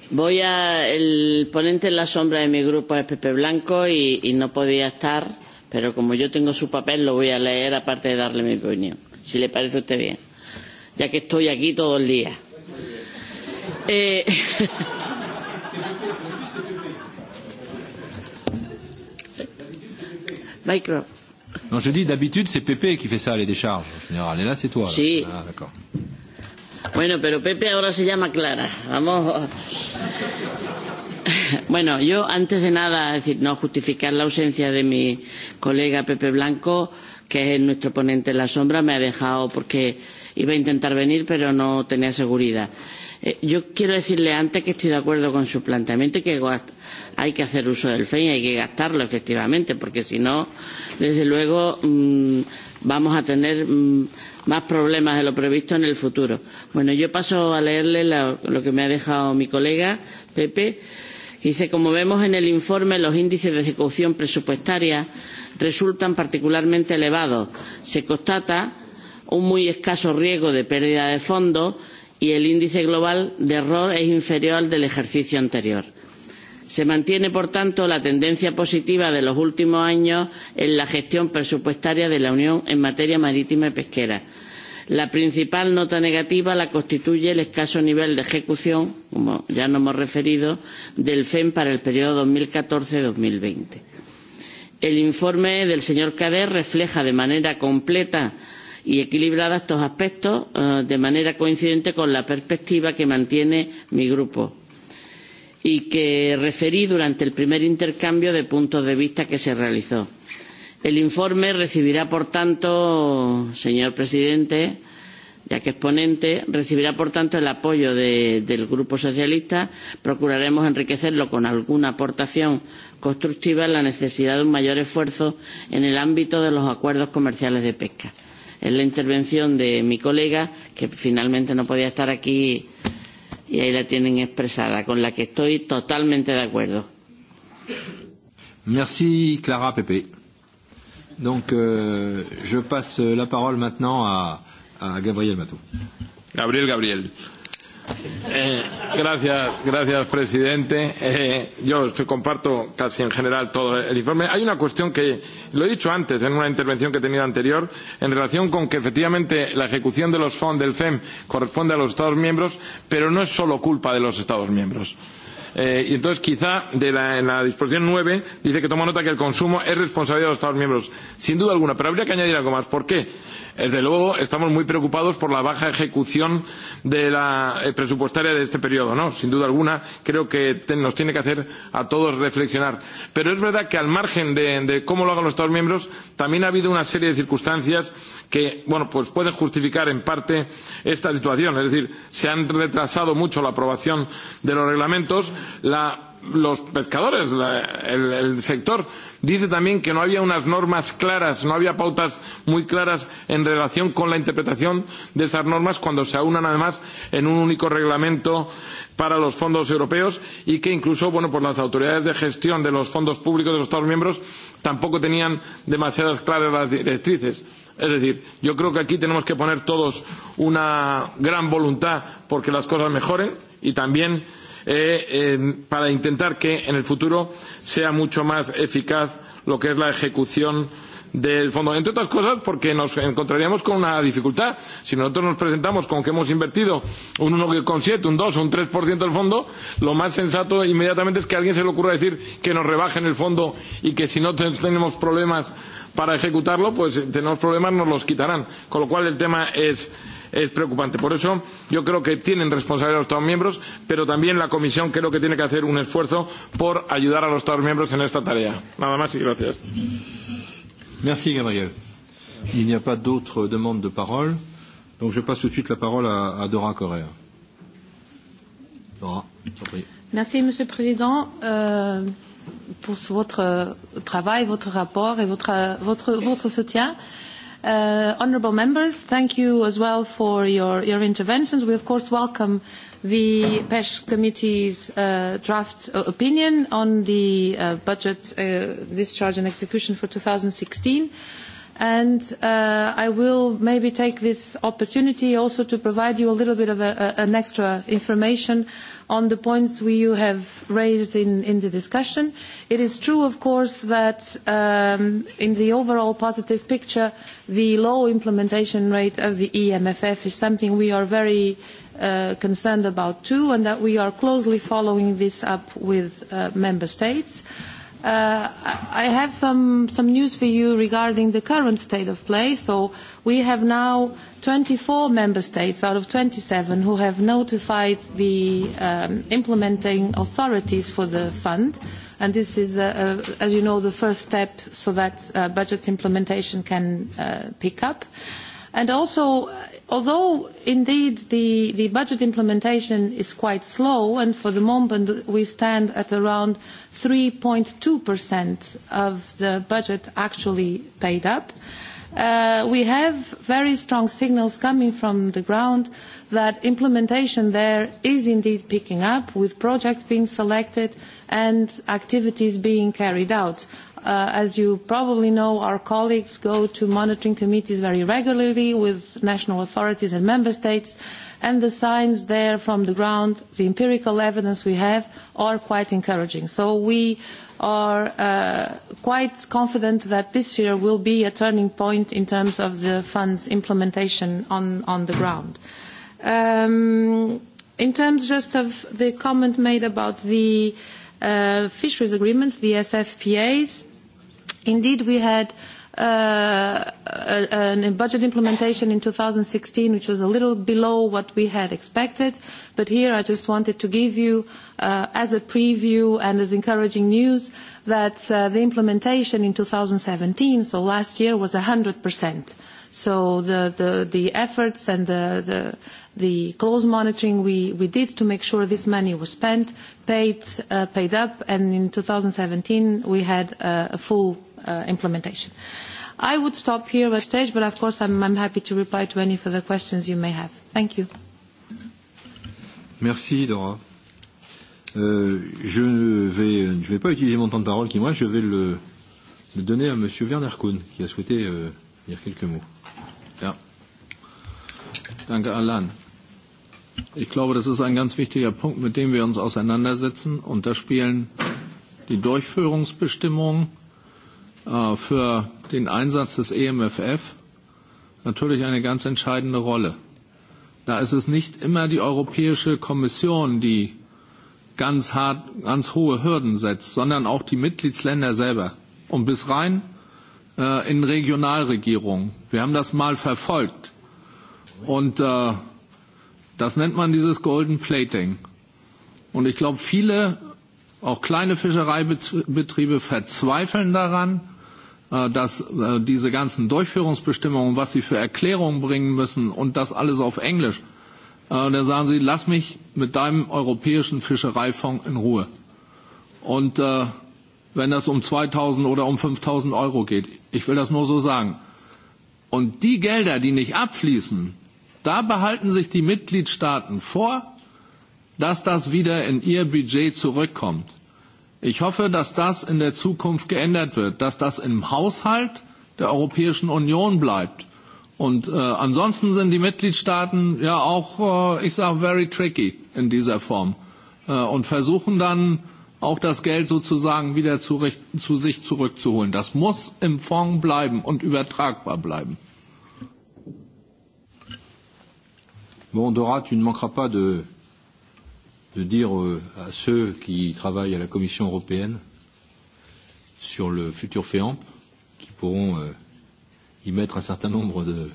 Voy a el ponente en la sombra de mi grupo es Pepe Blanco y, y no podía estar, pero como yo tengo su papel lo voy a leer aparte de darle mi opinión, si le parece a usted bien, ya que estoy aquí todo el día. Eh, Non, je dis d'habitude c'est Pepe qui fait ça les décharges en général. Et là c'est toi. Si. Ah, d'accord. Bueno, pero Pepe ahora se llama Clara. Vamos. Bueno, yo antes de nada, es decir, no justificar la ausencia de mi colega Pepe Blanco, que es nuestro ponente en la sombra, me ha dejado porque iba a intentar venir, pero no tenía seguridad. yo quiero decirle antes que estoy de acuerdo con su planteamiento y que hay que hacer uso del FEI, hay que gastarlo efectivamente, porque si no, desde luego, mmm, vamos a tener mmm, más problemas de lo previsto en el futuro. Bueno, yo paso a leerle lo, lo que me ha dejado mi colega, Pepe. Dice, como vemos en el informe, los índices de ejecución presupuestaria resultan particularmente elevados. Se constata un muy escaso riesgo de pérdida de fondos y el índice global de error es inferior al del ejercicio anterior. Se mantiene, por tanto, la tendencia positiva de los últimos años en la gestión presupuestaria de la Unión en materia marítima y pesquera. La principal nota negativa la constituye el escaso nivel de ejecución, como ya nos hemos referido, del FEM para el periodo dos mil 2014-2020. El informe del señor Cader refleja de manera completa y equilibrada estos aspectos, de manera coincidente con la perspectiva que mantiene mi grupo y que referí durante el primer intercambio de puntos de vista que se realizó. El informe recibirá, por tanto, señor presidente, ya que es ponente, recibirá, por tanto, el apoyo del Grupo Socialista. Procuraremos enriquecerlo con alguna aportación constructiva en la necesidad de un mayor esfuerzo en el ámbito de los acuerdos comerciales de pesca. Es la intervención de mi colega, que finalmente no podía estar aquí y ahí la tienen expresada, con la que estoy totalmente de acuerdo. Merci Clara Pepe. Donc euh, je passe la parole maintenant à, à Gabriel Matou. Gabriel Gabriel. Eh, gracias, gracias, presidente. Eh, yo comparto casi en general todo el informe. Hay una cuestión que lo he dicho antes en una intervención que he tenido anterior en relación con que efectivamente la ejecución de los fondos del FEM corresponde a los Estados miembros, pero no es solo culpa de los Estados miembros. Eh, y entonces quizá de la, en la disposición 9 dice que toma nota que el consumo es responsabilidad de los Estados miembros. Sin duda alguna, pero habría que añadir algo más. ¿Por qué? Desde luego, estamos muy preocupados por la baja ejecución de la, presupuestaria de este periodo. ¿no? Sin duda alguna, creo que nos tiene que hacer a todos reflexionar. Pero es verdad que al margen de, de cómo lo hagan los Estados miembros, también ha habido una serie de circunstancias que bueno, pues pueden justificar en parte esta situación. Es decir, se han retrasado mucho la aprobación de los reglamentos, la los pescadores, la, el, el sector. Dice también que no había unas normas claras, no había pautas muy claras en relación con la interpretación de esas normas cuando se aunan además en un único reglamento para los fondos europeos y que incluso bueno, las autoridades de gestión de los fondos públicos de los Estados miembros tampoco tenían demasiadas claras las directrices. Es decir, yo creo que aquí tenemos que poner todos una gran voluntad porque las cosas mejoren y también para intentar que en el futuro sea mucho más eficaz lo que es la ejecución del fondo. Entre otras cosas, porque nos encontraríamos con una dificultad. Si nosotros nos presentamos con que hemos invertido un uno siete, un dos, un tres del fondo, lo más sensato inmediatamente es que a alguien se le ocurra decir que nos rebajen el fondo y que si no tenemos problemas para ejecutarlo, pues tenemos problemas, nos los quitarán. Con lo cual el tema es es preocupante. Por eso yo creo que tienen responsabilidad los Estados miembros, pero también la Comisión creo que tiene que hacer un esfuerzo por ayudar a los Estados miembros en esta tarea. Nada más y gracias. Merci Gabriel. Il n'y a pas d'autres demandes de parole, donc je passe tout de suite la parole à, à Dora Correa. Dora, Merci Monsieur le Président. Euh pour votre travail, votre rapport et votre, votre, votre soutien. Euh, honourable members, thank you as well for your, your interventions. We, of course, welcome the PESH committee's draft opinion on the budget discharge and execution for sixteen and I will maybe take this opportunity also to provide you a little bit of an extra information on the points we you have raised in the discussion. It is true, of course, that in the overall positive picture, the low implementation rate of the EMFF is something we are very concerned about too, and that we are closely following this up with member states. Uh, I have some, some news for you regarding the current state of play. So we have now 24 member states out of 27 who have notified the implementing authorities for the fund. And this is, uh, as you know, the first step so that uh, budget implementation can pick up. And also, Although indeed the, the budget implementation is quite slow, and for the moment we stand at around 3.2% of the budget actually paid up, uh, we have very strong signals coming from the ground that implementation there is indeed picking up, with projects being selected and activities being carried out as you probably know, our colleagues go to monitoring committees very regularly with national authorities and member states, and the signs there from the ground, the empirical evidence we have, are quite encouraging. So we are quite confident that this year will be a turning point in terms of the fund's implementation on the ground. In terms just of the comment made about the fisheries agreements, the SFPAs, Indeed, we had a budget implementation in 2016, which was a little below what we had expected. But here I just wanted to give you, as a preview and as encouraging news, that the implementation in 2017, so last year, was 100%. So the the the efforts and the the the close monitoring we, did to make sure this money was spent, paid, up, and in 2017 we had a full implementation. I would stop here at stage, but of course I'm, happy to reply to any further questions you may have. Thank you. Merci, Dora. je ne vais, pas utiliser mon temps de parole qui, moi, je vais le, donner à Monsieur Werner Kuhn, qui a souhaité dire quelques mots. Ja. Danke, Alain. Ich glaube, das ist ein ganz wichtiger Punkt, mit dem wir uns auseinandersetzen. Und da spielen die Durchführungsbestimmungen für den Einsatz des EMFF natürlich eine ganz entscheidende Rolle. Da ist es nicht immer die Europäische Kommission, die ganz, hart, ganz hohe Hürden setzt, sondern auch die Mitgliedsländer selber und bis rein in Regionalregierungen. Wir haben das mal verfolgt. Und Das nennt man dieses Golden Plating. Und ich glaube, viele, auch kleine Fischereibetriebe, verzweifeln daran, dass diese ganzen Durchführungsbestimmungen, was sie für Erklärungen bringen müssen und das alles auf Englisch, da sagen sie, lass mich mit deinem europäischen Fischereifonds in Ruhe. Und wenn das um 2.000 oder um 5.000 Euro geht, ich will das nur so sagen. Und die Gelder, die nicht abfließen, Da behalten sich die Mitgliedstaaten vor, dass das wieder in ihr Budget zurückkommt. Ich hoffe, dass das in der Zukunft geändert wird, dass das im Haushalt der Europäischen Union bleibt. Und ansonsten sind die Mitgliedstaaten ja auch, ich sage, very tricky in dieser Form und versuchen dann auch das Geld sozusagen wieder zu, sich zurückzuholen. Das muss im Fonds bleiben und übertragbar bleiben. Bon, Dora, tu ne manqueras pas de, de dire à ceux qui travaillent à la Commission européenne sur le futur FEAMP, qui pourront y mettre un certain nombre de,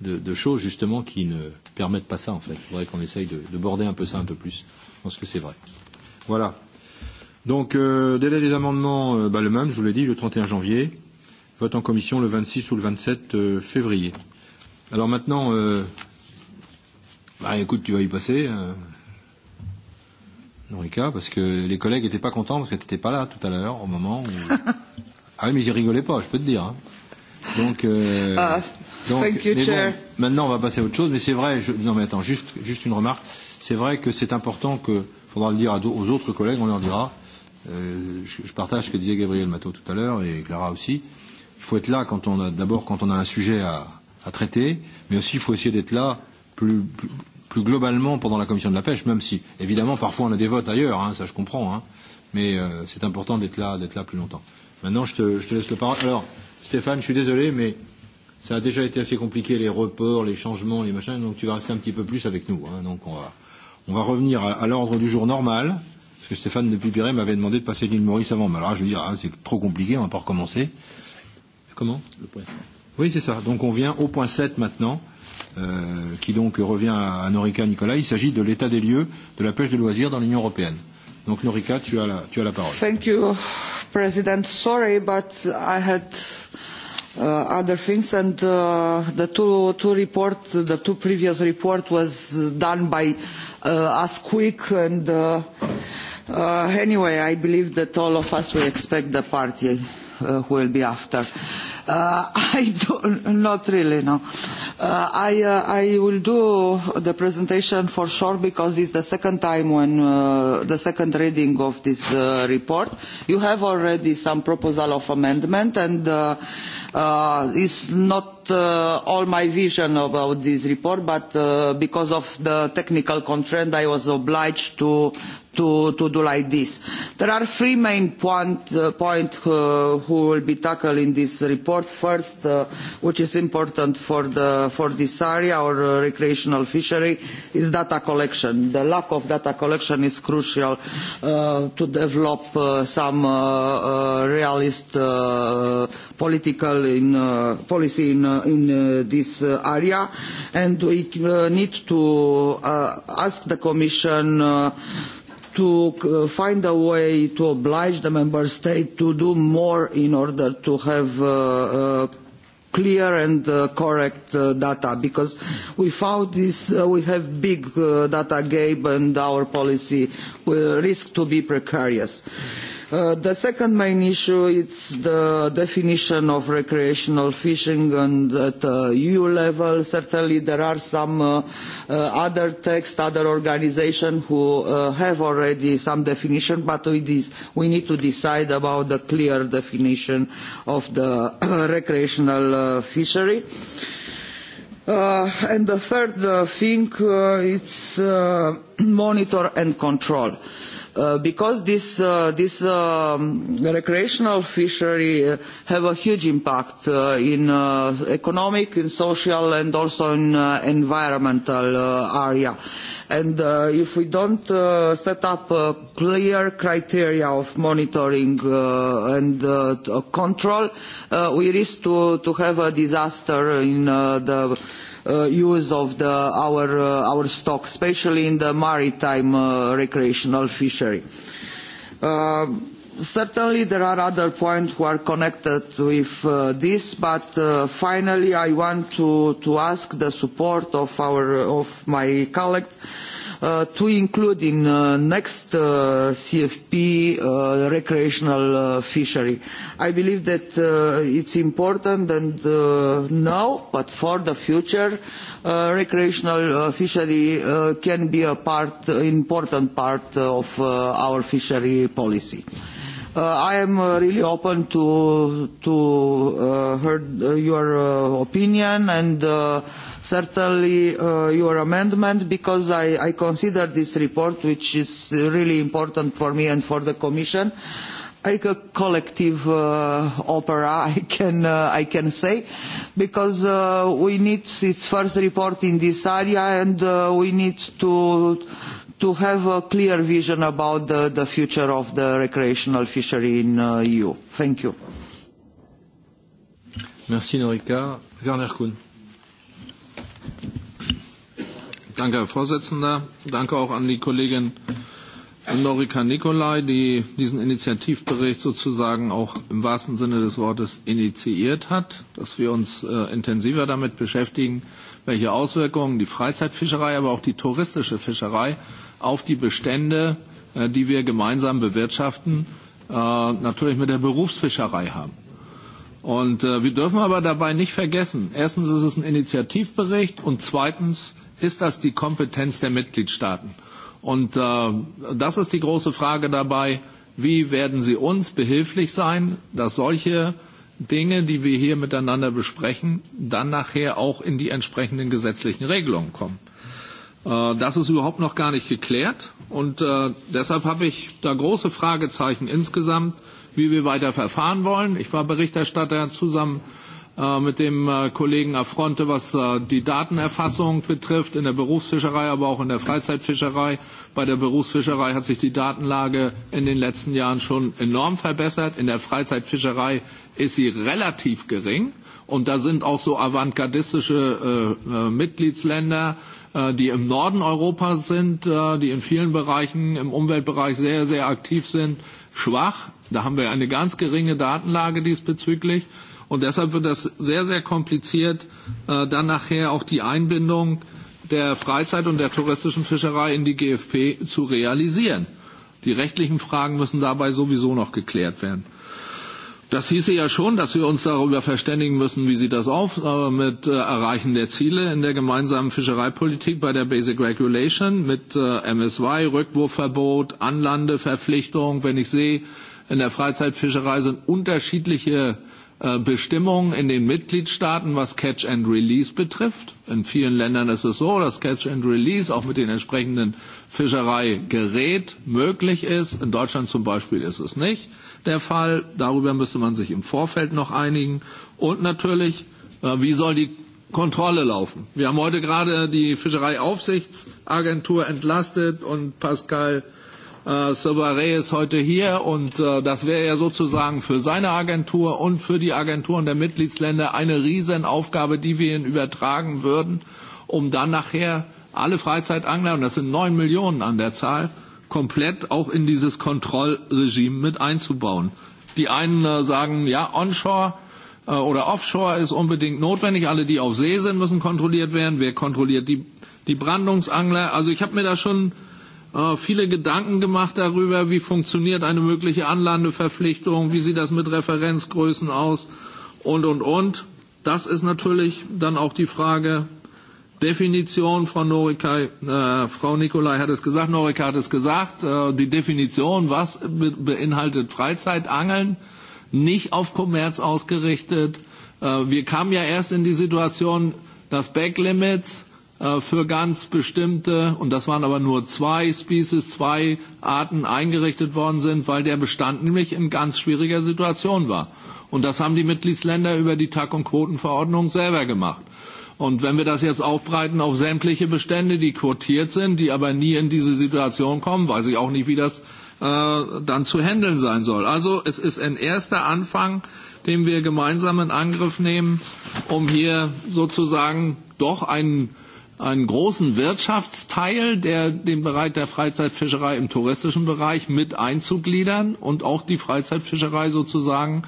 de, de choses justement qui ne permettent pas ça en fait. Il faudrait qu'on essaye de, de border un peu ça un peu plus. Je pense que c'est vrai. Voilà. Donc, euh, délai des amendements, euh, bah, le même, je vous l'ai dit, le 31 janvier. Vote en commission le 26 ou le 27 euh, février. Alors maintenant, euh, Bah écoute, tu vas y passer, euh, Norica, parce que les collègues n'étaient pas contents parce que tu n'étais pas là tout à l'heure au moment où. ah oui, mais ils rigolaient pas, je peux te dire. Hein. Donc. Euh, ah. Donc, Thank you, mais Chair. maintenant, on va passer à autre chose, mais c'est vrai. Je, non, mais attends, juste, juste une remarque. C'est vrai que c'est important que, faudra le dire à, aux autres collègues, on leur dira. Euh, je, je partage ce que disait Gabriel Matteau tout à l'heure et Clara aussi. Il faut être là quand on a d'abord quand on a un sujet à, à traiter, mais aussi il faut essayer d'être là euh, plus, plus, plus globalement pendant la commission de la pêche, même si évidemment parfois on a des votes ailleurs, hein, ça je comprends, hein, mais euh, c'est important d'être là, d'être là plus longtemps. Maintenant, je te, je te laisse le parole. Alors, Stéphane, je suis désolé, mais ça a déjà été assez compliqué les reports, les changements, les machins, donc tu vas rester un petit peu plus avec nous. Hein, donc on va, on va revenir à, à l'ordre du jour normal. Parce que Stéphane de Piperé m'avait demandé de passer l'île Maurice avant. Mais alors je veux dire, ah, c'est trop compliqué, on va pas recommencer. Comment Le point 7. Oui, c'est ça. Donc on vient au point 7 maintenant qui donc revient à Norica Nicolas. Il s'agit de l'état des lieux de la pêche de loisirs dans l'Union européenne. Donc Norica, tu as la, tu as la parole. Thank you, President. Sorry, but I had uh, other things and uh, the two, two report, the two previous report was done by uh, us quick and uh, uh, anyway, I believe that all of us will expect the party uh, who will be after. Uh, Uh, I do not really know. Uh, I uh, I will do the presentation for sure because it's the second time when uh, the second reading of this uh, report. You have already some proposal of amendment and. Uh, uh, it's not uh, all my vision about this report, but uh, because of the technical constraint, I was obliged to to, to do like this. There are three main points uh, point, uh, who will be tackled in this report. First, uh, which is important for, the, for this area or uh, recreational fishery, is data collection. The lack of data collection is crucial uh, to develop uh, some uh, uh, realist uh, political in, uh, policy in, uh, in uh, this uh, area. And we uh, need to uh, ask the Commission uh, to find a way to oblige the member state to do more in order to have uh, clear and correct data because we found this we have big data gap and our policy will risk to be precarious the second main issue is the definition of recreational fishing and at uh, EU level certainly there are some uh, other texts, other organisations who uh, have already some definition but we, we need to decide about the clear definition of the recreational uh, fishery. Uh, and the third uh, thing uh, is uh, monitor and control. Uh, because this this recreational fishery have a huge impact in economic, in social, and also in environmental area. And if we don't set up clear criteria of monitoring and control, we risk to to have a disaster in the use of our stock, especially in the maritime recreational fishery. Certainly, there are other points who are connected with this, but finally, I want to ask the support of my colleagues to include in the next CFP recreational fishery. I believe that it is important and now, but for the future, recreational fishery can be an important part of our fishery policy. I am really open to, to your opinion and certainly uh, your amendment because I, I consider this report, which is really important for me and for the Commission, like a collective uh, opera, I can, uh, I can say, because uh, we need its first report in this area and uh, we need to to have a clear vision about the, the future of the recreational fishery in uh, EU. Thank you. Merci Werner Kuhn. Danke, Herr Vorsitzender. Danke auch an die Kollegin Norika Nicolai, die diesen Initiativbericht sozusagen auch im wahrsten Sinne des Wortes initiiert hat, dass wir uns intensiver damit beschäftigen, welche Auswirkungen die Freizeitfischerei, aber auch die touristische Fischerei auf die Bestände, die wir gemeinsam bewirtschaften, natürlich mit der Berufsfischerei haben. Und wir dürfen aber dabei nicht vergessen, erstens ist es ein Initiativbericht und zweitens ist das die Kompetenz der Mitgliedstaaten. Und das ist die große Frage dabei, wie werden sie uns behilflich sein, dass solche Dinge, die wir hier miteinander besprechen, dann nachher auch in die entsprechenden gesetzlichen Regelungen kommen. Das ist überhaupt noch gar nicht geklärt und deshalb habe ich da große Fragezeichen insgesamt wie wir weiter verfahren wollen. Ich war Berichterstatter zusammen mit dem Kollegen Affronte, was die Datenerfassung betrifft, in der Berufsfischerei, aber auch in der Freizeitfischerei. Bei der Berufsfischerei hat sich die Datenlage in den letzten Jahren schon enorm verbessert. In der Freizeitfischerei ist sie relativ gering. Und da sind auch so avantgardistische Mitgliedsländer, die im Norden Europas sind, die in vielen Bereichen, im Umweltbereich sehr, sehr aktiv sind, schwach. Da haben wir eine ganz geringe Datenlage diesbezüglich. Und deshalb wird das sehr, sehr kompliziert, dann nachher auch die Einbindung der Freizeit- und der touristischen Fischerei in die GFP zu realisieren. Die rechtlichen Fragen müssen dabei sowieso noch geklärt werden. Das hieße ja schon, dass wir uns darüber verständigen müssen, wie sieht das auf mit Erreichen der Ziele in der gemeinsamen Fischereipolitik bei der Basic Regulation mit MSY, Rückwurfverbot, Anlandeverpflichtung, wenn ich sehe, in der Freizeitfischerei sind unterschiedliche Bestimmungen in den Mitgliedstaaten, was Catch and Release betrifft. In vielen Ländern ist es so, dass Catch and Release auch mit dem entsprechenden Fischereigerät möglich ist. In Deutschland zum Beispiel ist es nicht der Fall. Darüber müsste man sich im Vorfeld noch einigen. Und natürlich, wie soll die Kontrolle laufen? Wir haben heute gerade die Fischereiaufsichtsagentur entlastet und Pascal äh, Silvaray ist heute hier und äh, das wäre ja sozusagen für seine Agentur und für die Agenturen der Mitgliedsländer eine Riesenaufgabe, die wir ihnen übertragen würden, um dann nachher alle Freizeitangler, und das sind neun Millionen an der Zahl, komplett auch in dieses Kontrollregime mit einzubauen. Die einen äh, sagen, ja, onshore äh, oder offshore ist unbedingt notwendig. Alle, die auf See sind, müssen kontrolliert werden. Wer kontrolliert die, die Brandungsangler? Also ich habe mir da schon äh, viele Gedanken gemacht darüber, wie funktioniert eine mögliche Anlandeverpflichtung, wie sieht das mit Referenzgrößen aus und, und, und. Das ist natürlich dann auch die Frage Definition. Frau, Norikai, äh, Frau Nikolai hat es gesagt, Norika hat es gesagt, äh, die Definition, was be beinhaltet Freizeitangeln, nicht auf Kommerz ausgerichtet. Äh, wir kamen ja erst in die Situation, dass Backlimits für ganz bestimmte, und das waren aber nur zwei Species, zwei Arten eingerichtet worden sind, weil der Bestand nämlich in ganz schwieriger Situation war. Und das haben die Mitgliedsländer über die TAC- und Quotenverordnung selber gemacht. Und wenn wir das jetzt aufbreiten auf sämtliche Bestände, die quotiert sind, die aber nie in diese Situation kommen, weiß ich auch nicht, wie das dann zu handeln sein soll. Also es ist ein erster Anfang, den wir gemeinsam in Angriff nehmen, um hier sozusagen doch einen einen großen Wirtschaftsteil, der den Bereich der Freizeitfischerei im touristischen Bereich mit einzugliedern und auch die Freizeitfischerei sozusagen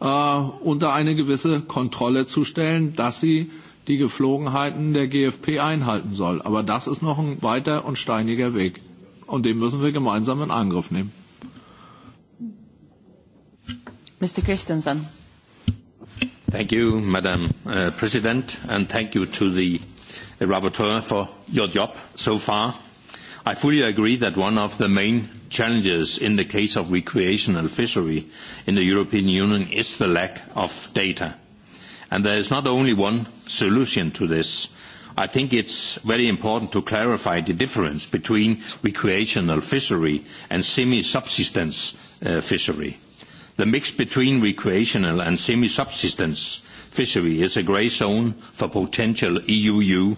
unter eine gewisse Kontrolle zu stellen, dass sie die Geflogenheiten der GFP einhalten soll. Aber das ist noch ein weiter und steiniger Weg. Und den müssen wir gemeinsam in Angriff nehmen. Mr. Christensen. Thank you, Madam President, and thank you to the rapporteur for your job so far. I fully agree that one of the main challenges in the case of recreational fishery in the European Union is the lack of data. And there is not only one solution to this. I think it is very important to clarify the difference between recreational fishery and semi-subsistence fishery. The mix between recreational and semi-subsistence fishery is a grey zone for potential EU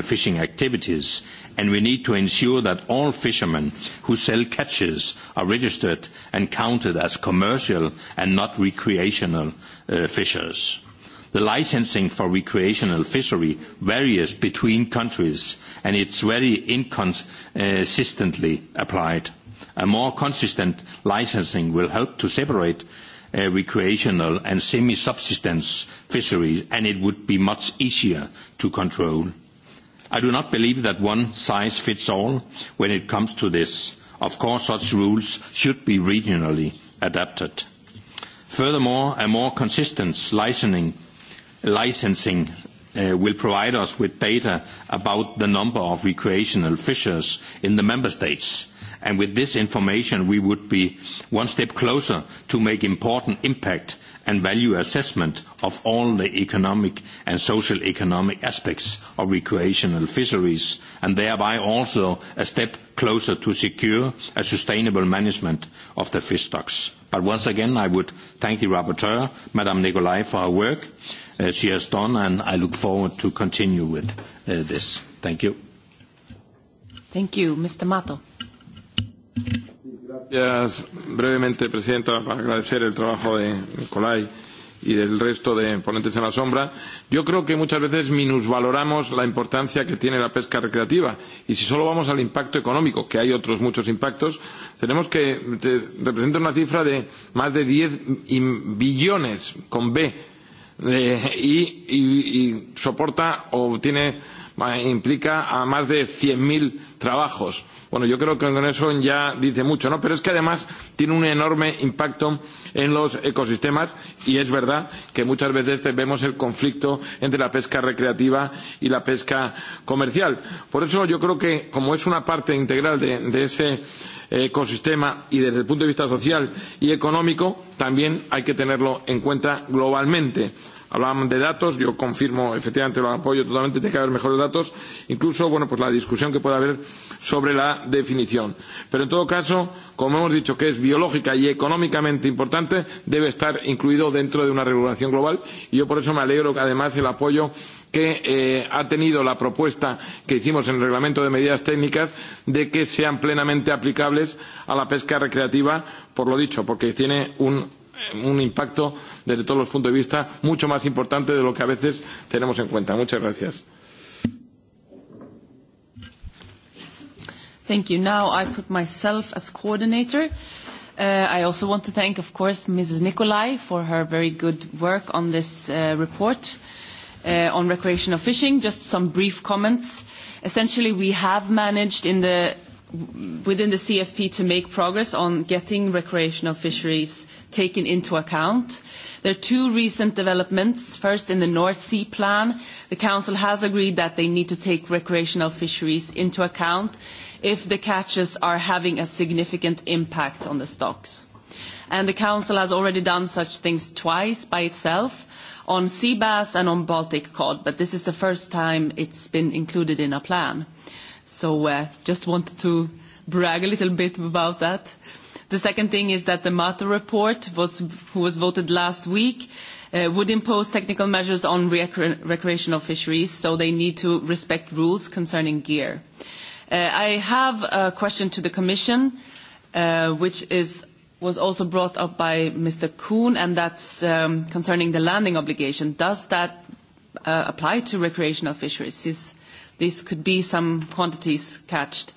fishing activities, and we need to ensure that all fishermen who sell catches are registered and counted as commercial and not recreational fishers. The licensing for recreational fishery varies between countries and it is very inconsistently applied. A more consistent licensing will help to separate recreational and semi-subsistence fisheries, and it would be much easier to control. I do not believe that one size fits all when it comes to this. Of course, such rules should be regionally adapted. Furthermore, a more consistent licensing will provide us with data about the number of recreational fishers in the member states, and with this information, we would be one step closer to make important impact and value assessment of all the economic and social economic aspects of recreational fisheries, and thereby also a step closer to secure a sustainable management of the fish stocks. But once again, I would thank the rapporteur, Madame Nicolai, for her work she has done, and I look forward to continue with this. Thank you. Thank you. Mr. Mato. Gracias. Brevemente, Presidenta, para agradecer el trabajo de Nicolai y del resto de ponentes en la sombra. Yo creo que muchas veces minusvaloramos la importancia que tiene la pesca recreativa y si solo vamos al impacto económico, que hay otros muchos impactos, tenemos que representa una cifra de más de 10 billones con B eh, y, y, y soporta o tiene implica a más de cien mil trabajos. Bueno, yo creo que con eso ya dice mucho, ¿no? Pero es que además tiene un enorme impacto en los ecosistemas y es verdad que muchas veces vemos el conflicto entre la pesca recreativa y la pesca comercial. Por eso yo creo que como es una parte integral de, de ese ecosistema y desde el punto de vista social y económico también hay que tenerlo en cuenta globalmente. Hablaban de datos, yo confirmo, efectivamente lo apoyo totalmente, tiene que haber mejores datos, incluso, bueno, pues la discusión que pueda haber sobre la definición. Pero en todo caso, como hemos dicho que es biológica y económicamente importante, debe estar incluido dentro de una regulación global y yo por eso me alegro además el apoyo que eh, ha tenido la propuesta que hicimos en el reglamento de medidas técnicas de que sean plenamente aplicables a la pesca recreativa, por lo dicho, porque tiene un un impacto desde todos los puntos de vista mucho más importante de lo que a veces tenemos en cuenta. Muchas gracias. Thank you. Now I put myself as coordinator. Uh, I also want to thank, of course, Mrs. Nicolai for her very good work on this uh, report uh, on recreational fishing. Just some brief comments. Essentially, we have managed in the within the CFP to make progress on getting recreational fisheries taken into account. There are two recent developments. First, in the North Sea Plan, the Council has agreed that they need to take recreational fisheries into account if the catches are having a significant impact on the stocks. And the Council has already done such things twice by itself on sea bass and on Baltic cod, but this is the first time it's been included in a plan. So just wanted to brag a little bit about that. The second thing is that the MATO report, was, who was voted last week, would impose technical measures on recreational fisheries, so they need to respect rules concerning gear. I have a question to the Commission, which is was also brought up by Mr. Kuhn, and that's concerning the landing obligation. Does that apply to recreational fisheries? These could be some quantities catched.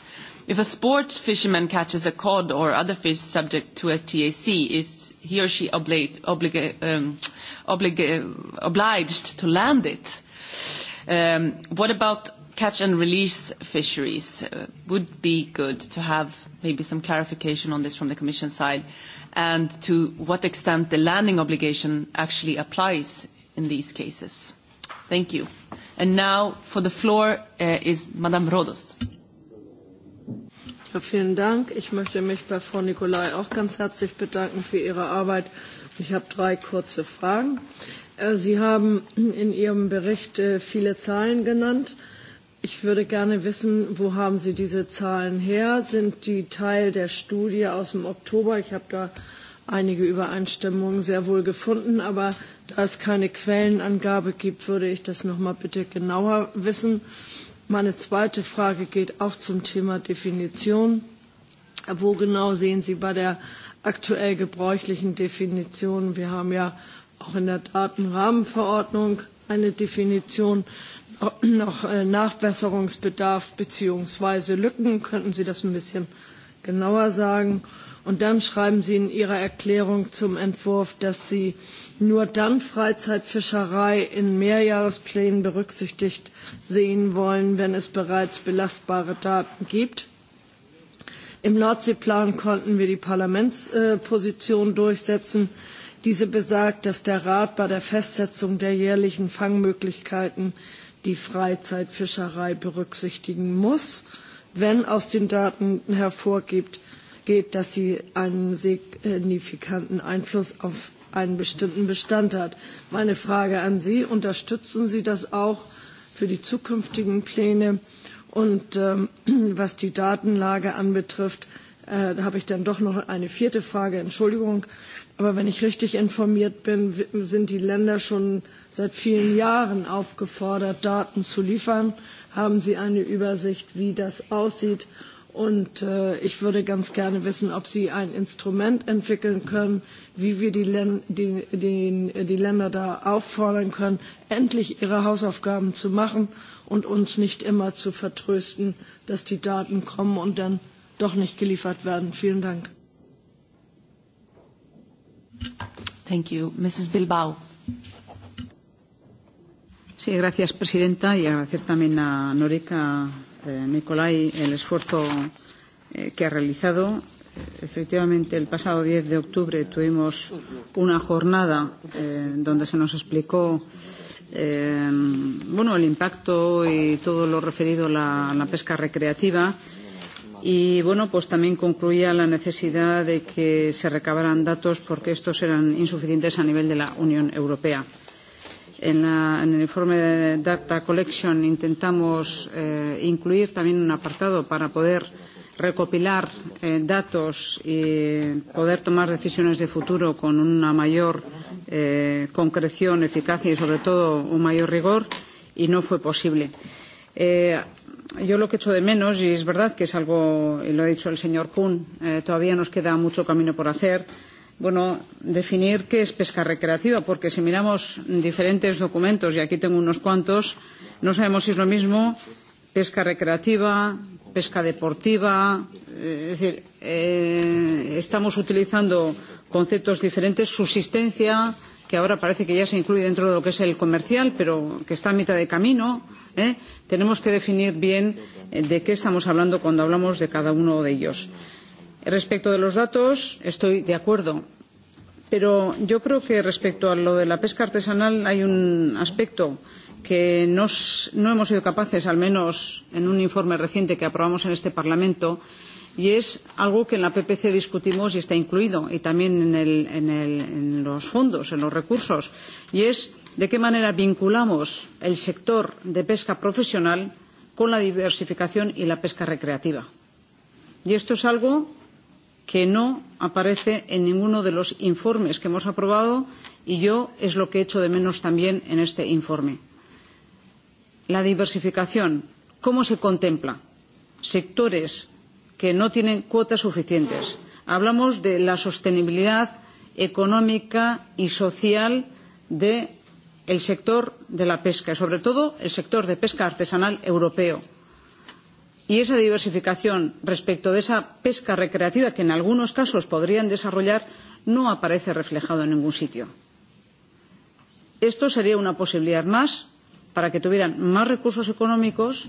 If a sport fisherman catches a cod or other fish subject to a TAC, is he or she obliged to land it? what about catch and release fisheries? would be good to have maybe some clarification on this from the Commission side and to what extent the landing obligation actually applies in these cases. Thank you. And now for the floor is Madame Rodost vielen Dank. Ich möchte mich bei Frau Nicolai auch ganz herzlich bedanken für ihre Arbeit. Ich habe drei kurze Fragen. Sie haben in Ihrem Bericht viele Zahlen genannt. Ich würde gerne wissen, wo haben Sie diese Zahlen her? Sind die Teil der Studie aus dem Oktober? Ich habe da einige Übereinstimmungen sehr wohl gefunden, aber da es keine Quellenangabe gibt, würde ich das noch mal bitte genauer wissen. Meine zweite Frage geht auch zum Thema Definition. Wo genau sehen Sie bei der aktuell gebräuchlichen Definition, wir haben ja auch in der Datenrahmenverordnung eine Definition, noch Nachbesserungsbedarf bzw. Lücken? Könnten Sie das ein bisschen genauer sagen? Und dann schreiben Sie in Ihrer Erklärung zum Entwurf, dass Sie nur dann Freizeitfischerei in Mehrjahresplänen berücksichtigt sehen wollen, wenn es bereits belastbare Daten gibt. Im Nordseeplan konnten wir die Parlamentsposition durchsetzen. Diese besagt, dass der Rat bei der Festsetzung der jährlichen Fangmöglichkeiten die Freizeitfischerei berücksichtigen muss, wenn aus den Daten hervorgeht, dass sie einen signifikanten Einfluss auf einen bestimmten Bestand hat. Meine Frage an Sie, unterstützen Sie das auch für die zukünftigen Pläne? Und was die Datenlage anbetrifft, da habe ich dann doch noch eine vierte Frage, Entschuldigung. Aber wenn ich richtig informiert bin, sind die Länder schon seit vielen Jahren aufgefordert, Daten zu liefern. Haben Sie eine Übersicht, wie das aussieht? Und ich würde ganz gerne wissen, ob Sie ein Instrument entwickeln können, wie wir die, Länder da auffordern können, endlich ihre Hausaufgaben zu machen und uns nicht immer zu vertrösten, dass die Daten kommen und dann doch nicht geliefert werden. Vielen Dank. Señora presidenta, y agradecer también a Norica Nicolai el esfuerzo que ha realizado Efectivamente, el pasado 10 de octubre tuvimos una jornada eh, donde se nos explicó eh, bueno, el impacto y todo lo referido a la, la pesca recreativa. Y bueno, pues también concluía la necesidad de que se recabaran datos porque estos eran insuficientes a nivel de la Unión Europea. En, la, en el informe de Data Collection intentamos eh, incluir también un apartado para poder recopilar eh, datos y poder tomar decisiones de futuro con una mayor eh, concreción, eficacia y, sobre todo, un mayor rigor, y no fue posible. Eh, yo lo que echo de menos, y es verdad que es algo, y lo ha dicho el señor Kuhn, eh, todavía nos queda mucho camino por hacer, bueno, definir qué es pesca recreativa, porque si miramos diferentes documentos, y aquí tengo unos cuantos, no sabemos si es lo mismo pesca recreativa, pesca deportiva, es decir, estamos utilizando conceptos diferentes, subsistencia, que ahora parece que ya se incluye dentro de lo que es el comercial, pero que está a mitad de camino. ¿eh? Tenemos que definir bien de qué estamos hablando cuando hablamos de cada uno de ellos. Respecto de los datos, estoy de acuerdo. Pero yo creo que respecto a lo de la pesca artesanal hay un aspecto que no hemos sido capaces, al menos en un informe reciente que aprobamos en este Parlamento, y es algo que en la PPC discutimos y está incluido, y también en, los fondos, en los recursos, y es de qué manera vinculamos el sector de pesca profesional con la diversificación y la pesca recreativa. Y esto es algo que no aparece en ninguno de los informes que hemos aprobado y yo es lo que echo de menos también en este informe. La diversificación, ¿cómo se contempla? Sectores que no tienen cuotas suficientes. Hablamos de la sostenibilidad económica y social del sector de la pesca, y sobre todo el sector de pesca artesanal europeo. Y esa diversificación respecto de esa pesca recreativa que en algunos casos podrían desarrollar no aparece reflejado en ningún sitio. Esto sería una posibilidad más para que tuvieran más recursos económicos,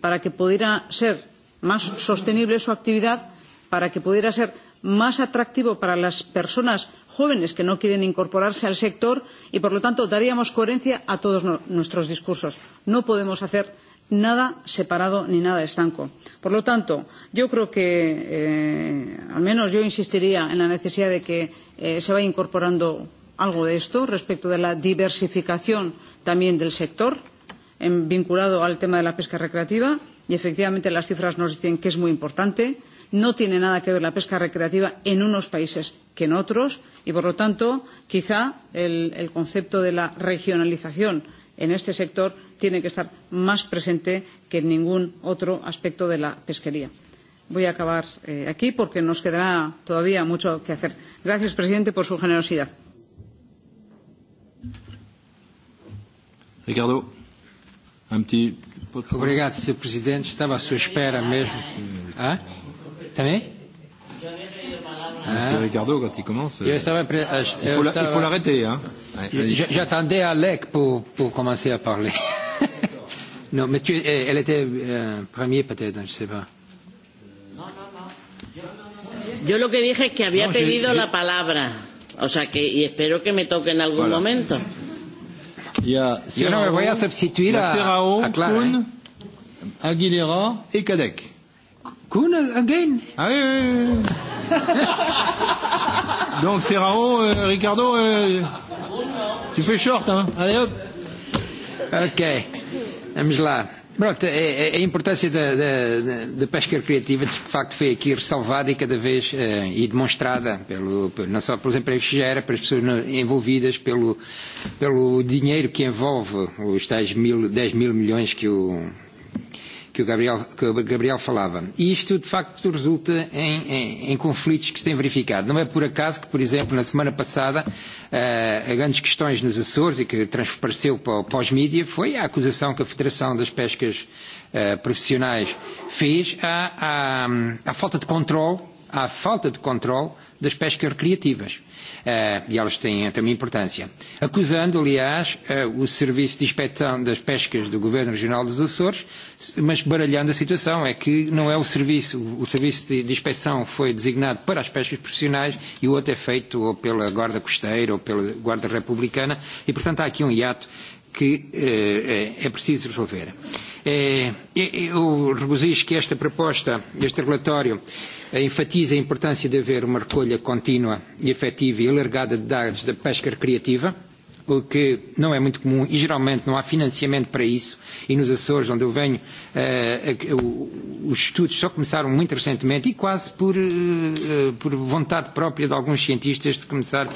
para que pudiera ser más sostenible su actividad, para que pudiera ser más atractivo para las personas jóvenes que no quieren incorporarse al sector y, por lo tanto, daríamos coherencia a todos nuestros discursos. No podemos hacer nada separado ni nada estanco. Por lo tanto, yo creo que, al menos yo insistiría en la necesidad de que se vaya incorporando algo de esto respecto de la diversificación también del sector vinculado al tema de la pesca recreativa y efectivamente las cifras nos dicen que es muy importante. No tiene nada que ver la pesca recreativa en unos países que en otros y, por lo tanto, quizá el, concepto de la regionalización en este sector tiene que estar más presente que en ningún otro aspecto de la pesquería. Voy a acabar aquí porque nos quedará todavía mucho que hacer. Gracias, presidente, por su generosidad. Ricardo, un petit. Obrigado, Sr. Presidente. Estava à sua espera mesmo. Ah? Também? Parce que Ricardo, quand il commence, il faut l'arrêter. Hein. J'attendais Alec pour, pour commencer à parler. non, mais tu, elle était euh, premier peut-être, je ne sais pas. Yo lo que dije es que había pedido la palabra, o sea que y espero que me toque en algún momento. Il Yo no me voy a substituir a, Serrao, a Clara. Kuhn, Aguilera et Kadek. Kuhn again Ah oui, oui, oui. Donc Serrao, euh, Ricardo, euh, tu fais short, hein Allez hop Ok. Mjla. Pronto, é, é a importância da, da, da pesca recreativa de facto foi aqui ressalvada e cada vez eh, e demonstrada pelo, não só pelos empregos que gera, pelas pessoas envolvidas, pelo, pelo dinheiro que envolve os tais mil, 10 mil milhões que o, que o Gabriel, que o Gabriel falava. E isto, de facto, resulta em, em, em conflitos que se têm verificado. Não é por acaso que, por exemplo, na semana passada, uh, a grandes questões nos Açores e que transpareceu para, para os mídia foi a acusação que a Federação das Pescas uh, Profissionais fez à, à, à falta de controle, à falta de controle das pescas recreativas. E elas têm também importância. Acusando, aliás, o Serviço de Inspeção das Pescas do Governo Regional dos Açores, mas baralhando a situação. É que não é o serviço, o Serviço de Inspeção foi designado para as pescas profissionais e o outro é feito ou pela Guarda Costeira ou pela Guarda Republicana. E, portanto, há aqui um hiato que é preciso resolver. Eu regozijo que esta proposta, este relatório, enfatiza a importância de haver uma recolha contínua, efetiva e alargada de dados da pesca recreativa, o que não é muito comum e geralmente não há financiamento para isso. E nos Açores, onde eu venho, os estudos só começaram muito recentemente e quase por, por vontade própria de alguns cientistas de começar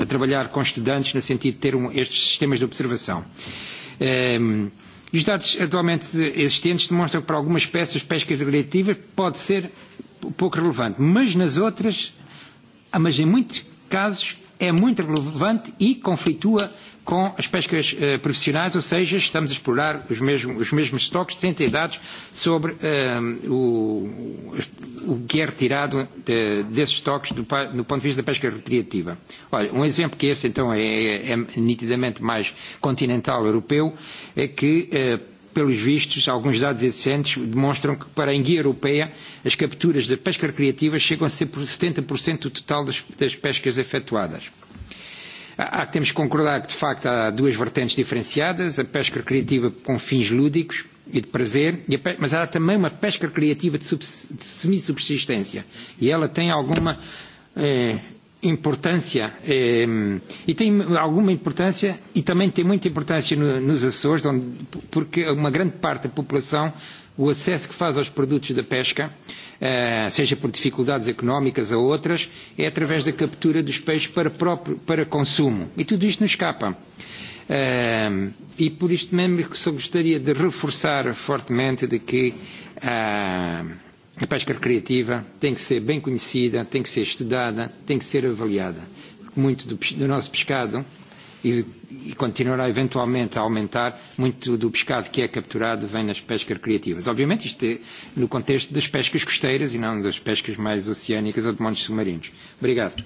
a, trabalhar com estudantes no sentido de ter estes sistemas de observação. Os dados atualmente existentes demonstram que para algumas peças, pescas recreativas pode ser pouco relevante, mas nas outras, mas em muitos casos, é muito relevante e conflitua com as pescas eh, profissionais, ou seja, estamos a explorar os mesmos, os mesmos estoques de entidades sobre eh, o, o que é retirado de, desses estoques do, do ponto de vista da pesca recreativa. Olha, um exemplo que esse então é, é, é nitidamente mais continental europeu é que eh, pelos vistos, alguns dados recentes demonstram que para a enguia europeia as capturas da pesca recreativa chegam a ser por 70% do total das, das pescas efetuadas. Há que temos que concordar que, de facto, há duas vertentes diferenciadas, a pesca recreativa com fins lúdicos e de prazer, mas há também uma pesca recreativa de, subs, de e ela tem alguma eh, importância eh, e tem alguma importância e também tem muita importância no, nos Açores, onde, porque uma grande parte da população o acesso que faz aos produtos da pesca, seja por dificuldades económicas ou outras, é através da captura dos peixes para, próprio, para consumo. E tudo isto nos escapa. E por isto mesmo que só gostaria de reforçar fortemente de que A pesca recreativa tem que ser bem conhecida, tem que ser estudada, tem que ser avaliada. Muito do, do nosso pescado, e, e continuará eventualmente a aumentar, muito do pescado que é capturado vem nas pescas recreativas. Obviamente isto é no contexto das pescas costeiras e não das pescas mais oceânicas ou de montes submarinos. Obrigado.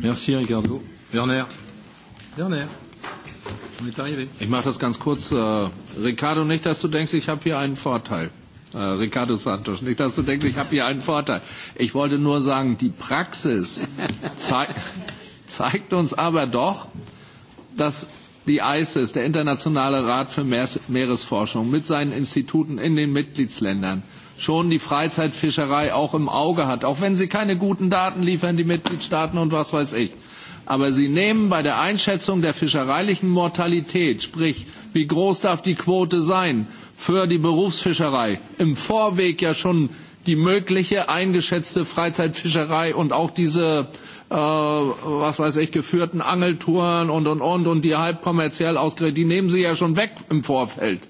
Merci Ricardo. Werner. Werner. Ich mache das ganz kurz. Ricardo, nicht, dass du denkst, ich habe hier einen Vorteil. Ricardo Santos. Nicht, dass du denkst, ich habe hier einen Vorteil. Ich wollte nur sagen, die Praxis zeigt uns aber doch, dass die ICES, der Internationale Rat für Meeresforschung, mit seinen Instituten in den Mitgliedsländern schon die Freizeitfischerei auch im Auge hat, auch wenn sie keine guten Daten liefern, die Mitgliedstaaten und was weiß ich. Aber sie nehmen bei der Einschätzung der fischereilichen Mortalität, sprich, wie groß darf die Quote sein, für die Berufsfischerei im Vorweg ja schon die mögliche eingeschätzte Freizeitfischerei und auch diese, äh, was weiß ich, geführten Angeltouren und und und und die halb kommerziell ausgerichtet, die nehmen sie ja schon weg im Vorfeld.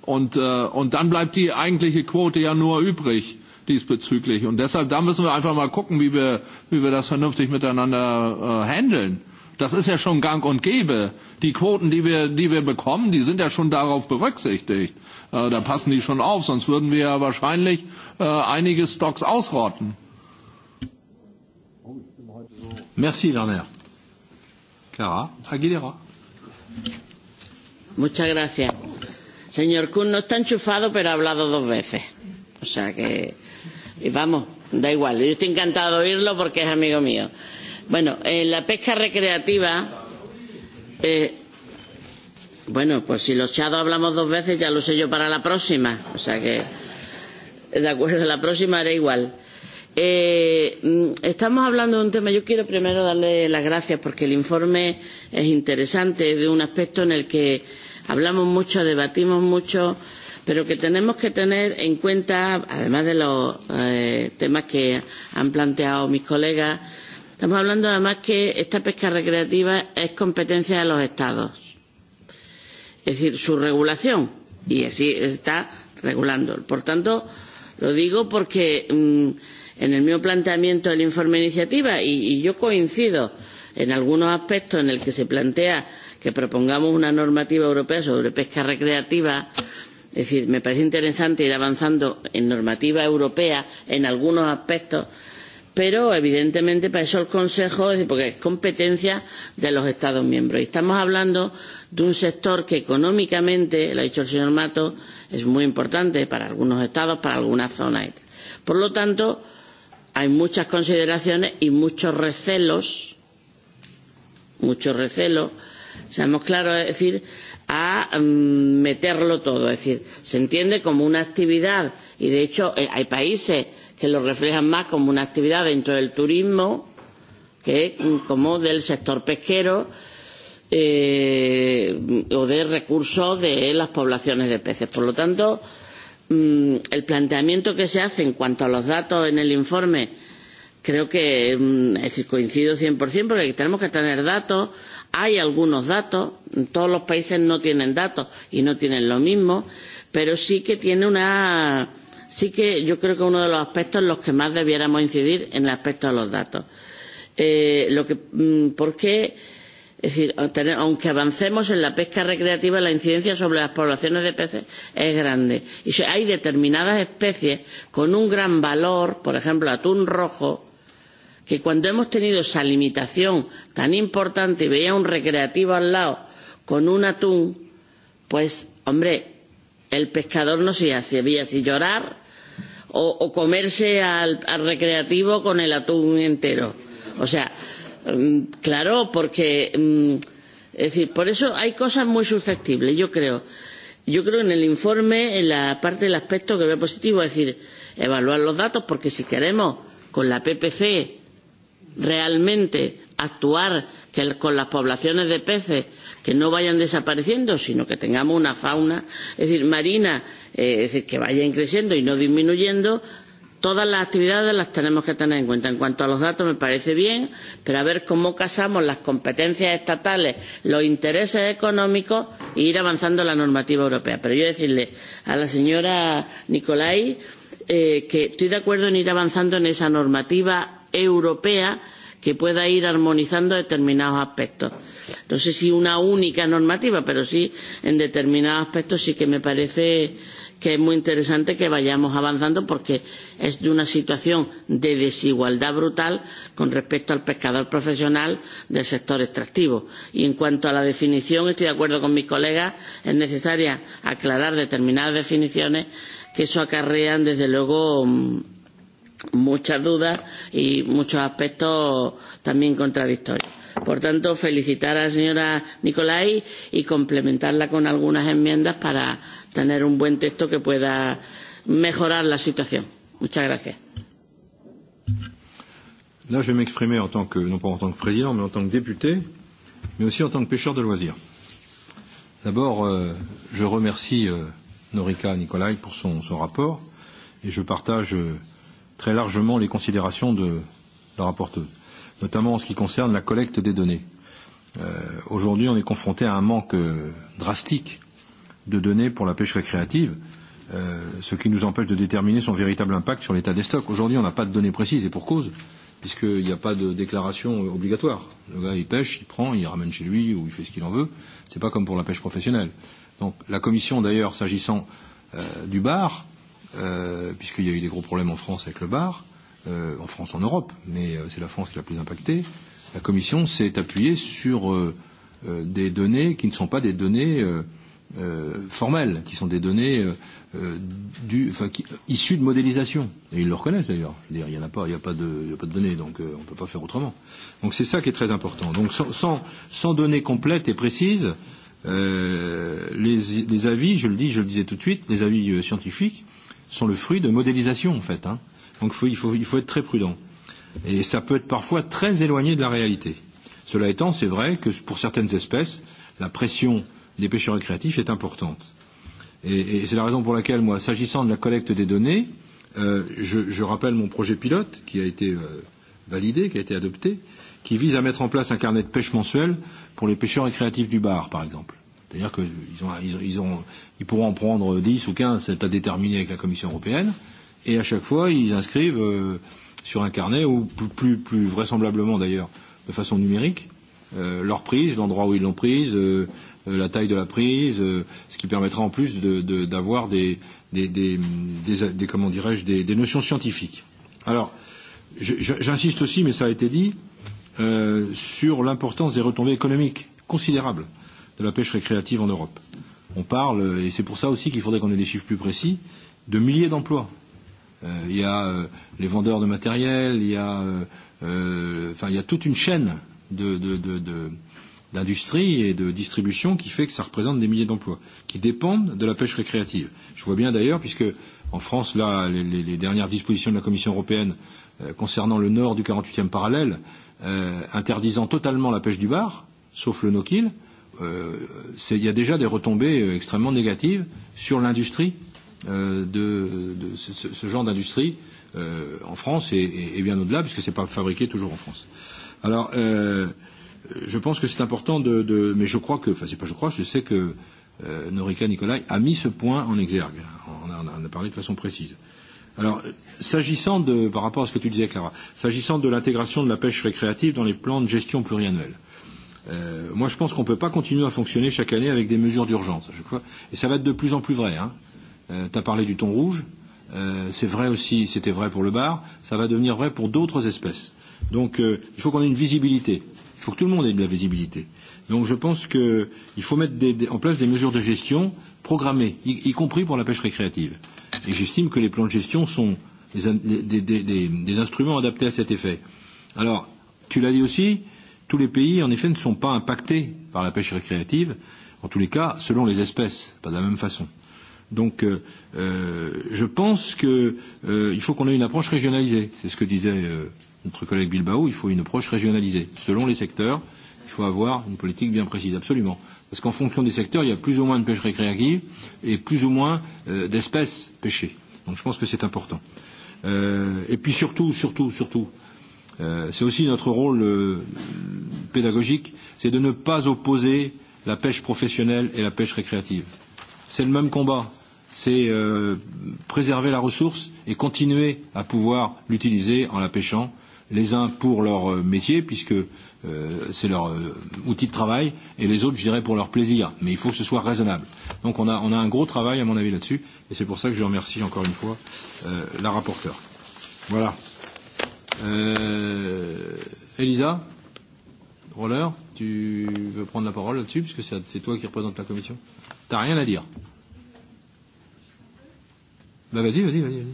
Und, äh, und dann bleibt die eigentliche Quote ja nur übrig diesbezüglich. Und deshalb, da müssen wir einfach mal gucken, wie wir, wie wir das vernünftig miteinander äh, handeln. Das ist ja schon gang und gäbe. Die Quoten, die wir, die wir bekommen, die sind ja schon darauf berücksichtigt. Äh, da passen die schon auf, sonst würden wir ja wahrscheinlich äh, einige Stocks ausrotten. Merci, Werner. Clara Aguilera. Muchas gracias. Señor Kuhn no está enchufado, pero ha hablado dos veces. O sea que, y vamos, da igual. Yo estoy encantado de oírlo porque es amigo mío. Bueno, eh, la pesca recreativa. Eh, bueno, pues si los chados hablamos dos veces, ya lo sé yo para la próxima. O sea que, de acuerdo, la próxima haré igual. Eh, estamos hablando de un tema. Yo quiero primero darle las gracias porque el informe es interesante, es de un aspecto en el que hablamos mucho, debatimos mucho, pero que tenemos que tener en cuenta, además de los eh, temas que han planteado mis colegas, Estamos hablando además que esta pesca recreativa es competencia de los Estados. Es decir, su regulación. Y así está regulando. Por tanto, lo digo porque mmm, en el mismo planteamiento del informe de iniciativa, y, y yo coincido en algunos aspectos en el que se plantea que propongamos una normativa europea sobre pesca recreativa, es decir, me parece interesante ir avanzando en normativa europea en algunos aspectos pero evidentemente para eso el Consejo, es porque es competencia de los Estados miembros. Y estamos hablando de un sector que económicamente, lo ha dicho el señor Mato, es muy importante para algunos estados, para algunas zonas. Por lo tanto, hay muchas consideraciones y muchos recelos, muchos recelos, seamos claros, es decir, a meterlo todo. Es decir, se entiende como una actividad y de hecho hay países que lo reflejan más como una actividad dentro del turismo que como del sector pesquero eh, o de recursos de las poblaciones de peces. Por lo tanto, el planteamiento que se hace en cuanto a los datos en el informe creo que es decir, coincido 100% porque tenemos que tener datos. Hay algunos datos, todos los países no tienen datos y no tienen lo mismo, pero sí que tiene una. Sí que yo creo que uno de los aspectos en los que más debiéramos incidir en el aspecto de los datos. Eh, lo que, porque, es decir, aunque avancemos en la pesca recreativa, la incidencia sobre las poblaciones de peces es grande. Y hay determinadas especies con un gran valor, por ejemplo, atún rojo, que cuando hemos tenido esa limitación tan importante y veía un recreativo al lado con un atún, pues, hombre, el pescador no se había si llorar o, o comerse al, al recreativo con el atún entero. O sea, claro, porque. Es decir, por eso hay cosas muy susceptibles, yo creo. Yo creo en el informe, en la parte del aspecto que veo positivo, es decir, evaluar los datos, porque si queremos con la PPC realmente actuar que con las poblaciones de peces que no vayan desapareciendo, sino que tengamos una fauna, es decir, marina, eh, es decir, que vaya creciendo y no disminuyendo, todas las actividades las tenemos que tener en cuenta. En cuanto a los datos, me parece bien, pero a ver cómo casamos las competencias estatales, los intereses económicos e ir avanzando la normativa europea. Pero yo decirle a la señora Nicolai eh, que estoy de acuerdo en ir avanzando en esa normativa europea que pueda ir armonizando determinados aspectos. No sé si una única normativa, pero sí en determinados aspectos sí que me parece que es muy interesante que vayamos avanzando porque es de una situación de desigualdad brutal con respecto al pescador profesional del sector extractivo. Y en cuanto a la definición, estoy de acuerdo con mis colegas, es necesaria aclarar determinadas definiciones que eso acarrean, desde luego, muchas dudas y muchos aspectos también contradictorios. Por tanto, felicitar a la señora Nicolai y complementarla con algunas enmiendas para tener un buen texto que pueda mejorar la situación. Muchas gracias. Là, je vais m'exprimer en tant que, non pas en tant que président, mais en tant que député, mais aussi en tant que pêcheur de loisirs. D'abord, euh, je remercie euh, Norika Nicolai pour son, son rapport et je partage euh, très largement les considérations de la rapporteuse, notamment en ce qui concerne la collecte des données. Euh, Aujourd'hui, on est confronté à un manque euh, drastique de données pour la pêche récréative, euh, ce qui nous empêche de déterminer son véritable impact sur l'état des stocks. Aujourd'hui, on n'a pas de données précises et pour cause, puisqu'il n'y a pas de déclaration obligatoire. Le gars, il pêche, il prend, il ramène chez lui ou il fait ce qu'il en veut. Ce n'est pas comme pour la pêche professionnelle. Donc la Commission, d'ailleurs, s'agissant euh, du bar, puisqu'il y a eu des gros problèmes en France avec le bar, euh, en France, en Europe, mais euh, c'est la France qui l'a plus impactée, la Commission s'est appuyée sur euh, euh, des données qui ne sont pas des données euh, euh, formelles, qui sont des données euh, du, enfin, qui, issues de modélisation. Et ils le reconnaissent d'ailleurs. Il n'y en a pas, il n'y a, pas de, a pas de données, donc euh, on ne peut pas faire autrement. Donc c'est ça qui est très important. Donc sans, sans, sans données complètes et précises, euh, les, les avis, je le dis, je le disais tout de suite, les avis scientifiques, euh, sont le fruit de modélisations en fait. Hein. Donc faut, il, faut, il faut être très prudent. Et ça peut être parfois très éloigné de la réalité. Cela étant, c'est vrai que pour certaines espèces, la pression des pêcheurs récréatifs est importante. Et, et c'est la raison pour laquelle, moi, s'agissant de la collecte des données, euh, je, je rappelle mon projet pilote qui a été euh, validé, qui a été adopté, qui vise à mettre en place un carnet de pêche mensuel pour les pêcheurs récréatifs du bar, par exemple. C'est-à-dire qu'ils ont, ils ont, ils ont, ils pourront en prendre 10 ou 15, c'est à déterminer avec la Commission européenne, et à chaque fois, ils inscrivent euh, sur un carnet, ou plus, plus, plus vraisemblablement d'ailleurs, de façon numérique, euh, leur prise, l'endroit où ils l'ont prise, euh, la taille de la prise, euh, ce qui permettra en plus d'avoir de, de, des, des, des, des, des, comment dirais-je, des, des notions scientifiques. Alors, j'insiste aussi, mais ça a été dit, euh, sur l'importance des retombées économiques considérables. Euh, de la pêche récréative en Europe. On parle, et c'est pour ça aussi qu'il faudrait qu'on ait des chiffres plus précis, de milliers d'emplois. Euh, il y a euh, les vendeurs de matériel, il y a, euh, euh, enfin, il y a toute une chaîne de, de, de, de, d'industrie et de distribution qui fait que ça représente des milliers d'emplois, qui dépendent de la pêche récréative. Je vois bien d'ailleurs, puisque en France, là, les, les, les dernières dispositions de la Commission européenne euh, concernant le nord du 48e parallèle, euh, interdisant totalement la pêche du bar, sauf le no-kill, il y a déjà des retombées extrêmement négatives sur l'industrie de, de ce, ce genre d'industrie euh, en France et, et, et bien au-delà, puisque ce n'est pas fabriqué toujours en France. Alors, euh, je pense que c'est important de, de, mais je crois que, enfin, c'est pas je crois, je sais que euh, Norica Nicolai a mis ce point en exergue. On en a, on a parlé de façon précise. Alors, s'agissant de, par rapport à ce que tu disais, Clara, s'agissant de l'intégration de la pêche récréative dans les plans de gestion pluriannuels, euh, Euh, moi, je pense qu'on ne peut pas continuer à fonctionner chaque année avec des mesures d'urgence. Et ça va être de plus en plus vrai. Hein. Euh, tu as parlé du thon rouge. Euh, c'est vrai aussi, c'était vrai pour le bar. Ça va devenir vrai pour d'autres espèces. Donc, euh, il faut qu'on ait une visibilité. Il faut que tout le monde ait de la visibilité. Donc, je pense qu'il faut mettre des, des, en place des mesures de gestion programmées, y, y compris pour la pêche récréative. Et j'estime que les plans de gestion sont des, des, des, des, des instruments adaptés à cet effet. Alors, tu l'as dit aussi, euh, Tous les pays, en effet, ne sont pas impactés par la pêche récréative, en tous les cas, selon les espèces, pas de la même façon. Donc, euh, je pense qu'il euh, faut qu'on ait une approche régionalisée. C'est ce que disait euh, notre collègue Bilbao. Il faut une approche régionalisée. Selon les secteurs, il faut avoir une politique bien précise, absolument. Parce qu'en fonction des secteurs, il y a plus ou moins de pêche récréative et plus ou moins euh, d'espèces pêchées. Donc, je pense que c'est important. Euh, et puis surtout, surtout, surtout, euh, c'est aussi notre rôle pédagogique, c'est de ne pas opposer la pêche professionnelle et la pêche récréative. C'est le même combat, c'est préserver la ressource et continuer à pouvoir l'utiliser en la pêchant, les uns pour leur métier, puisque c'est leur outil de travail, et les autres, je dirais, pour leur plaisir. Mais il faut que ce soit raisonnable. Donc on a, on a un gros travail, à mon avis, là-dessus, et c'est pour ça que je remercie encore une fois la rapporteure. Voilà. Euh, Elisa Roller, tu veux prendre la parole là-dessus, puisque c'est toi qui représente la commission. T'as rien à dire. Ben vas-y, vas-y, vas-y. Vas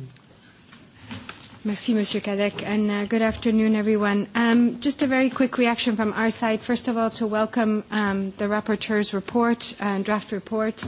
Merci, Monsieur Kadek, and uh, good afternoon, everyone. Um, just a very quick reaction from our side. First of all, to welcome um, the rapporteur's report, uh, draft report,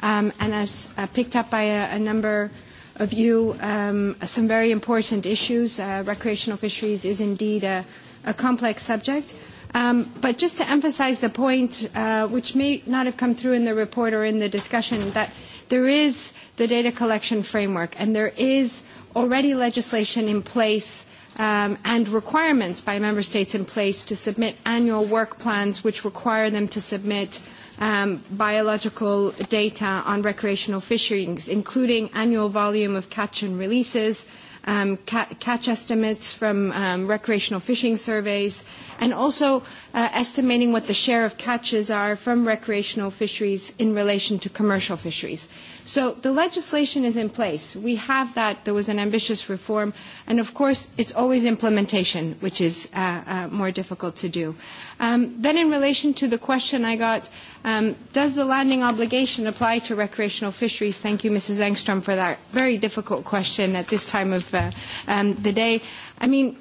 um, and as uh, picked up by a, a number of you um, some very important issues. Uh, recreational fisheries is indeed a, a complex subject. Um, but just to emphasize the point, uh, which may not have come through in the report or in the discussion, that there is the data collection framework and there is already legislation in place um, and requirements by member states in place to submit annual work plans, which require them to submit biological data on recreational fisheries, including annual volume of catch and releases, catch estimates from recreational fishing surveys, and also estimating what the share of catches are from recreational fisheries in relation to commercial fisheries. So the legislation is in place. We have that. There was an ambitious reform. And of course, it's always implementation, which is uh, uh, more difficult to do. Um, then in relation to the question I got, um, does the landing obligation apply to recreational fisheries? Thank you, Mrs. Engstrom, for that very difficult question at this time of uh, um, the day. I mean,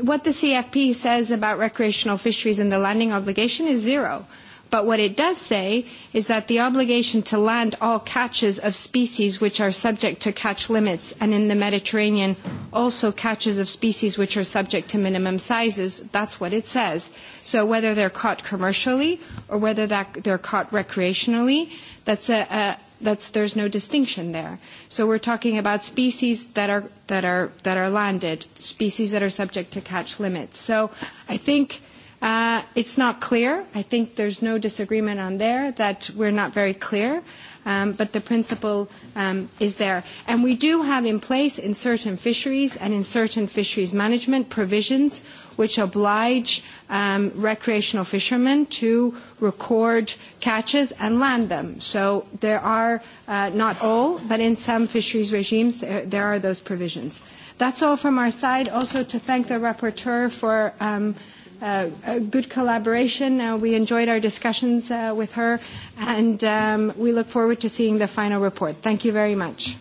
what the CFP says about recreational fisheries and the landing obligation is zero. But what it does say is that the obligation to land all catches of species which are subject to catch limits and in the Mediterranean also catches of species which are subject to minimum sizes, that's what it says. So whether they're caught commercially or whether that, they're caught recreationally, that's a, a that's there's no distinction there. So we're talking about species that are that are that are landed, species that are subject to catch limits. So I think Uh, it's not clear. I think there's no disagreement on there that we're not very clear, um, but the principle um, is there. And we do have in place in certain fisheries and in certain fisheries management provisions which oblige um, recreational fishermen to record catches and land them. So there are, uh, not all, but in some fisheries regimes, there, there are those provisions. That's all from our side. Also to thank the rapporteur for um, – a good collaboration. Uh, we enjoyed our discussions uh, with her, and um, we look forward to seeing the final report. Thank you very much.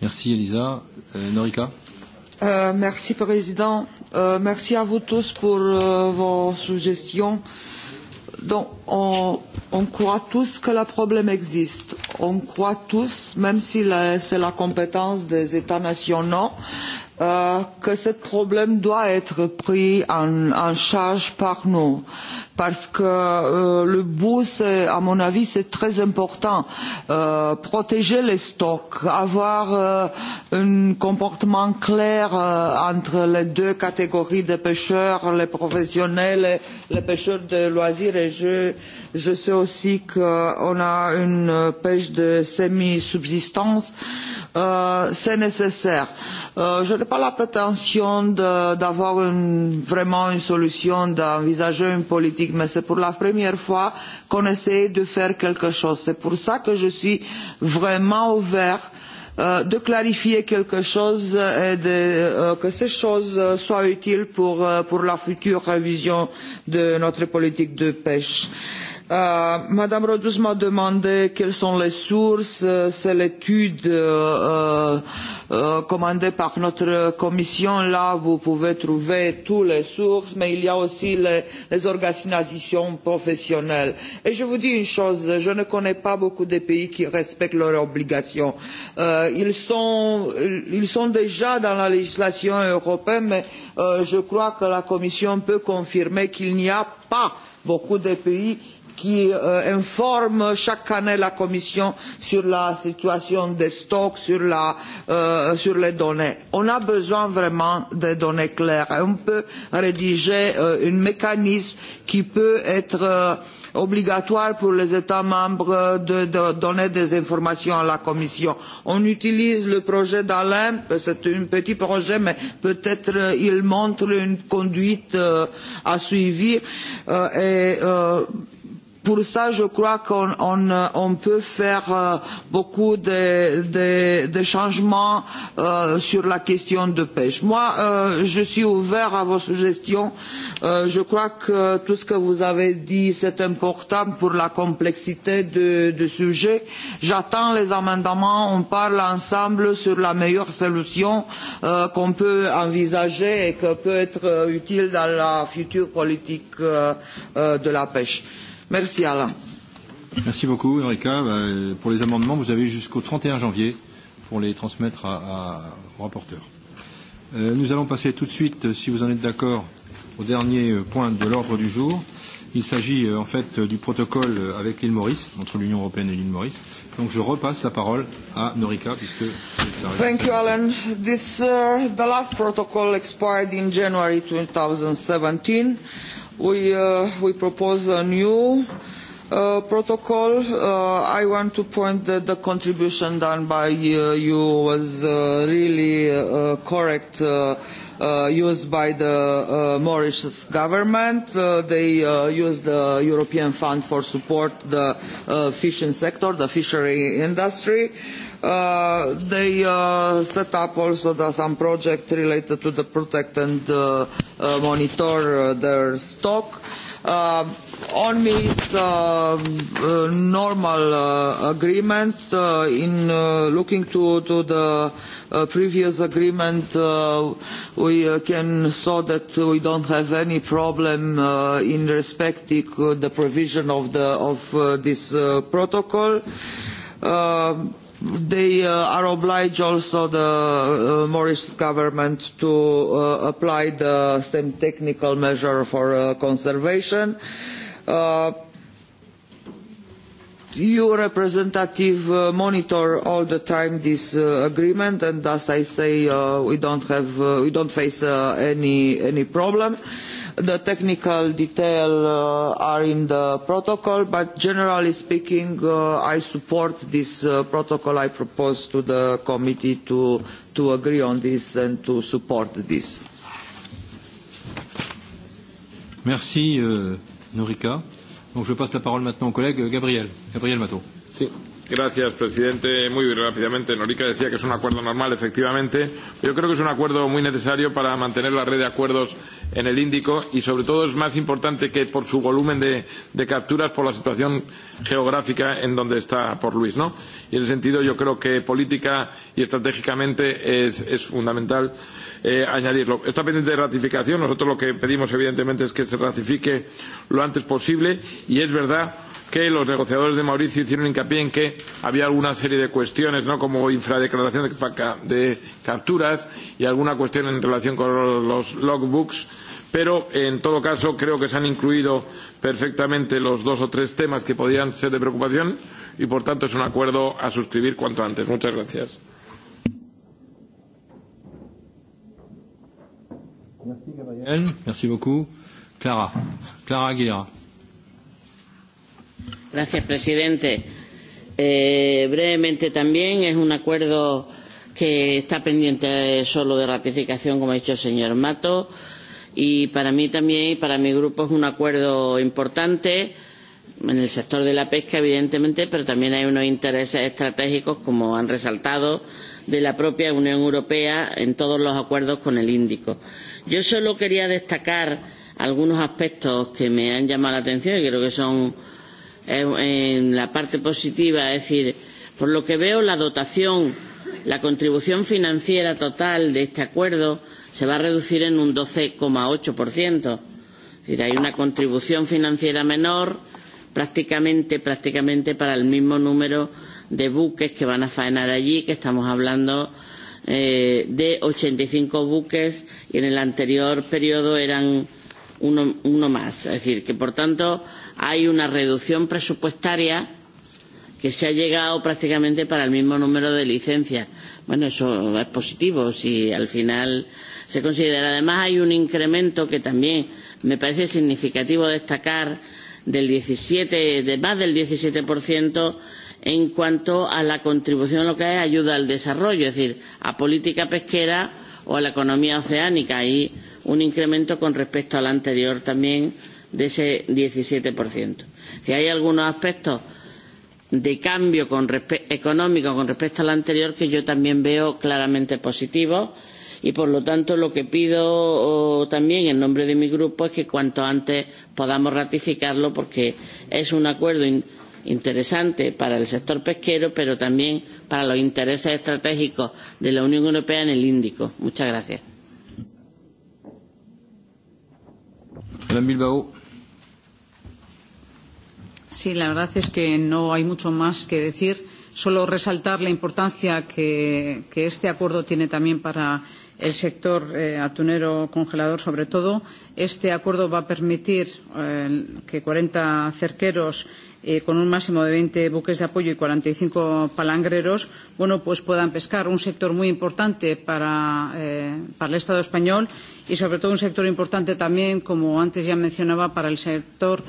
Merci Elisa. Euh, Norika euh, Merci Président. Euh, merci à vous tous pour euh, vos suggestions. Donc, on, on croit tous que le problème existe. On croit tous, même si c'est la compétence des États nationaux, que ce problème doit être pris en, charge par nous parce que le bout, à mon avis, c'est très important. protéger les stocks, avoir un comportement clair entre les deux catégories de pêcheurs, les professionnels, et les pêcheurs de loisirs. Et je, sais aussi qu'on a une pêche de semi-subsistance. c'est nécessaire. je n'ai pas la prétention d'avoir vraiment une solution, d'envisager une politique politique, mais c'est pour la première fois qu'on essaie de faire quelque chose. C'est pour cela que je suis vraiment ouverte de clarifier quelque chose et de, que ces choses soient utiles pour, la future révision de notre politique de pêche. Euh, Madame Rodus m'a demandé quelles sont les sources. C'est l'étude commandée par notre commission. Là, vous pouvez trouver toutes les sources, mais il y a aussi les, organisations professionnelles. Et je vous dis une chose, je ne connais pas beaucoup de pays qui respectent leurs obligations. ils, sont, déjà dans la législation européenne, mais je crois que la Commission peut confirmer qu'il n'y a pas beaucoup de pays qui informe chaque année la Commission sur la situation des stocks, sur, les données. On a besoin vraiment de données claires. et On peut rédiger un mécanisme qui peut être obligatoire pour les États membres de, donner des informations à la Commission. On utilise le projet d'Alain, c'est un petit projet, mais peut-être il montre une conduite à suivre. et pour ça, je crois qu'on on, on peut faire beaucoup de, de, de changements euh, sur la question de pêche. Moi, euh, je suis ouvert à vos suggestions. Euh, je crois que tout ce que vous avez dit, c'est important pour la complexité du de, sujet. J'attends les amendements. On parle ensemble sur la meilleure solution euh, qu'on peut envisager et que peut être utile dans la future politique euh, de la pêche. Merci Alain. Merci beaucoup Erika. Pour les amendements, vous avez jusqu'au 31 janvier pour les transmettre à, à rapporteur. nous allons passer tout de suite, si vous en êtes d'accord, au dernier point de l'ordre du jour. Il s'agit en fait du protocole avec l'île Maurice, entre l'Union européenne et l'île Maurice. Donc je repasse la parole à Norika puisque Thank you Alan. This uh, the last protocol expired in January 2017 we, uh, we propose a new uh, protocol. Uh, I want to point that the contribution done by uh, you was uh, really uh, correct uh, uh, used by the uh, Mauritius government. Uh, they uh, use the European Fund for support the uh, fishing sector, the fishery industry. Uh, they uh, set up also the, some project related to the protect and uh, uh, monitor uh, their stock. Uh, on it's normal uh, agreement uh, in uh, looking to, to the uh, previous agreement uh, we uh, can saw that we don't have any problem uh, in respecting uh, the provision of, the, of uh, this uh, protocol. Uh, they are obliged also the Morris government to apply the same technical measure for conservation. Uh, EU representative monitor all the time this agreement, and as I say, we don't have we don't face any any problem. The technical details are in the protocol, but generally speaking, I support this protocol. I propose to the committee to to agree on this and to support this. Merci Norica. Donc je passe la parole maintenant au collègue Gabriel. Gabriel Matteau. Gracias, presidente. Muy rápidamente, Norica decía que es un acuerdo normal, efectivamente. Yo creo que es un acuerdo muy necesario para mantener la red de acuerdos en el Índico y, sobre todo, es más importante que por su volumen de, de capturas, por la situación geográfica en donde está por Luis. ¿no? Y en ese sentido, yo creo que política y estratégicamente es, es fundamental eh, añadirlo. Está pendiente de ratificación. Nosotros lo que pedimos, evidentemente, es que se ratifique lo antes posible y es verdad que los negociadores de Mauricio hicieron hincapié en que había alguna serie de cuestiones, ¿no? como infradeclaración de capturas y alguna cuestión en relación con los logbooks, pero en todo caso creo que se han incluido perfectamente los dos o tres temas que podían ser de preocupación y por tanto es un acuerdo a suscribir cuanto antes. Muchas gracias. Gabriel, Clara, Clara Aguilera. Señor presidente. brevemente también es un acuerdo que está pendiente solo de ratificación, como ha dicho el señor Mato, y para mí también y para mi grupo es un acuerdo importante en el sector de la pesca, evidentemente, pero también hay unos intereses estratégicos, como han resaltado, de la propia Unión Europea en todos los acuerdos con el Índico. Yo solo quería destacar algunos aspectos que me han llamado la atención y creo que son en la parte positiva, es decir, por lo que veo la dotación, la contribución financiera total de este acuerdo se va a reducir en un 12,8%. Es decir, hay una contribución financiera menor prácticamente, prácticamente para el mismo número de buques que van a faenar allí, que estamos hablando eh, de 85 buques y en el anterior periodo eran uno, uno más. Es decir, que por tanto hay una reducción presupuestaria que se ha llegado prácticamente para el mismo número de licencias. Bueno, eso es positivo si al final se considera. Además, hay un incremento que también me parece significativo destacar del 17, de más del 17% en cuanto a la contribución lo que es ayuda al desarrollo, es decir, a política pesquera o a la economía oceánica. Hay un incremento con respecto al anterior también de ese 17%. Si hay algunos aspectos de cambio con económico con respecto al anterior que yo también veo claramente positivos y por lo tanto lo que pido también en nombre de mi grupo es que cuanto antes podamos ratificarlo porque es un acuerdo interesante para el sector pesquero pero también para los intereses estratégicos de la Unión Europea en el Índico. Muchas gracias. Madame Bilbao. Sí, la verdad es que no hay mucho más que decir. Solo resaltar la importancia que, este acuerdo tiene también para el sector atunero congelador, sobre todo. Este acuerdo va a permitir que cuarenta cerqueros con un máximo de veinte buques de apoyo y cuarenta y cinco palangreros, puedan pescar un sector muy importante para, el Estado español y sobre todo un sector importante también, como antes ya mencionaba, para el sector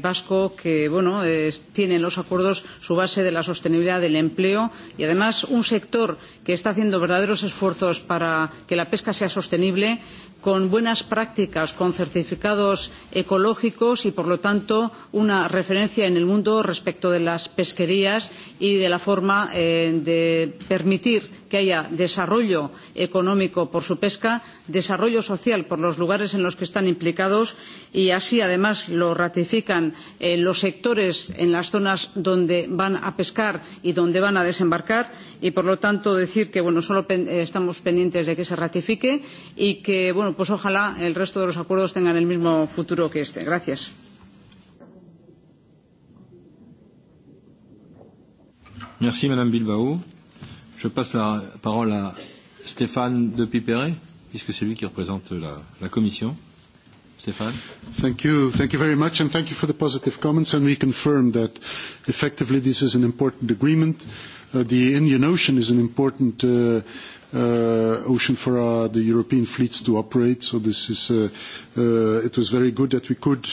vasco que tiene en los acuerdos su base de la sostenibilidad del empleo y además un sector que está haciendo verdaderos esfuerzos para que la pesca sea sostenible con buenas prácticas, con certificados ecológicos y, por lo tanto, una referencia en el mundo respecto de las pesquerías y de la forma de permitir que haya desarrollo económico por su pesca, desarrollo social por los lugares en los que están implicados y así además lo ratifican los sectores en las zonas donde van a pescar y donde van a desembarcar y por lo tanto decir que solo estamos pendientes de que se ratifique y que ojalá el resto de los acuerdos tengan el mismo futuro que este. Gracias. Merci Madame Bilbao. Je passe la parole à Stéphane de Piperet, puisque c'est lui qui représente la, la Commission. Stéphane, Thank you. Thank you very much, and thank you for the positive comments. And we confirm that effectively this is an important agreement. the Indian Ocean is an important ocean for uh the European fleets to operate. So this is, it was very good that we could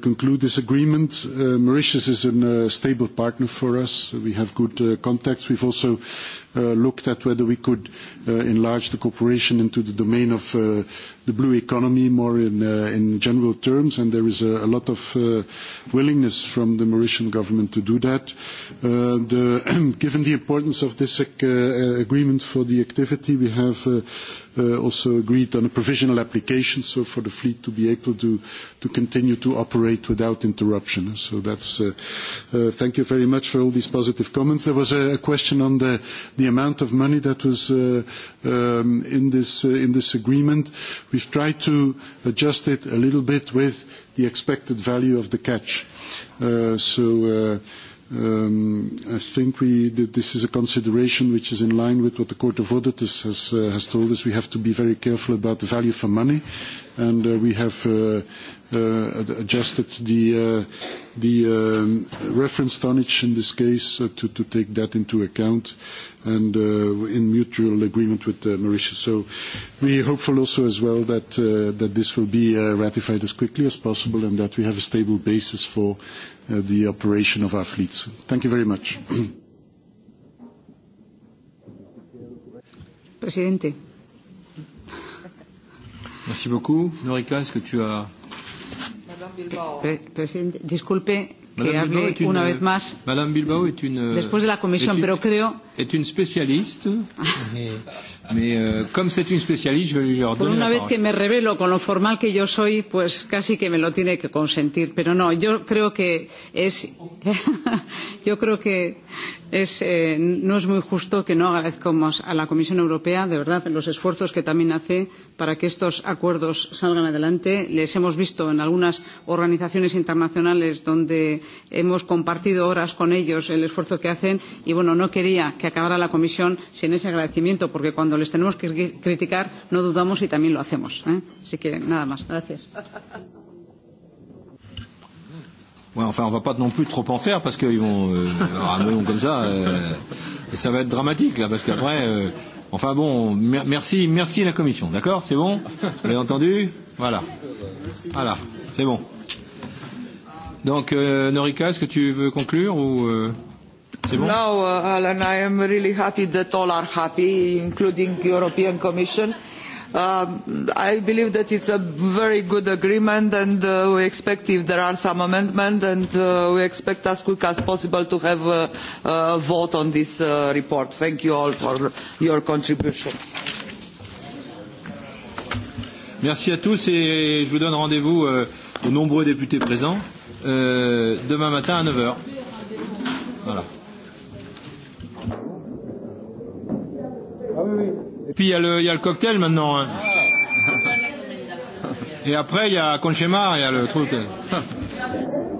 conclude this agreement. Mauritius is a stable partner for us. We have good contacts. We've also looked at whether we could enlarge the cooperation into the domain of the blue economy more in general terms, and there is a lot of willingness from the Mauritian government to do that. Given the importance of this agreement for the activity, we have also agreed on a provisional application, so for the fleet to be able to continue to operate without interruption. So that's. Thank you very much for all these positive comments. There was a question on the the amount of money that was in this agreement. We've tried to adjust it a little bit with the expected value of the catch. So I think that this is a consideration which is in line with what the Court of Auditors has told us. We have to be very careful about the value for money, and we have adjusted the reference tonnage in this case to take that into account and uh, in mutual agreement with uh, Mauritius. So we are hopeful also as well that uh, that this will be uh, ratified as quickly as possible and that we have a stable basis for uh, the operation of our fleets. Thank you very much. Presidente. Merci beaucoup. Norica, est-ce que tu as... Presidente, disculpe que hable una vez más. Madame Bilbao est une... Después de la comisión, pero creo est une spécialiste, mais, euh, comme c'est une spécialiste, je vais lui leur donner Por una la vez que me revelo con lo formal que yo soy, pues casi que me lo tiene que consentir. Pero no, yo creo que es, yo creo que es, eh, no es muy justo que no agradezcamos a la Comisión Europea, de verdad, los esfuerzos que también hace para que estos acuerdos salgan adelante. Les hemos visto en algunas organizaciones internacionales donde hemos compartido horas con ellos el esfuerzo que hacen y bueno, no quería que acabará la comisión sin ese agradecimiento, porque cuando les tenemos que criticar no dudamos y también lo hacemos. ¿eh? Así que nada más. Gracias. Ouais, enfin, on va pas non plus trop en faire parce qu'ils vont euh, ramon comme ça, euh, ça va être dramatique là, parce qu'après, euh, enfin bon, mer merci, merci la commission, d'accord, c'est bon, vous l'avez entendu, voilà, voilà, c'est bon. Donc, euh, Norika, est-ce que tu veux conclure ou euh... Now, Alan, I am really happy that all are happy, including the European Commission. I believe that it is a very good agreement and we expect if there are some amendments and we expect as quick as possible to have a, vote on this report. Thank you all for your contribution. Merci à tous et je vous donne rendez-vous aux nombreux députés présents demain matin à neuf heures. Voilà. oui, Puis il y, a le, il y a le cocktail maintenant. Hein. Et après, il y a Conchema, il y a le truc. Hein.